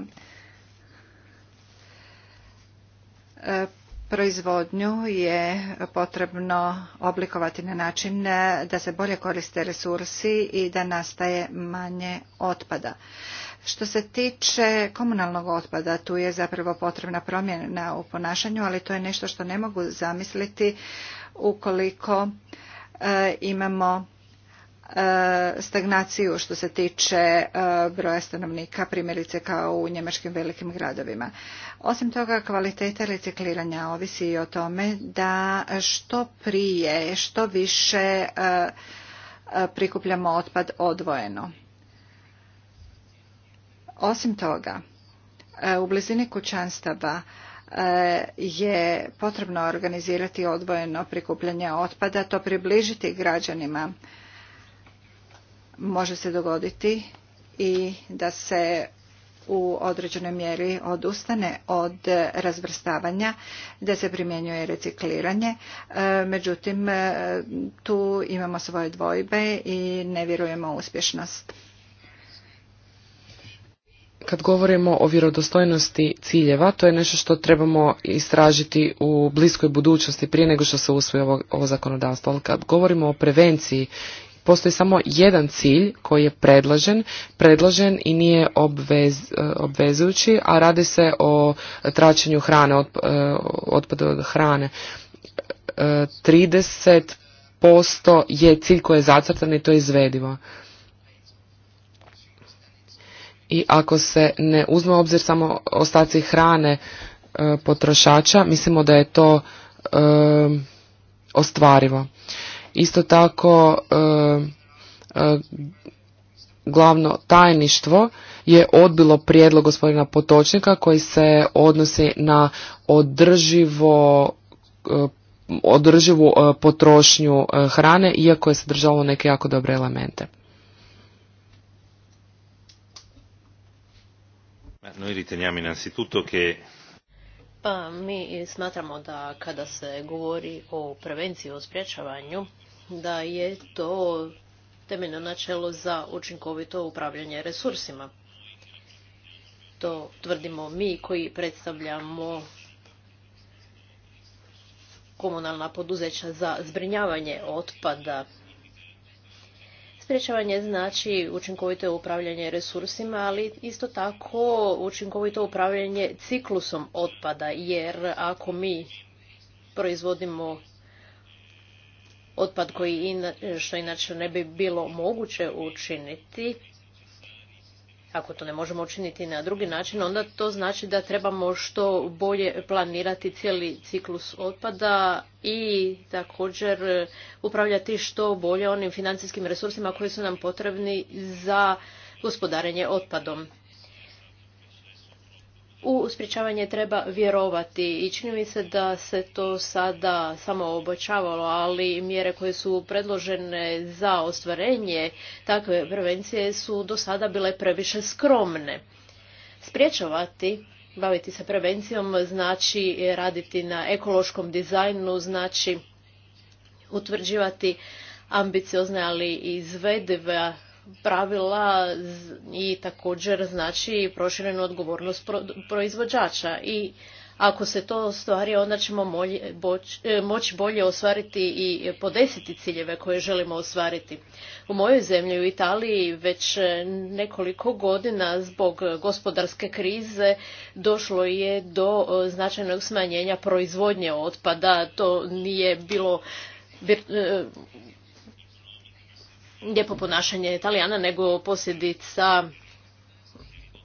E, proizvodnju je potrebno oblikovati na način e, da se bolje koriste resursi i da nastaje manje otpada. Što se tiče komunalnog otpada, tu je zapravo potrebna promjena u ponašanju, ali to je nešto što ne mogu zamisliti ukoliko e, imamo E, stagnaciju što se tiče e, broja stanovnika, primjerice kao u njemačkim velikim gradovima. Osim toga, kvaliteta recikliranja ovisi i o tome da što prije, što više e, prikupljamo otpad odvojeno. Osim toga, u blizini kućanstava je potrebno organizirati odvojeno prikupljanje otpada, to približiti građanima može se dogoditi i da se u određenoj mjeri odustane od razvrstavanja da se primjenjuje recikliranje. E, međutim, e, tu imamo svoje dvojbe i ne vjerujemo u uspješnost. Kad govorimo o vjerodostojnosti ciljeva, to je nešto što trebamo istražiti u bliskoj budućnosti prije nego što se usvoji ovo, zakonodavstvo. kad govorimo o prevenciji postoji samo jedan cilj koji je predložen, predložen i nije obvez, e, obvezujući, a radi se o traćenju hrane, e, otpada od hrane. 30% e, je cilj koji je zacrtan i to je izvedivo. I ako se ne uzme obzir samo ostaci hrane potrošača, mislimo da je to ostvarivo. Isto tako e, e, glavno tajništvo je odbilo prijedlog gospodina Potočnika koji se odnosi na održivo e, održivu potrošnju hrane, iako je sadržalo neke jako dobre elemente. Noi riteniamo innanzitutto che pa mi smatramo da kada se govori o prevenciji, o sprječavanju, da je to temeljno načelo za učinkovito upravljanje resursima. To tvrdimo mi koji predstavljamo komunalna poduzeća za zbrinjavanje otpada Sprječavanje znači učinkovito upravljanje resursima, ali isto tako učinkovito upravljanje ciklusom otpada, jer ako mi proizvodimo otpad koji što inače ne bi bilo moguće učiniti, ako to ne možemo učiniti na drugi način, onda to znači da trebamo što bolje planirati cijeli ciklus otpada i također upravljati što bolje onim financijskim resursima koji su nam potrebni za gospodarenje otpadom u sprječavanje treba vjerovati i čini mi se da se to sada samo obočavalo, ali mjere koje su predložene za ostvarenje takve prevencije su do sada bile previše skromne. Spriječavati Baviti se prevencijom znači raditi na ekološkom dizajnu, znači utvrđivati ambiciozne ali i izvedive pravila i također znači proširenu odgovornost proizvođača i ako se to ostvari onda ćemo e, moći bolje ostvariti i podesiti ciljeve koje želimo ostvariti. U mojoj zemlji u Italiji već nekoliko godina zbog gospodarske krize došlo je do e, značajnog smanjenja proizvodnje otpada. To nije bilo e, lijepo ponašanje Italijana, nego posljedica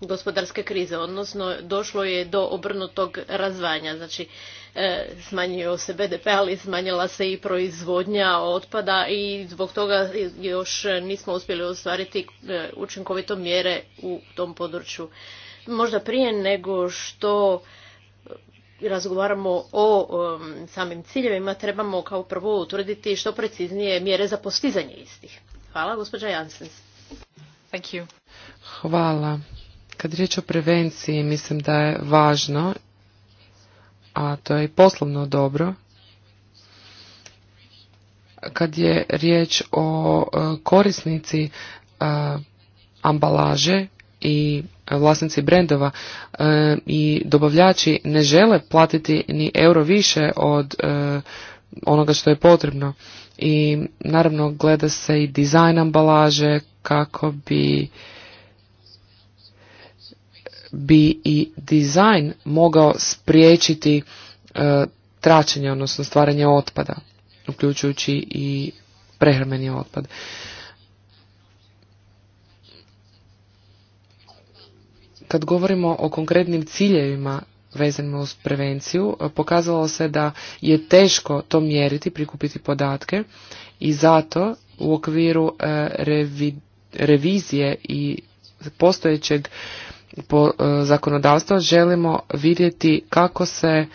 gospodarske krize, odnosno došlo je do obrnutog razvanja. Znači, e, smanjio se BDP, ali smanjila se i proizvodnja otpada i zbog toga još nismo uspjeli ostvariti e, učinkovito mjere u tom području. Možda prije nego što razgovaramo o samim ciljevima, trebamo kao prvo utvrditi što preciznije mjere za postizanje istih. Hvala, gospođa Janssens. Thank you. Hvala. Kad riječ o prevenciji, mislim da je važno, a to je i poslovno dobro, kad je riječ o e, korisnici e, ambalaže i vlasnici brendova e, i dobavljači ne žele platiti ni euro više od onoga što je potrebno i naravno gleda se i dizajn ambalaže kako bi bi i dizajn mogao spriječiti e, tračenje, odnosno stvaranje otpada, uključujući i prehrmeni otpad. Kad govorimo o konkretnim ciljevima vezano uz prevenciju, e, pokazalo se da je teško to mjeriti, prikupiti podatke i zato u okviru e, revizije i postojećeg e, zakonodavstva želimo vidjeti kako se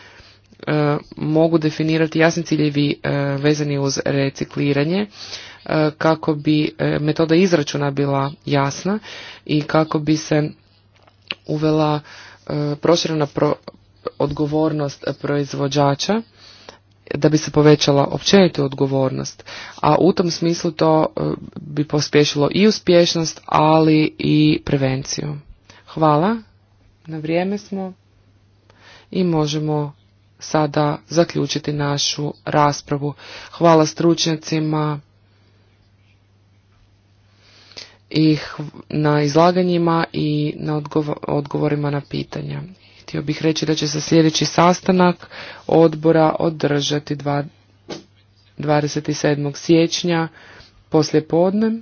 mogu definirati jasni ciljevi vezani uz recikliranje kako bi metoda izračuna bila jasna i kako bi se uvela E, proširena odgovornost proizvođača da bi se povećala općenito odgovornost. A u tom smislu to e, bi pospješilo i uspješnost, ali i prevenciju. Hvala, na vrijeme smo i možemo sada zaključiti našu raspravu. Hvala stručnjacima ih na izlaganjima i na odgovorima na pitanja. Htio bih reći da će se sljedeći sastanak odbora održati 27. siječnja poslje podne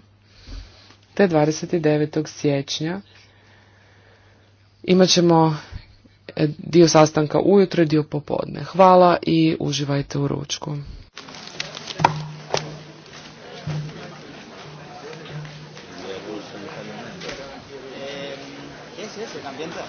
te 29. siječnja. Imaćemo e, dio sastanka ujutro i dio popodne. Hvala i uživajte u ručku. ambiente.